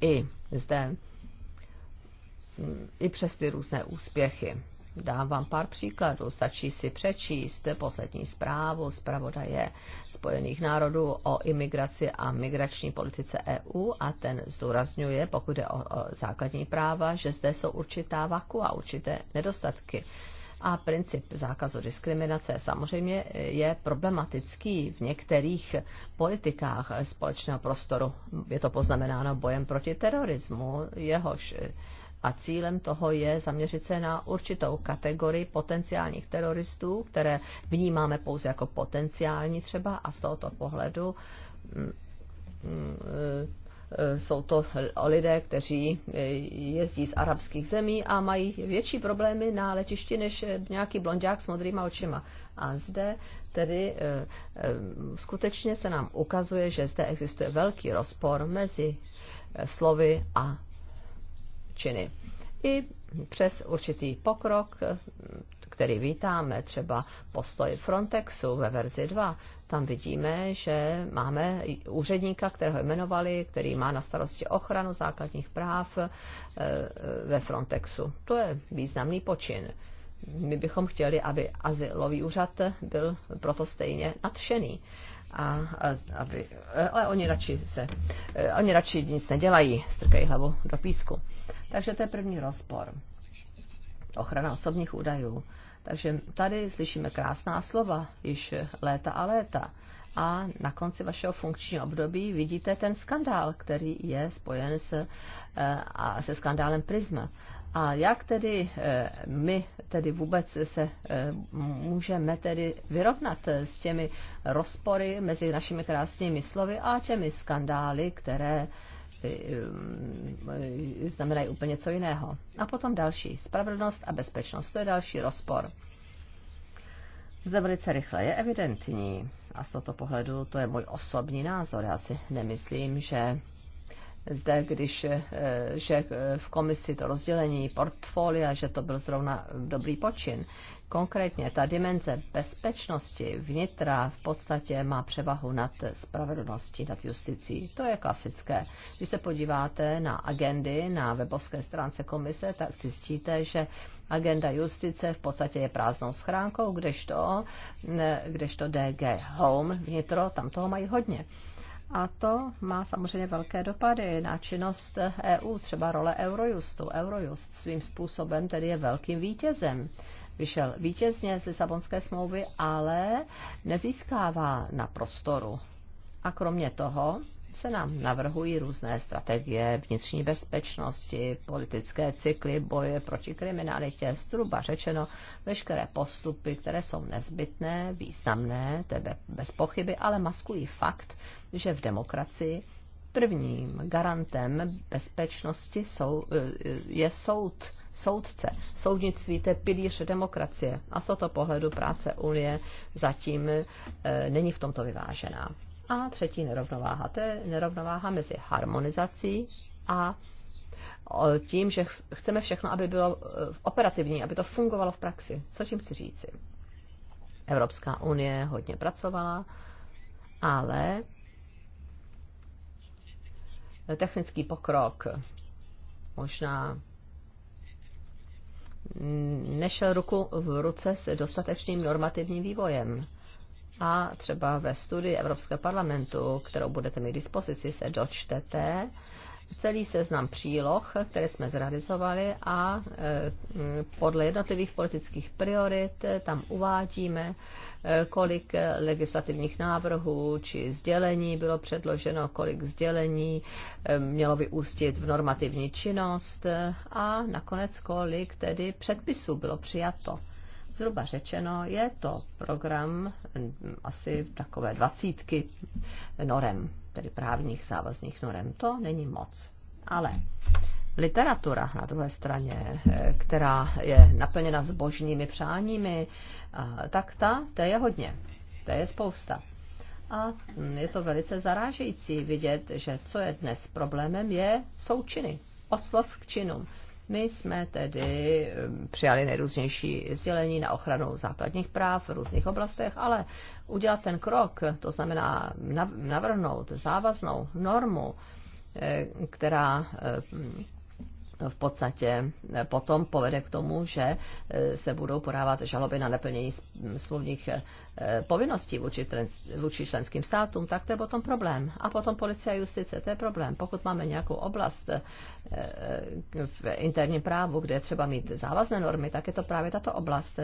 Speaker 1: I zde, hm, i přes ty různé úspěchy Dám vám pár příkladů. Stačí si přečíst poslední zprávu zpravodaje Spojených národů o imigraci a migrační politice EU a ten zdůrazňuje, pokud je o, o základní práva, že zde jsou určitá vaku a určité nedostatky. A princip zákazu diskriminace samozřejmě je problematický v některých politikách společného prostoru. Je to poznamenáno bojem proti terorismu, jehož a cílem toho je zaměřit se na určitou kategorii potenciálních teroristů, které vnímáme pouze jako potenciální třeba a z tohoto pohledu mm, mm, e, e, jsou to lidé, kteří e, jezdí z arabských zemí a mají větší problémy na letišti než nějaký blondák s modrýma očima. A zde tedy skutečně se nám ukazuje, že zde existuje velký rozpor mezi slovy a činy. I přes určitý pokrok, který vítáme, třeba postoj Frontexu ve verzi 2, tam vidíme, že máme úředníka, kterého jmenovali, který má na starosti ochranu základních práv eh, eh, ve Frontexu. To je významný počin. My bychom chtěli, aby asilový úřad byl proto stejně nadšený. A, a, aby, ale oni radši, se, eh, oni radši nic nedělají, strkají hlavu do písku. Takže to je první rozpor. Ochrana osobních údajů. Takže tady slyšíme krásná slova, již léta a léta. A na konci vašeho funkčního období vidíte ten skandál, který je spojen se, eh, se skandálem Prisma. A jak tedy eh, my tedy vůbec se eh, můžeme tedy vyrovnat s těmi rozpory mezi našimi krásnými slovy a těmi skandály, které Eh, znamenají úplně něco jiného. A potom další. Spravedlnost a bezpečnost. To je další rozpor. Zde velice rychle je evidentní. A z tohoto pohledu to je můj osobní názor. Já si nemyslím, že zde, když eh, že eh, v komisi to rozdělení portfolia, že to byl zrovna dobrý počin. Konkrétně ta dimenze bezpečnosti vnitra v podstatě má převahu nad spravedlností, nad justicí. To je klasické. Když se podíváte na agendy na webovské stránce komise, tak zjistíte, že agenda justice v podstatě je prázdnou schránkou, kdežto, kdežto DG Home vnitro, tam toho mají hodně. A to má samozřejmě velké dopady na činnost EU, třeba role Eurojustu. Eurojust svým způsobem tedy je velkým vítězem vyšel vítězně ze Sabonské smlouvy, ale nezískává na prostoru. A kromě toho se nám navrhují různé strategie vnitřní bezpečnosti, politické cykly, boje proti kriminalitě, struba řečeno, veškeré postupy, které jsou nezbytné, významné, tebe bez pochyby, ale maskují fakt, že v demokracii Prvním garantem bezpečnosti sou, eh, eh, je soud, soudce. Soudnictví to je pilíř demokracie a z tohoto pohledu práce Unie zatím eh, není v tomto vyvážená. A třetí nerovnováha, to je nerovnováha mezi harmonizací a tím, že chceme všechno, aby bylo operativní, aby to fungovalo v praxi. Co tím chci říci? Evropská unie hodně pracovala, ale technický pokrok možná nešel ruku v ruce s dostatečným normativním vývojem. A třeba ve studii Evropského parlamentu, kterou budete mít k dispozici, se dočtete, celý seznam příloh, které jsme zrealizovali a e, podle jednotlivých politických priorit e, tam uvádíme, e, kolik legislativních návrhů či sdělení bylo předloženo, kolik sdělení mělo vyústit v normativní činnost a nakonec kolik tedy předpisů bylo přijato. Zhruba řečeno, je to program asi takové dvacítky norem tedy právních závazných norem. To není moc. Ale literatura na druhé straně, eh, která je naplněna zbožními přáními, tak ta, to je hodně. To je spousta. A hm, je to velice zarážející vidět, že co je dnes problémem, je součiny. Od slov k činům. My jsme tedy um, přijali nejrůznější sdělení na ochranu základních práv v různých oblastech, ale udělat ten krok, to znamená navrhnout závaznou normu, eh, která eh, No, v podstatě eh, potom povede k tomu, že eh, se budou podávat žaloby na neplnění smluvních eh, povinností vůči, členským státům, tak to je potom problém. A potom policie a justice, to je problém. Pokud máme nějakou oblast v interním právu, kde je třeba mít závazné normy, tak je to právě tato oblast.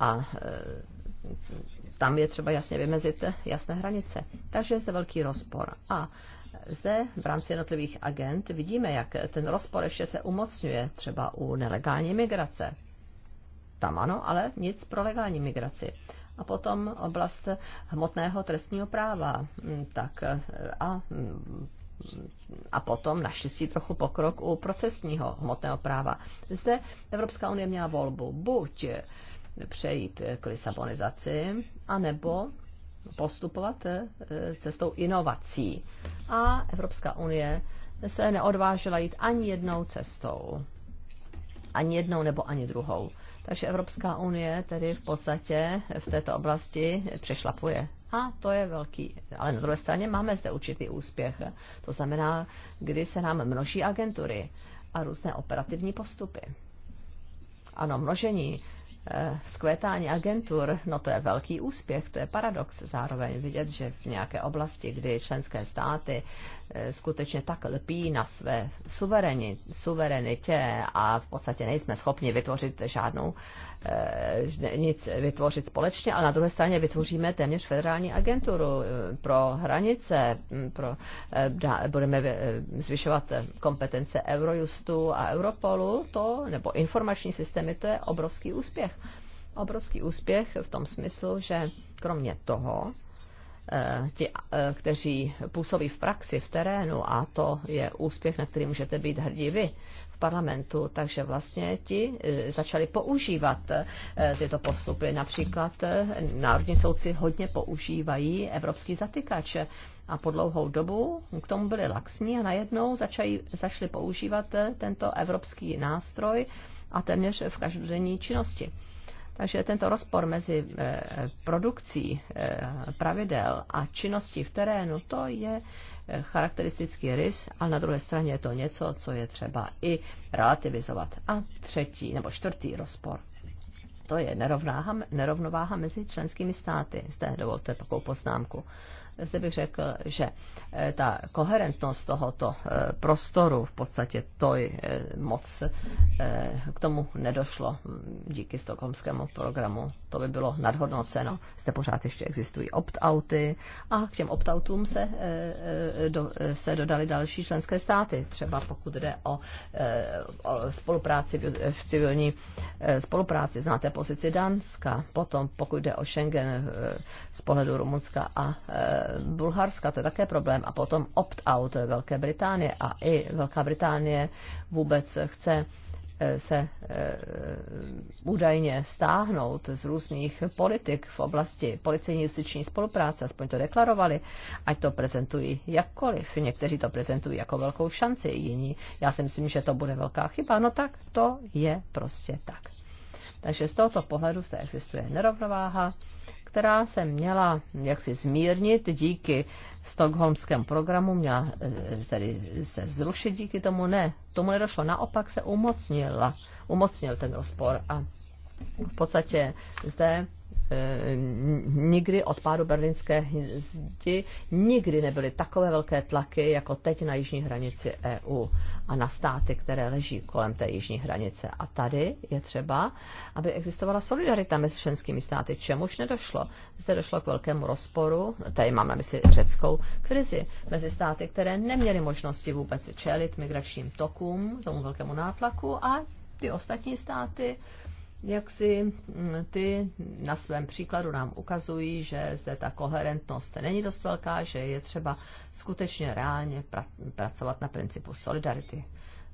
Speaker 1: A tam je třeba jasně vymezit jasné hranice. Takže je zde velký rozpor. A zde v rámci jednotlivých agent vidíme, jak ten rozpor ještě se umocňuje třeba u nelegální migrace. Tam ano, ale nic pro legální migraci. A potom oblast hmotného trestního práva. Mm, tak eh, a mm, a potom naštěstí trochu pokrok u procesního hmotného práva. Zde Evropská unie měla volbu buď přejít k lisabonizaci, anebo postupovat eh, cestou inovací. A Evropská unie se neodvážila jít ani jednou cestou. Ani jednou nebo ani druhou. Takže Evropská unie tedy v podstatě v této oblasti přešlapuje. A to je velký. Ale na druhé straně máme zde určitý úspěch. To znamená, kdy se nám množí agentury a různé operativní postupy. Ano, množení Eh, vzkvétání agentur, no to je velký úspěch, to je paradox zároveň vidět, že v nějaké oblasti, kdy členské státy eh, skutečně tak lpí na své suverenitě a v podstatě nejsme schopni vytvořit žádnou Eh, nic vytvořit společně, ale na druhé straně vytvoříme téměř federální agenturu eh, pro hranice, mm, pro, eh, budeme zvyšovat kompetence Eurojustu a Europolu, to, nebo informační systémy, to je obrovský úspěch. Obrovský úspěch v tom smyslu, že kromě toho, ti, kteří působí v praxi, v terénu a to je úspěch, na který můžete být hrdí vy parlamentu, takže vlastně ti eh, začali používat eh, tyto postupy. Například eh, národní soudci hodně používají evropský zatykač a po dlouhou dobu k tomu byli laxní a najednou začali, začali používat tento evropský nástroj a téměř v každodenní činnosti. Takže tento rozpor mezi produkcí pravidel a činností v terénu, to je charakteristický rys, ale na druhé straně je to něco, co je třeba i relativizovat. A třetí nebo čtvrtý rozpor. To je nerovnáha, nerovnováha mezi členskými státy. Zde dovolte takovou poznámku zde bych řekl, že eh, ta koherentnost tohoto eh, prostoru v podstatě to eh, moc k tomu nedošlo hm, díky stokholmskému programu. To by bylo nadhodnoceno. Zde pořád ještě existují opt-outy a k těm opt-outům se, do, se dodali další členské státy. Třeba pokud jde o, o spolupráci v civilní spolupráci, znáte pozici Danska, Potom pokud jde o Schengen z pohledu Rumunska a Bulharska, to je také problém. A potom opt-out Velké Británie a i Velká Británie vůbec chce eh, se eh, údajně stáhnout z různých politik v oblasti policejní justiční spolupráce, aspoň to deklarovali, ať to prezentují jakkoliv. Někteří to prezentují jako velkou šanci, jiní. Já si myslím, že to bude velká chyba. No tak to je prostě tak. Takže z tohoto pohledu zde existuje nerovnováha která se měla jaksi zmírnit díky stokholmskému programu, měla eh, tedy se zrušit díky tomu, ne, tomu nedošlo, naopak se umocnila, umocnil ten rozpor a v podstatě zde Eh, nikdy od pádu berlínské zdi nikdy nebyly takové velké tlaky jako teď na jižní hranici EU a na státy, které leží kolem té jižní hranice. A tady je třeba, aby existovala solidarita mezi členskými státy, čemuž nedošlo. Zde došlo k velkému rozporu, tady mám na mysli řeckou krizi, mezi státy, které neměly možnosti vůbec čelit migračním tokům, tomu velkému nátlaku a ty ostatní státy, jak si mm, ty na svém příkladu nám ukazují, že zde ta koherentnost není dost velká, že je třeba skutečně reálně pra- pracovat na principu solidarity.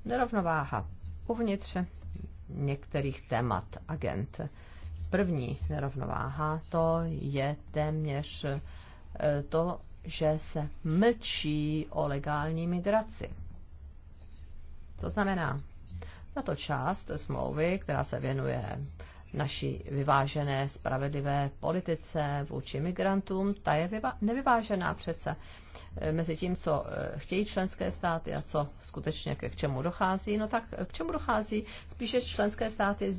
Speaker 1: Nerovnováha uvnitř některých témat agent. První nerovnováha to je téměř e, to, že se mlčí o legální migraci. To znamená, tato část smlouvy, která se věnuje naší vyvážené spravedlivé politice vůči migrantům, ta je nevyvážená přece. Eh, mezi tím, co eh, chtějí členské státy a co skutečně k čemu dochází, no tak eh, k čemu dochází? Spíše členské státy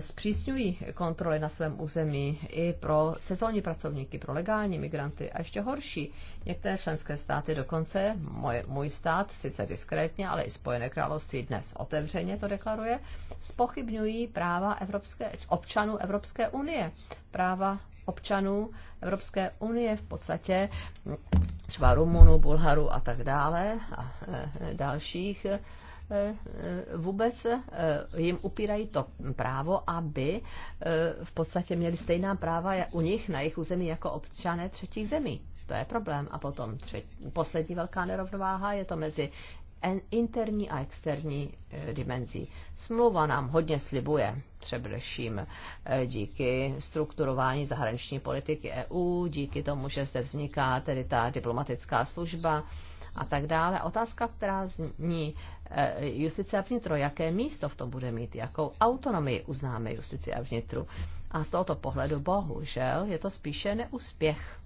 Speaker 1: zpřísňují kontroly na svém území i pro sezónní pracovníky, pro legální migranty a ještě horší. Některé členské státy dokonce, můj, můj stát, sice diskrétně, ale i Spojené království dnes otevřeně to deklaruje, spochybňují práva evropské, občanů Evropské unie. Práva občanů Evropské unie v podstatě třeba Rumunů, Bulharů a tak dále a e, dalších, e, e, vůbec jim upírají to právo, aby v podstatě měli stejná práva u nich na jejich území jako občané třetích zemí. To je problém. A potom třetí, poslední velká nerovnováha je to mezi interní a externí e, dimenzí. Smlouva nám hodně slibuje, především e, díky strukturování zahraniční politiky EU, díky tomu, že zde vzniká tedy ta diplomatická služba a tak dále. Otázka, která zní e, justice a vnitro, jaké místo v tom bude mít, jakou autonomii uznáme justici a vnitru. A z tohoto pohledu bohužel je to spíše neúspěch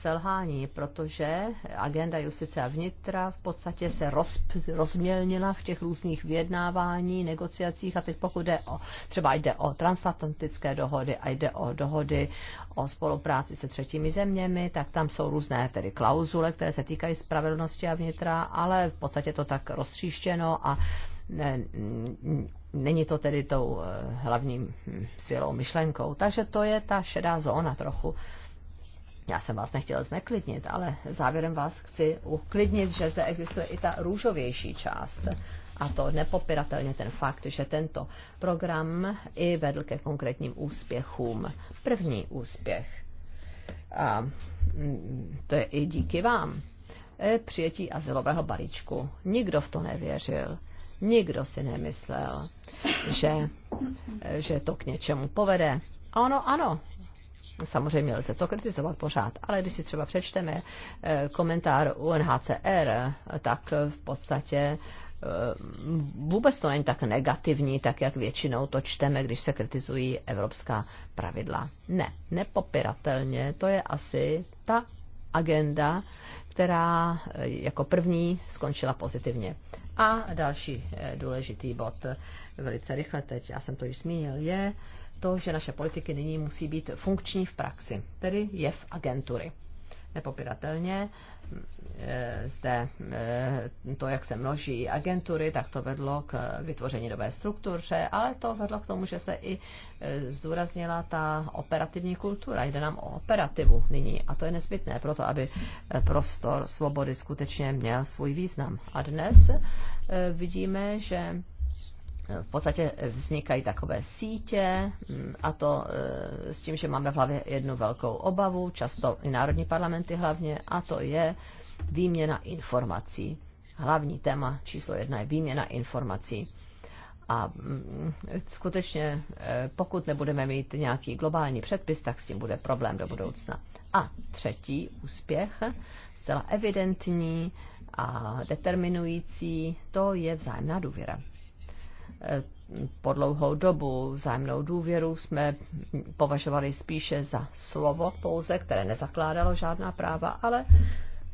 Speaker 1: selhání, protože agenda justice a vnitra v podstatě se roz, rozmělnila v těch různých vyjednávání, negociacích a teď pokud jde o, třeba jde o transatlantické dohody a jde o dohody o spolupráci se třetími zeměmi, tak tam jsou různé tedy klauzule, které se týkají spravedlnosti a vnitra, ale v podstatě to tak roztříštěno a ne, není to tedy tou eh, hlavním hm, silou myšlenkou. Takže to je ta šedá zóna trochu. Já jsem vás nechtěl zneklidnit, ale závěrem vás chci uklidnit, že zde existuje i ta růžovější část. A to nepopiratelně ten fakt, že tento program i vedl ke konkrétním úspěchům. První úspěch. A mm, to je i díky vám. E, přijetí azylového balíčku. Nikdo v to nevěřil. Nikdo si nemyslel, že, že to k něčemu povede. A ono ano, Samozřejmě lze co kritizovat pořád, ale když si třeba přečteme eh, komentár UNHCR, tak v podstatě eh, vůbec to není tak negativní, tak jak většinou to čteme, když se kritizují evropská pravidla. Ne, nepopiratelně, to je asi ta agenda, která eh, jako první skončila pozitivně. A další důležitý bod, velice rychle teď, já jsem to již zmínil, je to, že naše politiky nyní musí být funkční v praxi, tedy je v agentury. Nepopiratelně eh, zde eh, to, jak se množí agentury, tak to vedlo k vytvoření nové struktuře, ale to vedlo k tomu, že se i eh, zdůraznila ta operativní kultura. Jde nám o operativu nyní a to je nezbytné proto, aby prostor svobody skutečně měl svůj význam. A dnes vidíme, že Eh, v podstatě vznikají takové sítě mm, a to eh, s tím, že máme v hlavě jednu velkou obavu, často i národní parlamenty hlavně, a to je výměna informací. Hlavní téma číslo jedna je výměna informací. A mm, skutečně, eh, pokud nebudeme mít nějaký globální předpis, tak s tím bude problém do budoucna. A třetí úspěch, zcela evidentní a determinující, to je vzájemná důvěra po dlouhou dobu vzájemnou důvěru jsme považovali spíše za slovo pouze, které nezakládalo žádná práva, ale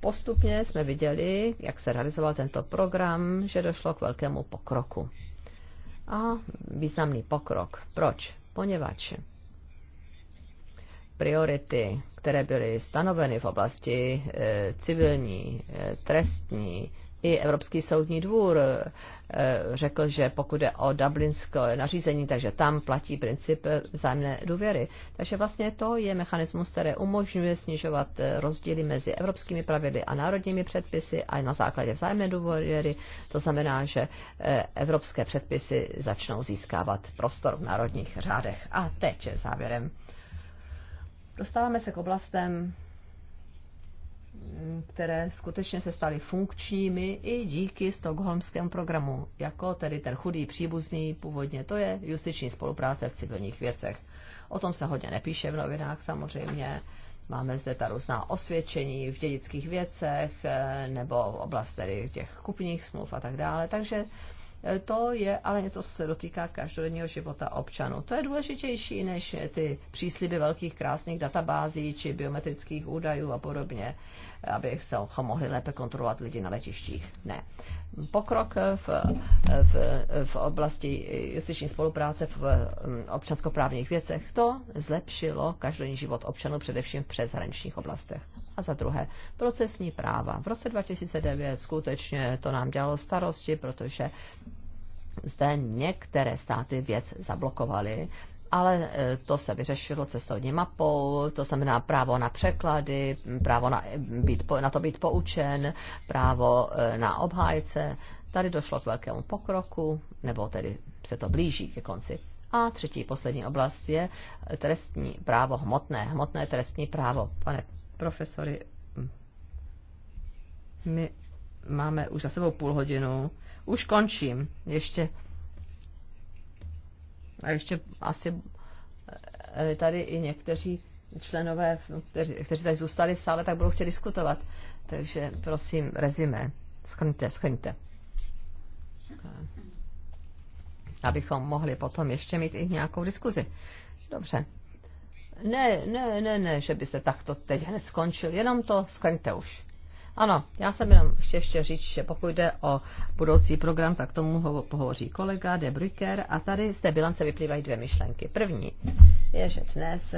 Speaker 1: postupně jsme viděli, jak se realizoval tento program, že došlo k velkému pokroku. A významný pokrok. Proč? Poněvadž priority, které byly stanoveny v oblasti eh, civilní, eh, trestní, i Evropský soudní dvůr eh, řekl, že pokud je o dublinské nařízení, takže tam platí princip vzájemné důvěry. Takže vlastně to je mechanismus, který umožňuje snižovat eh, rozdíly mezi evropskými pravidly a národními předpisy a na základě vzájemné důvěry. To znamená, že eh, evropské předpisy začnou získávat prostor v národních řádech. A teď závěrem. Dostáváme se k oblastem, které skutečně se staly funkčními i díky stokholmskému programu, jako tedy ten chudý příbuzný původně, to je justiční spolupráce v civilních věcech. O tom se hodně nepíše v novinách samozřejmě. Máme zde ta různá osvědčení v dědických věcech eh, nebo oblast tedy těch kupních smluv a tak dále. Takže to je ale něco, co se dotýká každodenního života občanů. To je důležitější než ty přísliby velkých krásných databází či biometrických údajů a podobně aby se mohli lépe kontrolovat lidi na letištích. Ne. Pokrok v, v, v oblasti justiční spolupráce v mm, občanskoprávních věcech, to zlepšilo každodenní život občanů především v přeshraničních oblastech. A za druhé, procesní práva. V roce 2009 skutečně to nám dělalo starosti, protože zde některé státy věc zablokovaly ale eh, to se vyřešilo cestovní mapou, to znamená právo na překlady, právo na, eh, být, na to být poučen, právo eh, na obhájce. Tady došlo k velkému pokroku, nebo tedy se to blíží ke konci. A třetí, poslední oblast je trestní právo, hmotné, hmotné trestní právo. Pane profesory, hm, my máme už za sebou půl hodinu, už končím, ještě a ještě asi eh, eh, tady i někteří členové, kteří, kteří tady zůstali v sále, tak budou chtěli diskutovat. Takže prosím, rezime. Schrňte, schrňte. Eh, abychom mohli potom ještě mít i nějakou diskuzi. Dobře. Ne, ne, ne, ne, že byste takto teď hned skončil, jenom to schrňte už. Ano, já jsem jenom chtěl ještě říct, že pokud jde o budoucí program, tak tomu ho pohovoří kolega De Bruyker a tady z té bilance vyplývají dvě myšlenky. První je, že dnes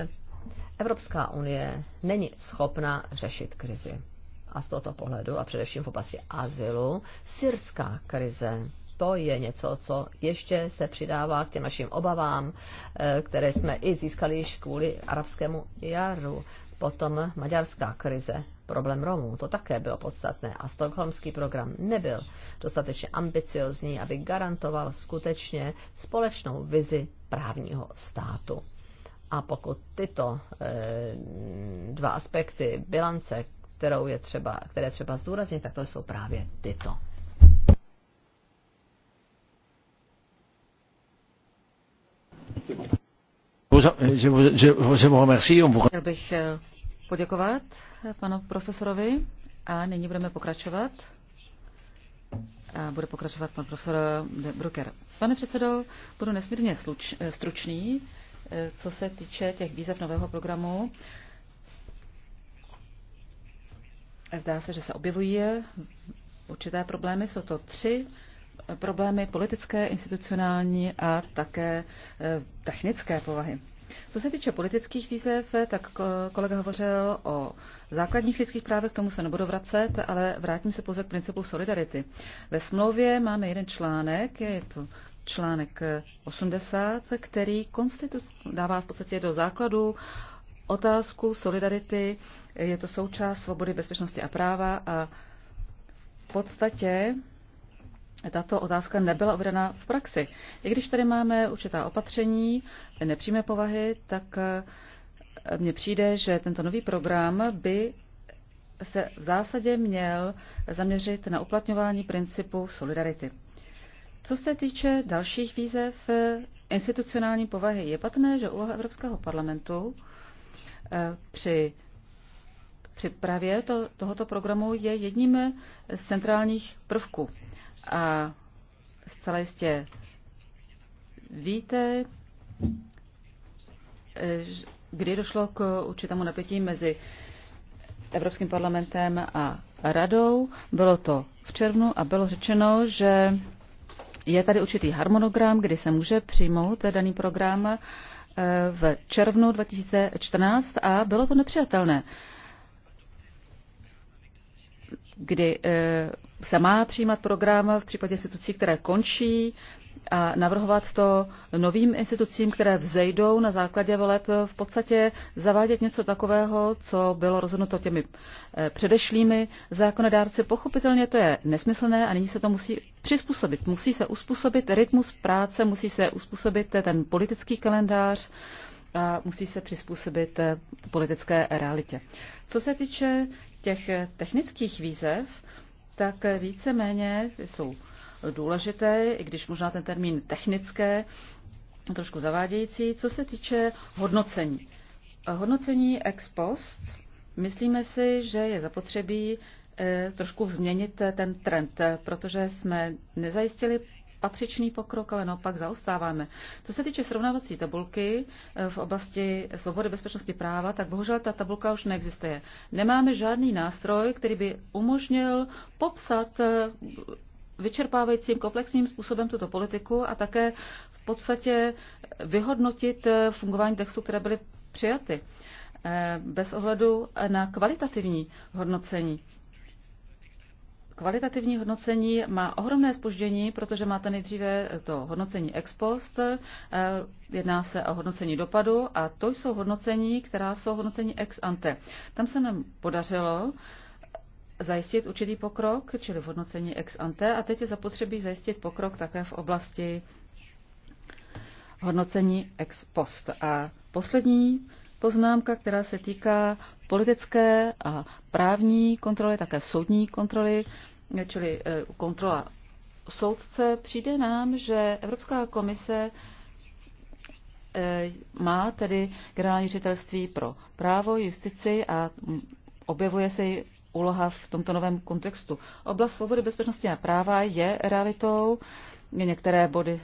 Speaker 1: Evropská unie není schopna řešit krizi. A z tohoto pohledu, a především v oblasti azylu, syrská krize to je něco, co ještě se přidává k těm našim obavám, eh, které jsme i získali již kvůli arabskému jaru. Potom maďarská krize, problém Romů, to také bylo podstatné a stokholmský program nebyl dostatečně ambiciozní, aby garantoval skutečně společnou vizi právního státu. A pokud tyto e, dva aspekty bilance, kterou je třeba, které třeba zdůraznit, tak to jsou právě tyto.
Speaker 2: Chtěl
Speaker 3: bych eh, poděkovat eh, panu profesorovi a nyní budeme pokračovat. A bude pokračovat pan profesor eh, Brucker. Pane předsedo, budu nesmírně sluč, stručný, co se týče těch výzev nového programu. Zdá se, že se objevují určité problémy. Jsou to tři problémy politické, institucionální a také technické povahy. Co se týče politických výzev, tak kolega hovořil o základních lidských právech, k tomu se nebudu vracet, ale vrátím se pouze k principu solidarity. Ve smlouvě máme jeden článek, je to článek 80, který konstitu- dává v podstatě do základu otázku solidarity, je to součást svobody, bezpečnosti a práva a v podstatě tato otázka nebyla uvedena v praxi. I když tady máme určitá opatření nepřímé povahy, tak eh, mně přijde, že tento nový program by se v zásadě měl zaměřit na uplatňování principu solidarity. Co se týče dalších výzev eh, institucionální povahy, je patrné, že úloha Evropského parlamentu eh, při přípravě to, tohoto programu je jedním z centrálních prvků. A zcela jistě víte, kdy došlo k určitému napětí mezi Evropským parlamentem a radou. Bylo to v červnu a bylo řečeno, že je tady určitý harmonogram, kdy se může přijmout daný program eh, v červnu 2014 a bylo to nepřijatelné kdy e, se má přijímat program v případě institucí, které končí a navrhovat to novým institucím, které vzejdou na základě voleb, v podstatě zavádět něco takového, co bylo rozhodnuto těmi e, předešlými zákonodárci. Pochopitelně to je nesmyslné a nyní se to musí přizpůsobit. Musí se uspůsobit rytmus práce, musí se uspůsobit ten politický kalendář, a musí se přizpůsobit politické realitě. Co se týče těch technických výzev, tak víceméně jsou důležité, i když možná ten termín technické trošku zavádějící, co se týče hodnocení. Hodnocení ex post, myslíme si, že je zapotřebí eh, trošku změnit ten trend, protože jsme nezajistili patřičný pokrok, ale naopak zaostáváme. Co se týče srovnávací tabulky eh, v oblasti svobody, bezpečnosti práva, tak bohužel ta tabulka už neexistuje. Nemáme žádný nástroj, který by umožnil popsat eh, vyčerpávajícím komplexním způsobem tuto politiku a také v podstatě vyhodnotit eh, fungování textů, které byly přijaty bez ohledu na kvalitativní hodnocení kvalitativní hodnocení má ohromné spoždění, protože máte nejdříve to hodnocení ex post, eh, jedná se o hodnocení dopadu a to jsou hodnocení, která jsou hodnocení ex ante. Tam se nám podařilo zajistit určitý pokrok, čili v hodnocení ex ante a teď je zapotřebí zajistit pokrok také v oblasti hodnocení ex post. A poslední poznámka, která se týká politické a právní kontroly, také soudní kontroly, čili e, kontrola soudce. Přijde nám, že Evropská komise e, má tedy generální ředitelství pro právo, justici a mm, objevuje se jí úloha v tomto novém kontextu. Oblast svobody, bezpečnosti a práva je realitou. Některé body e,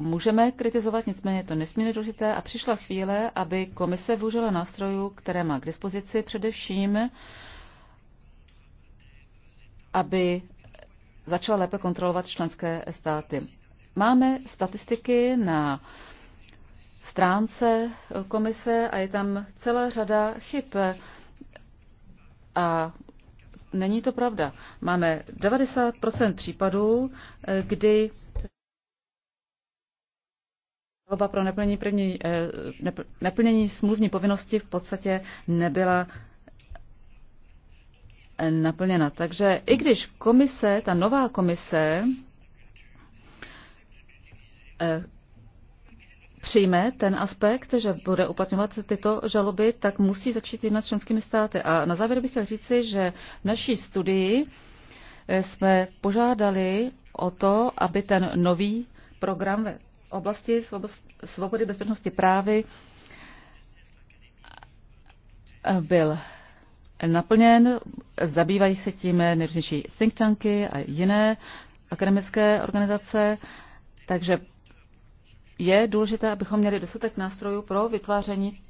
Speaker 3: můžeme kritizovat, nicméně je to nesmírně důležité a přišla chvíle, aby komise využila nástrojů, které má k dispozici především, aby začala lépe kontrolovat členské státy. Máme statistiky na stránce komise a je tam celá řada chyb. A není to pravda. Máme 90 případů, kdy žaloba pro neplnění, první, eh, neplnění smluvní povinnosti v podstatě nebyla eh, naplněna. Takže i když komise, ta nová komise, eh, přijme ten aspekt, že bude uplatňovat tyto žaloby, tak musí začít jednat členskými státy. A na závěr bych chtěl říci, že v naší studii jsme požádali o to, aby ten nový program oblasti svobody, bezpečnosti právy byl naplněn. Zabývají se tím nejrůznější think tanky a jiné akademické organizace, takže je důležité, abychom měli dostatek nástrojů pro vytváření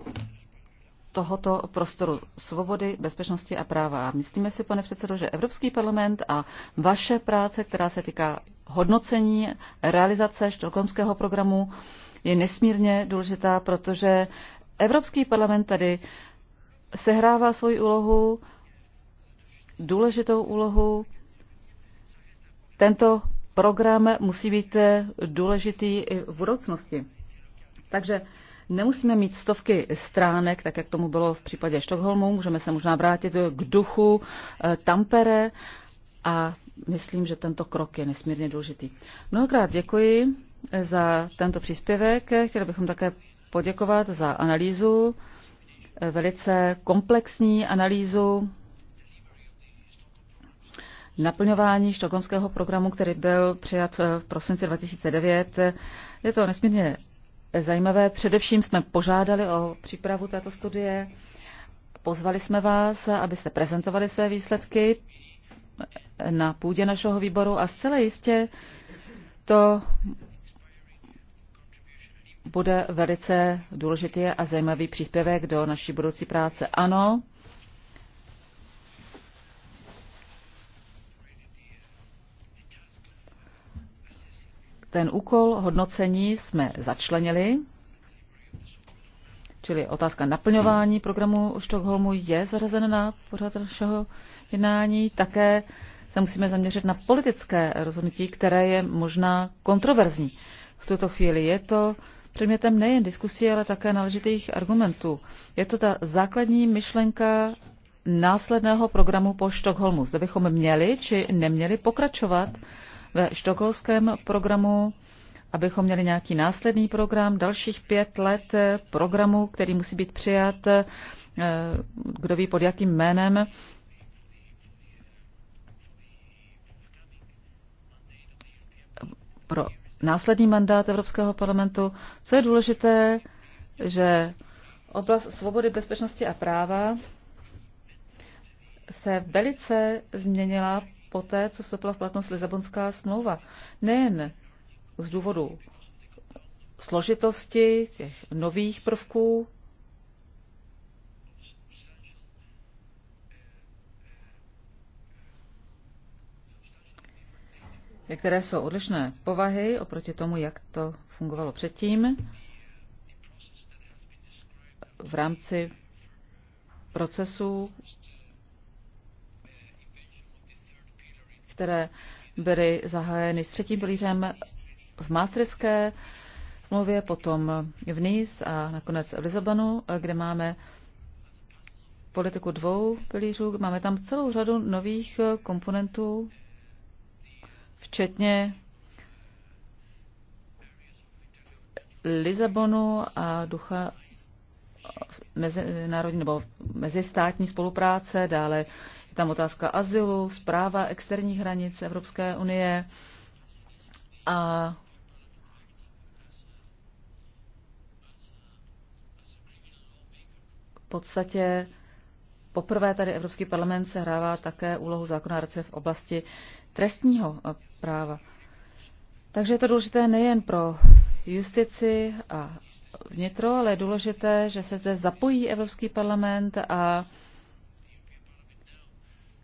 Speaker 3: tohoto prostoru svobody, bezpečnosti a práva. Myslíme si, pane předsedo, že Evropský parlament a vaše práce, která se týká hodnocení realizace štokholmského programu je nesmírně důležitá, protože Evropský parlament tady sehrává svoji úlohu, důležitou úlohu. Tento program musí být důležitý i v budoucnosti. Takže nemusíme mít stovky stránek, tak jak tomu bylo v případě Štokholmu. Můžeme se možná vrátit k duchu eh, Tampere a myslím, že tento krok je nesmírně důležitý. Mnohokrát děkuji za tento příspěvek. Chtěl bychom také poděkovat za analýzu, velice komplexní analýzu naplňování štokholmského programu, který byl přijat v prosinci 2009. Je to nesmírně zajímavé. Především jsme požádali o přípravu této studie. Pozvali jsme vás, abyste prezentovali své výsledky na půdě našeho výboru a zcela jistě to bude velice důležitý a zajímavý příspěvek do naší budoucí práce. Ano, ten úkol hodnocení jsme začlenili, čili otázka naplňování programu Štokholmu je zařazena na pořad našeho jednání, také se musíme zaměřit na politické rozhodnutí, které je možná kontroverzní. V tuto chvíli je to předmětem nejen diskusí, ale také náležitých argumentů. Je to ta základní myšlenka následného programu po Štokholmu. Zde bychom měli či neměli pokračovat ve štokholském programu, abychom měli nějaký následný program, dalších pět let programu, který musí být přijat, eh, kdo ví pod jakým jménem, pro následný mandát Evropského parlamentu. Co je důležité, že oblast svobody, bezpečnosti a práva se velice změnila poté, co vstoupila v platnost Lisabonská smlouva. Nejen z důvodu složitosti těch nových prvků, které jsou odlišné povahy oproti tomu, jak to fungovalo předtím v rámci procesů, které byly zahájeny s třetím pilířem v Maastrichtské smlouvě, potom v Nice a nakonec v Lisabonu, kde máme politiku dvou pilířů. Máme tam celou řadu nových komponentů, včetně Lizabonu a ducha mezinárodní nebo mezistátní spolupráce, dále je tam otázka azylu, zpráva externích hranic Evropské unie a v podstatě poprvé tady Evropský parlament sehrává také úlohu zákonárce v oblasti trestního eh, práva. Takže je to důležité nejen pro justici a vnitro, ale je důležité, že se zde zapojí Evropský parlament a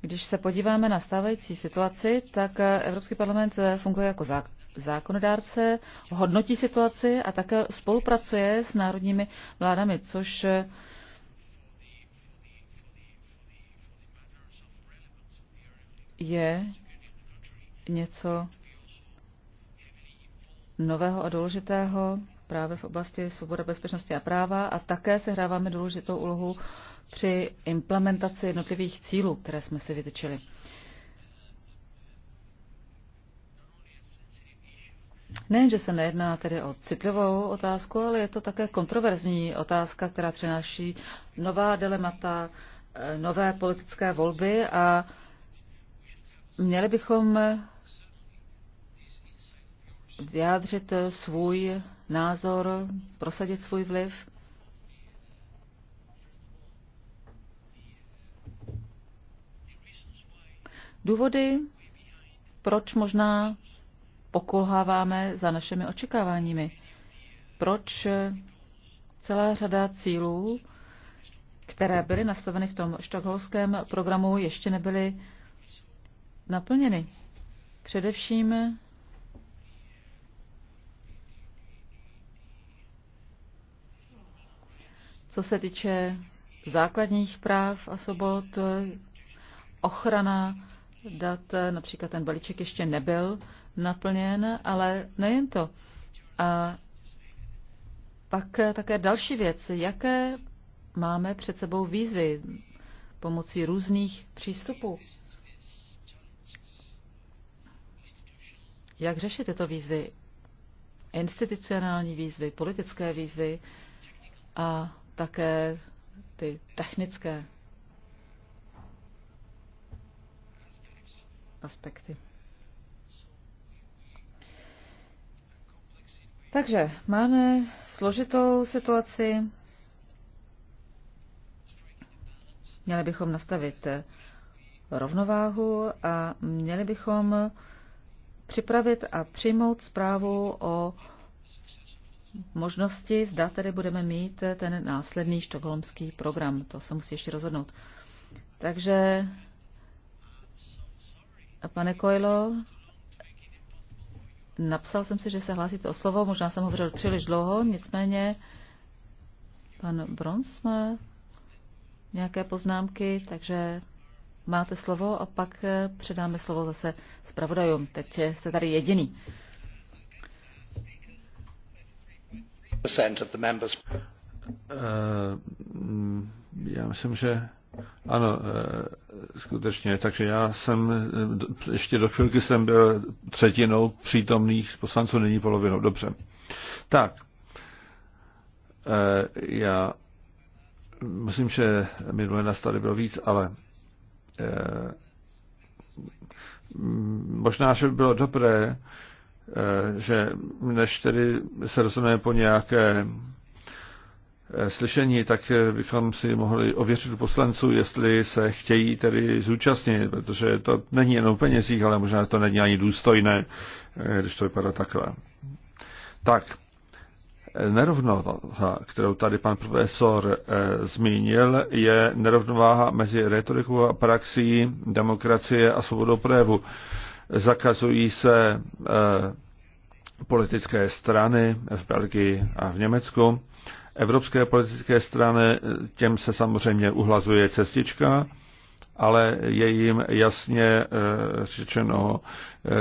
Speaker 3: když se podíváme na stávající situaci, tak eh, Evropský parlament eh, funguje jako zákonodárce, hodnotí situaci a také spolupracuje s národními vládami, což je něco nového a důležitého právě v oblasti svoboda, bezpečnosti a práva a také se hráváme důležitou úlohu při implementaci jednotlivých cílů, které jsme si vytyčili. Nejen, že se nejedná tedy o citlivou otázku, ale je to také kontroverzní otázka, která přináší nová dilemata, eh, nové politické volby a Měli bychom vyjádřit svůj názor, prosadit svůj vliv. Důvody, proč možná pokulháváme za našimi očekáváními. Proč celá řada cílů, které byly nastaveny v tom štokholském programu, ještě nebyly naplněny. Především co se týče základních práv a svobod, ochrana dat, například ten balíček ještě nebyl naplněn, ale nejen to. A pak také další věc, jaké máme před sebou výzvy pomocí různých přístupů. jak řešit tyto výzvy, institucionální výzvy, politické výzvy a také ty technické aspekty. Takže máme složitou situaci. Měli bychom nastavit rovnováhu a měli bychom připravit a přijmout zprávu o možnosti, zda tedy budeme mít ten následný štokholmský program. To se musí ještě rozhodnout. Takže, pane Koilo, napsal jsem si, že se hlásíte o slovo, možná jsem hovořil příliš dlouho, nicméně pan Brons má nějaké poznámky, takže máte slovo a pak eh, předáme slovo zase zpravodajům. Teď eh, jste tady jediný. Eh,
Speaker 2: mm, já myslím, že ano, skutečně. Takže já jsem, ještě do chvilky jsem byl třetinou přítomných poslanců, není polovinou. Dobře. Tak, já myslím, že minule nás tady bylo víc, ale Eh, možná, že by bylo dobré, eh, že než tedy se rozhodneme po nějaké eh, slyšení, tak bychom si mohli ověřit u poslanců, jestli se chtějí tedy zúčastnit, protože to není jenom o penězích, ale možná to není ani důstojné, když to vypadá takhle. Tak, Nerovnováha, kterou tady pan profesor e, zmínil, je nerovnováha mezi retorikou a praxí demokracie a svobodou projevu. Zakazují se e, politické strany v Belgii a v Německu. Evropské politické strany, eh, těm se samozřejmě uhlazuje cestička, ale je jim jasně řečeno,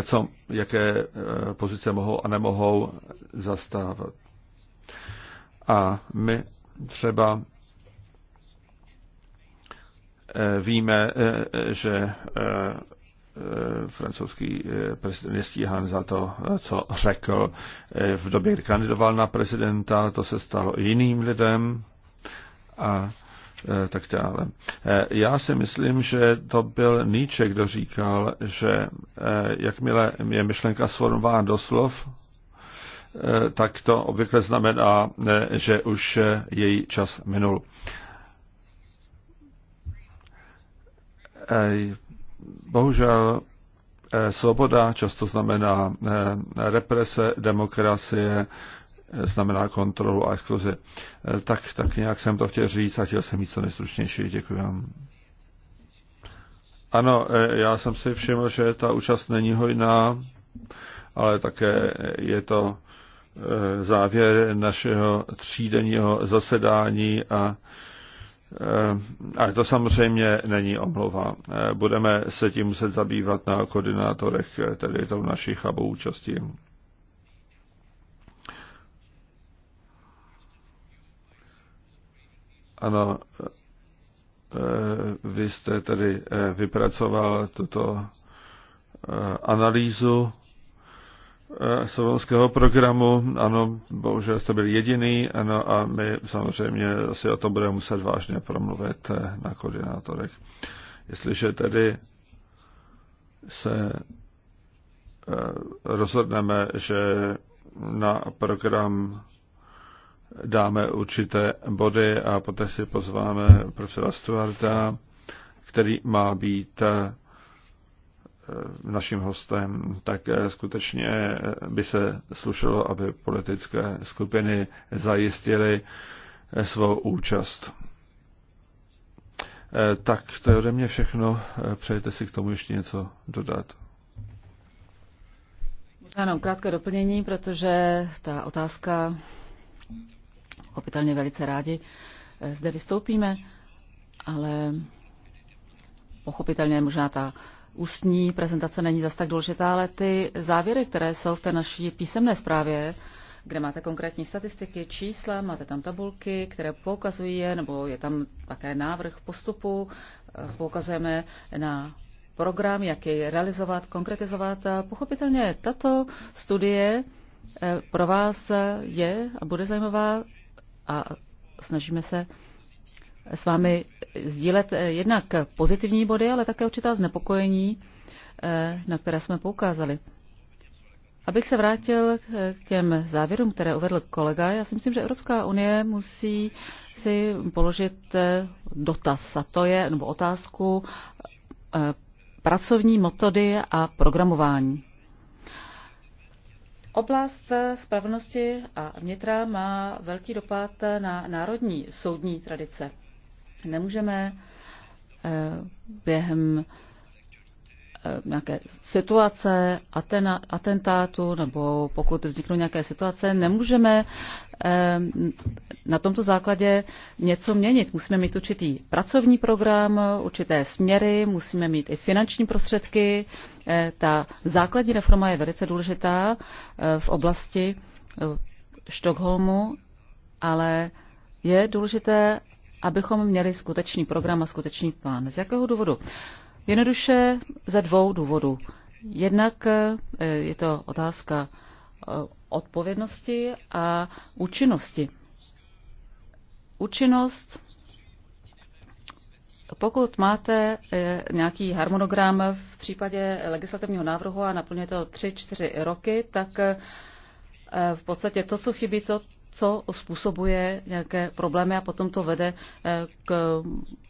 Speaker 2: co, jaké pozice mohou a nemohou zastávat. A my třeba eh, víme, eh, že eh, francouzský prezident je za to, co řekl v době, kdy kandidoval na prezidenta, to se stalo jiným lidem a tak dále. Já si myslím, že to byl Nietzsche, kdo říkal, že jakmile je myšlenka sformována doslov, Eh, tak to obvykle znamená, eh, že už eh, její čas minul. Bohužel svoboda často znamená represe, demokracie, znamená kontrolu a exkluzi. Tak, tak nějak jsem to chtěl říct a chtěl jsem mít co nejstručnější. Děkuji vám. Ano, já jsem si všiml, že ta účast není hojná, ale také je to závěr našeho třídenního zasedání a eh, ale to samozřejmě není omluva. Eh, budeme se tím muset zabývat na koordinátorech, eh, tedy tou naší chabou účastí. Ano, vy jste tedy vypracoval tuto analýzu Eh, slovenského programu. Ano, bohužel jste byl jediný ano, a my samozřejmě si o tom budeme muset vážně promluvit eh, na koordinátorech. Jestliže tedy se eh, rozhodneme, že na program dáme určité body a poté si pozváme profesora Stuarta, který má být Eh, naším hostem, tak eh, skutečně eh, by se slušelo, aby politické skupiny zajistily svou účast. Tak to je ode mě všechno. Přejete si k tomu ještě něco dodat?
Speaker 3: Ano, krátké doplnění, protože ta otázka, opětovně velice rádi zde vystoupíme, ale pochopitelně možná ta ústní prezentace není zas tak důležitá, ale ty závěry, které jsou v té naší písemné zprávě, kde máte konkrétní statistiky, čísla, máte tam tabulky, které poukazují, nebo je tam také návrh postupu, eh, poukazujeme na program, jak jej realizovat, konkretizovat. A pochopitelně tato studie eh, pro vás je a bude zajímavá a snažíme se s vámi sdílet eh, jednak pozitivní body, ale také určitá znepokojení, eh, na které jsme poukázali. Abych se vrátil eh, k těm závěrům, které uvedl kolega, já si myslím, že Evropská unie musí si položit dotaz, a to je, nebo otázku, pracovní metody a programování. Oblast spravedlnosti a vnitra má velký dopad na národní soudní tradice. Nemůžeme eh, během eh, nějaké situace, atena, atentátu, nebo pokud vzniknou nějaké situace, nemůžeme eh, na tomto základě něco měnit. Musíme mít určitý pracovní program, určité směry, musíme mít i finanční prostředky. Ta základní reforma je velice důležitá v oblasti Štokholmu, ale je důležité, abychom měli skutečný program a skutečný plán. Z jakého důvodu? Jednoduše ze dvou důvodů. Jednak eh, je to otázka eh, odpovědnosti a účinnosti. Účinnost, pokud máte eh, nějaký harmonogram v případě legislativního návrhu a naplňujete to 3-4 roky, tak v podstatě to, co chybí, to, co způsobuje nějaké problémy a potom to vede eh, k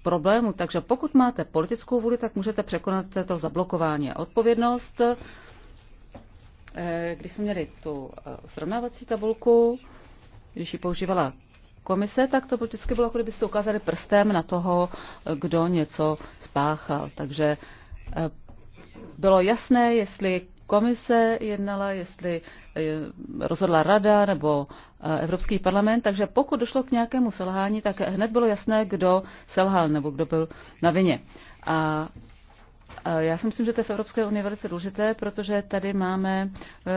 Speaker 3: problému. Takže pokud máte politickou vůli, tak můžete překonat to zablokování a odpovědnost. Eh, když jsme měli tu eh, srovnávací tabulku, když ji používala komise, tak to vždycky bylo, jako kdybyste ukázali prstem na toho, kdo něco spáchal. Takže bylo jasné, jestli komise jednala, jestli eh, rozhodla rada nebo eh, Evropský parlament, takže pokud došlo k nějakému selhání, tak hned bylo jasné, kdo selhal nebo kdo byl na vině. A já si myslím, že to je v Evropské unii velice důležité, protože tady máme eh,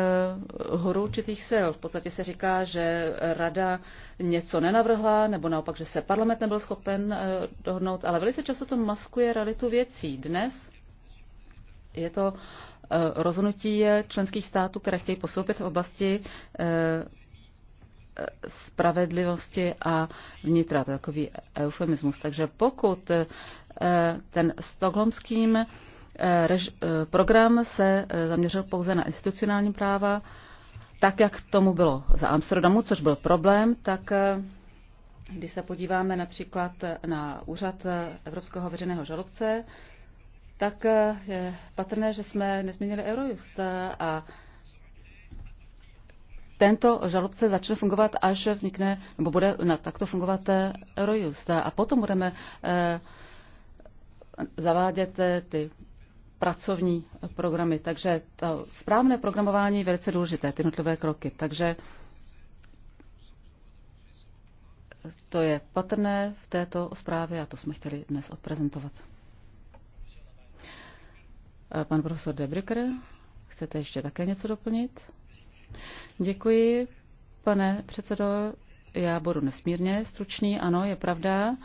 Speaker 3: horu určitých sil. V podstatě se říká, že rada něco nenavrhla, nebo naopak, že se parlament nebyl schopen dohodnout, ale velice často to maskuje realitu věcí. Dnes je to Eh, rozhodnutí členských států, které chtějí posoupit v oblasti eh, eh, spravedlivosti a vnitra. To je takový eufemismus. Takže pokud ten stokholmský program se zaměřil pouze na institucionální práva, tak jak tomu bylo za Amsterdamu, což byl problém, tak když se podíváme například na úřad Evropského veřejného žalobce, tak eh, je patrné, že jsme nezměnili Eurojust eh, a tento žalobce začne fungovat, až vznikne, nebo bude na takto fungovat eh, Eurojust. A potom budeme zavádět ty pracovní programy. Takže to správné programování je velice důležité, ty nutlivé kroky. Takže to je patrné v této zprávě a to jsme chtěli dnes odprezentovat. Eh, pan profesor Debricker, chcete ještě také něco doplnit? Děkuji, pane předsedo. Já budu nesmírně stručný. Ano, je pravda,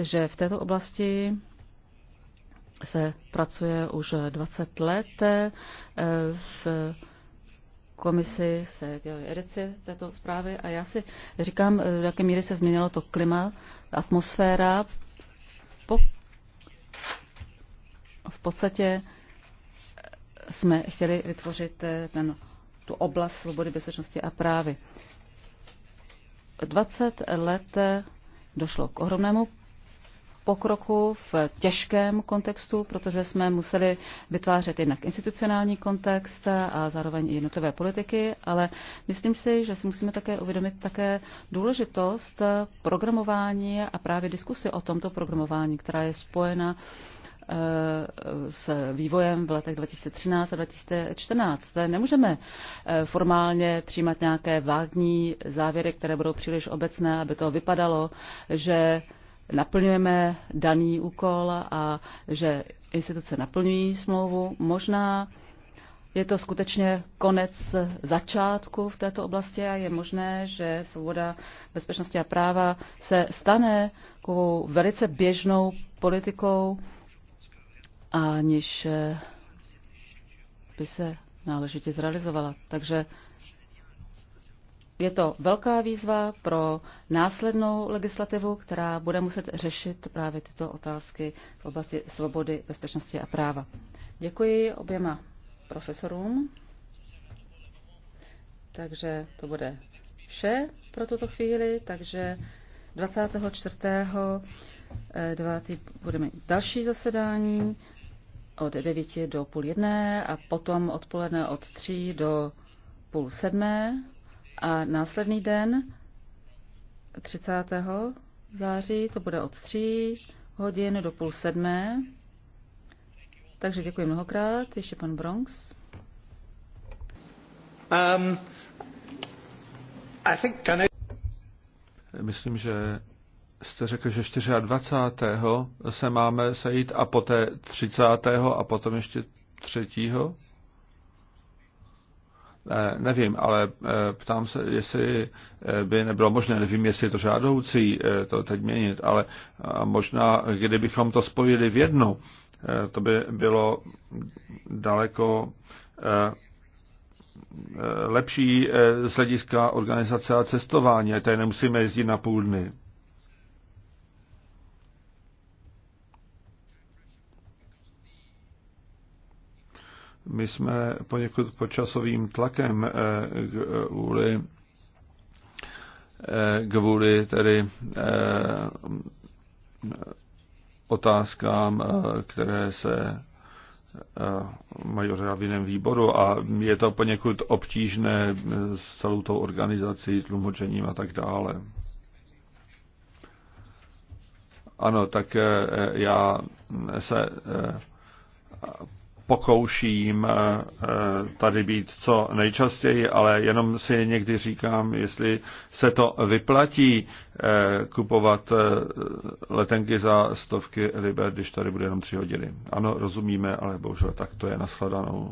Speaker 3: že v této oblasti se pracuje už 20 let. Eh, v komisi se dělají edici této zprávy a já si říkám, v jaké míry se změnilo to klima, atmosféra. V podstatě jsme chtěli vytvořit eh, ten, tu oblast svobody, bezpečnosti a právy. 20 let eh, došlo k ohromnému pokroku v těžkém kontextu, protože jsme museli vytvářet jednak institucionální kontext eh, a zároveň i jednotlivé politiky, ale myslím si, že si musíme také uvědomit také důležitost programování a právě diskusy o tomto programování, která je spojena Eh, s vývojem v letech 2013 a 2014. Nemůžeme eh, formálně přijímat nějaké vágní závěry, které budou příliš obecné, aby to vypadalo, že naplňujeme daný úkol a že instituce naplňují smlouvu. Možná je to skutečně konec začátku v této oblasti a je možné, že svoboda bezpečnosti a práva se stane velice běžnou politikou aniž eh, by se náležitě zrealizovala. Takže je to velká výzva pro následnou legislativu, která bude muset řešit právě tyto otázky v oblasti svobody, bezpečnosti a práva. Děkuji oběma profesorům. Takže to bude vše pro tuto chvíli, takže 24. 9. Eh, budeme mít další zasedání od 9 do půl jedné a potom odpoledne od 3 do půl sedmé a následný den 30. září to bude od 3 hodin do půl sedmé. Takže děkuji mnohokrát. Ještě pan Bronx.
Speaker 2: Um, I think... I... Myslím, že jste řekl, že 24. se máme sejít a poté 30. a potom ještě 3. Ne, nevím, ale eh, ptám se, jestli eh, by nebylo možné, nevím, jestli je to žádoucí eh, to teď měnit, ale možná, kdybychom to spojili v jednu, to by bylo daleko lepší z hlediska organizace a cestování, tady nemusíme jezdit na půl dny. My jsme poněkud pod časovým tlakem eh, eh, kvůli, eh, kvůli tedy otázkám, které se mají v jiném výboru a je to poněkud obtížné s celou tou organizací, tlumočením a tak dále. Ano, tak já se pokouším eh, eh, tady být co nejčastěji, ale jenom si někdy říkám, jestli se to vyplatí eh, kupovat letenky za stovky liber, když tady bude jenom tři hodiny. Ano, rozumíme, ale bohužel tak to je nashledanou.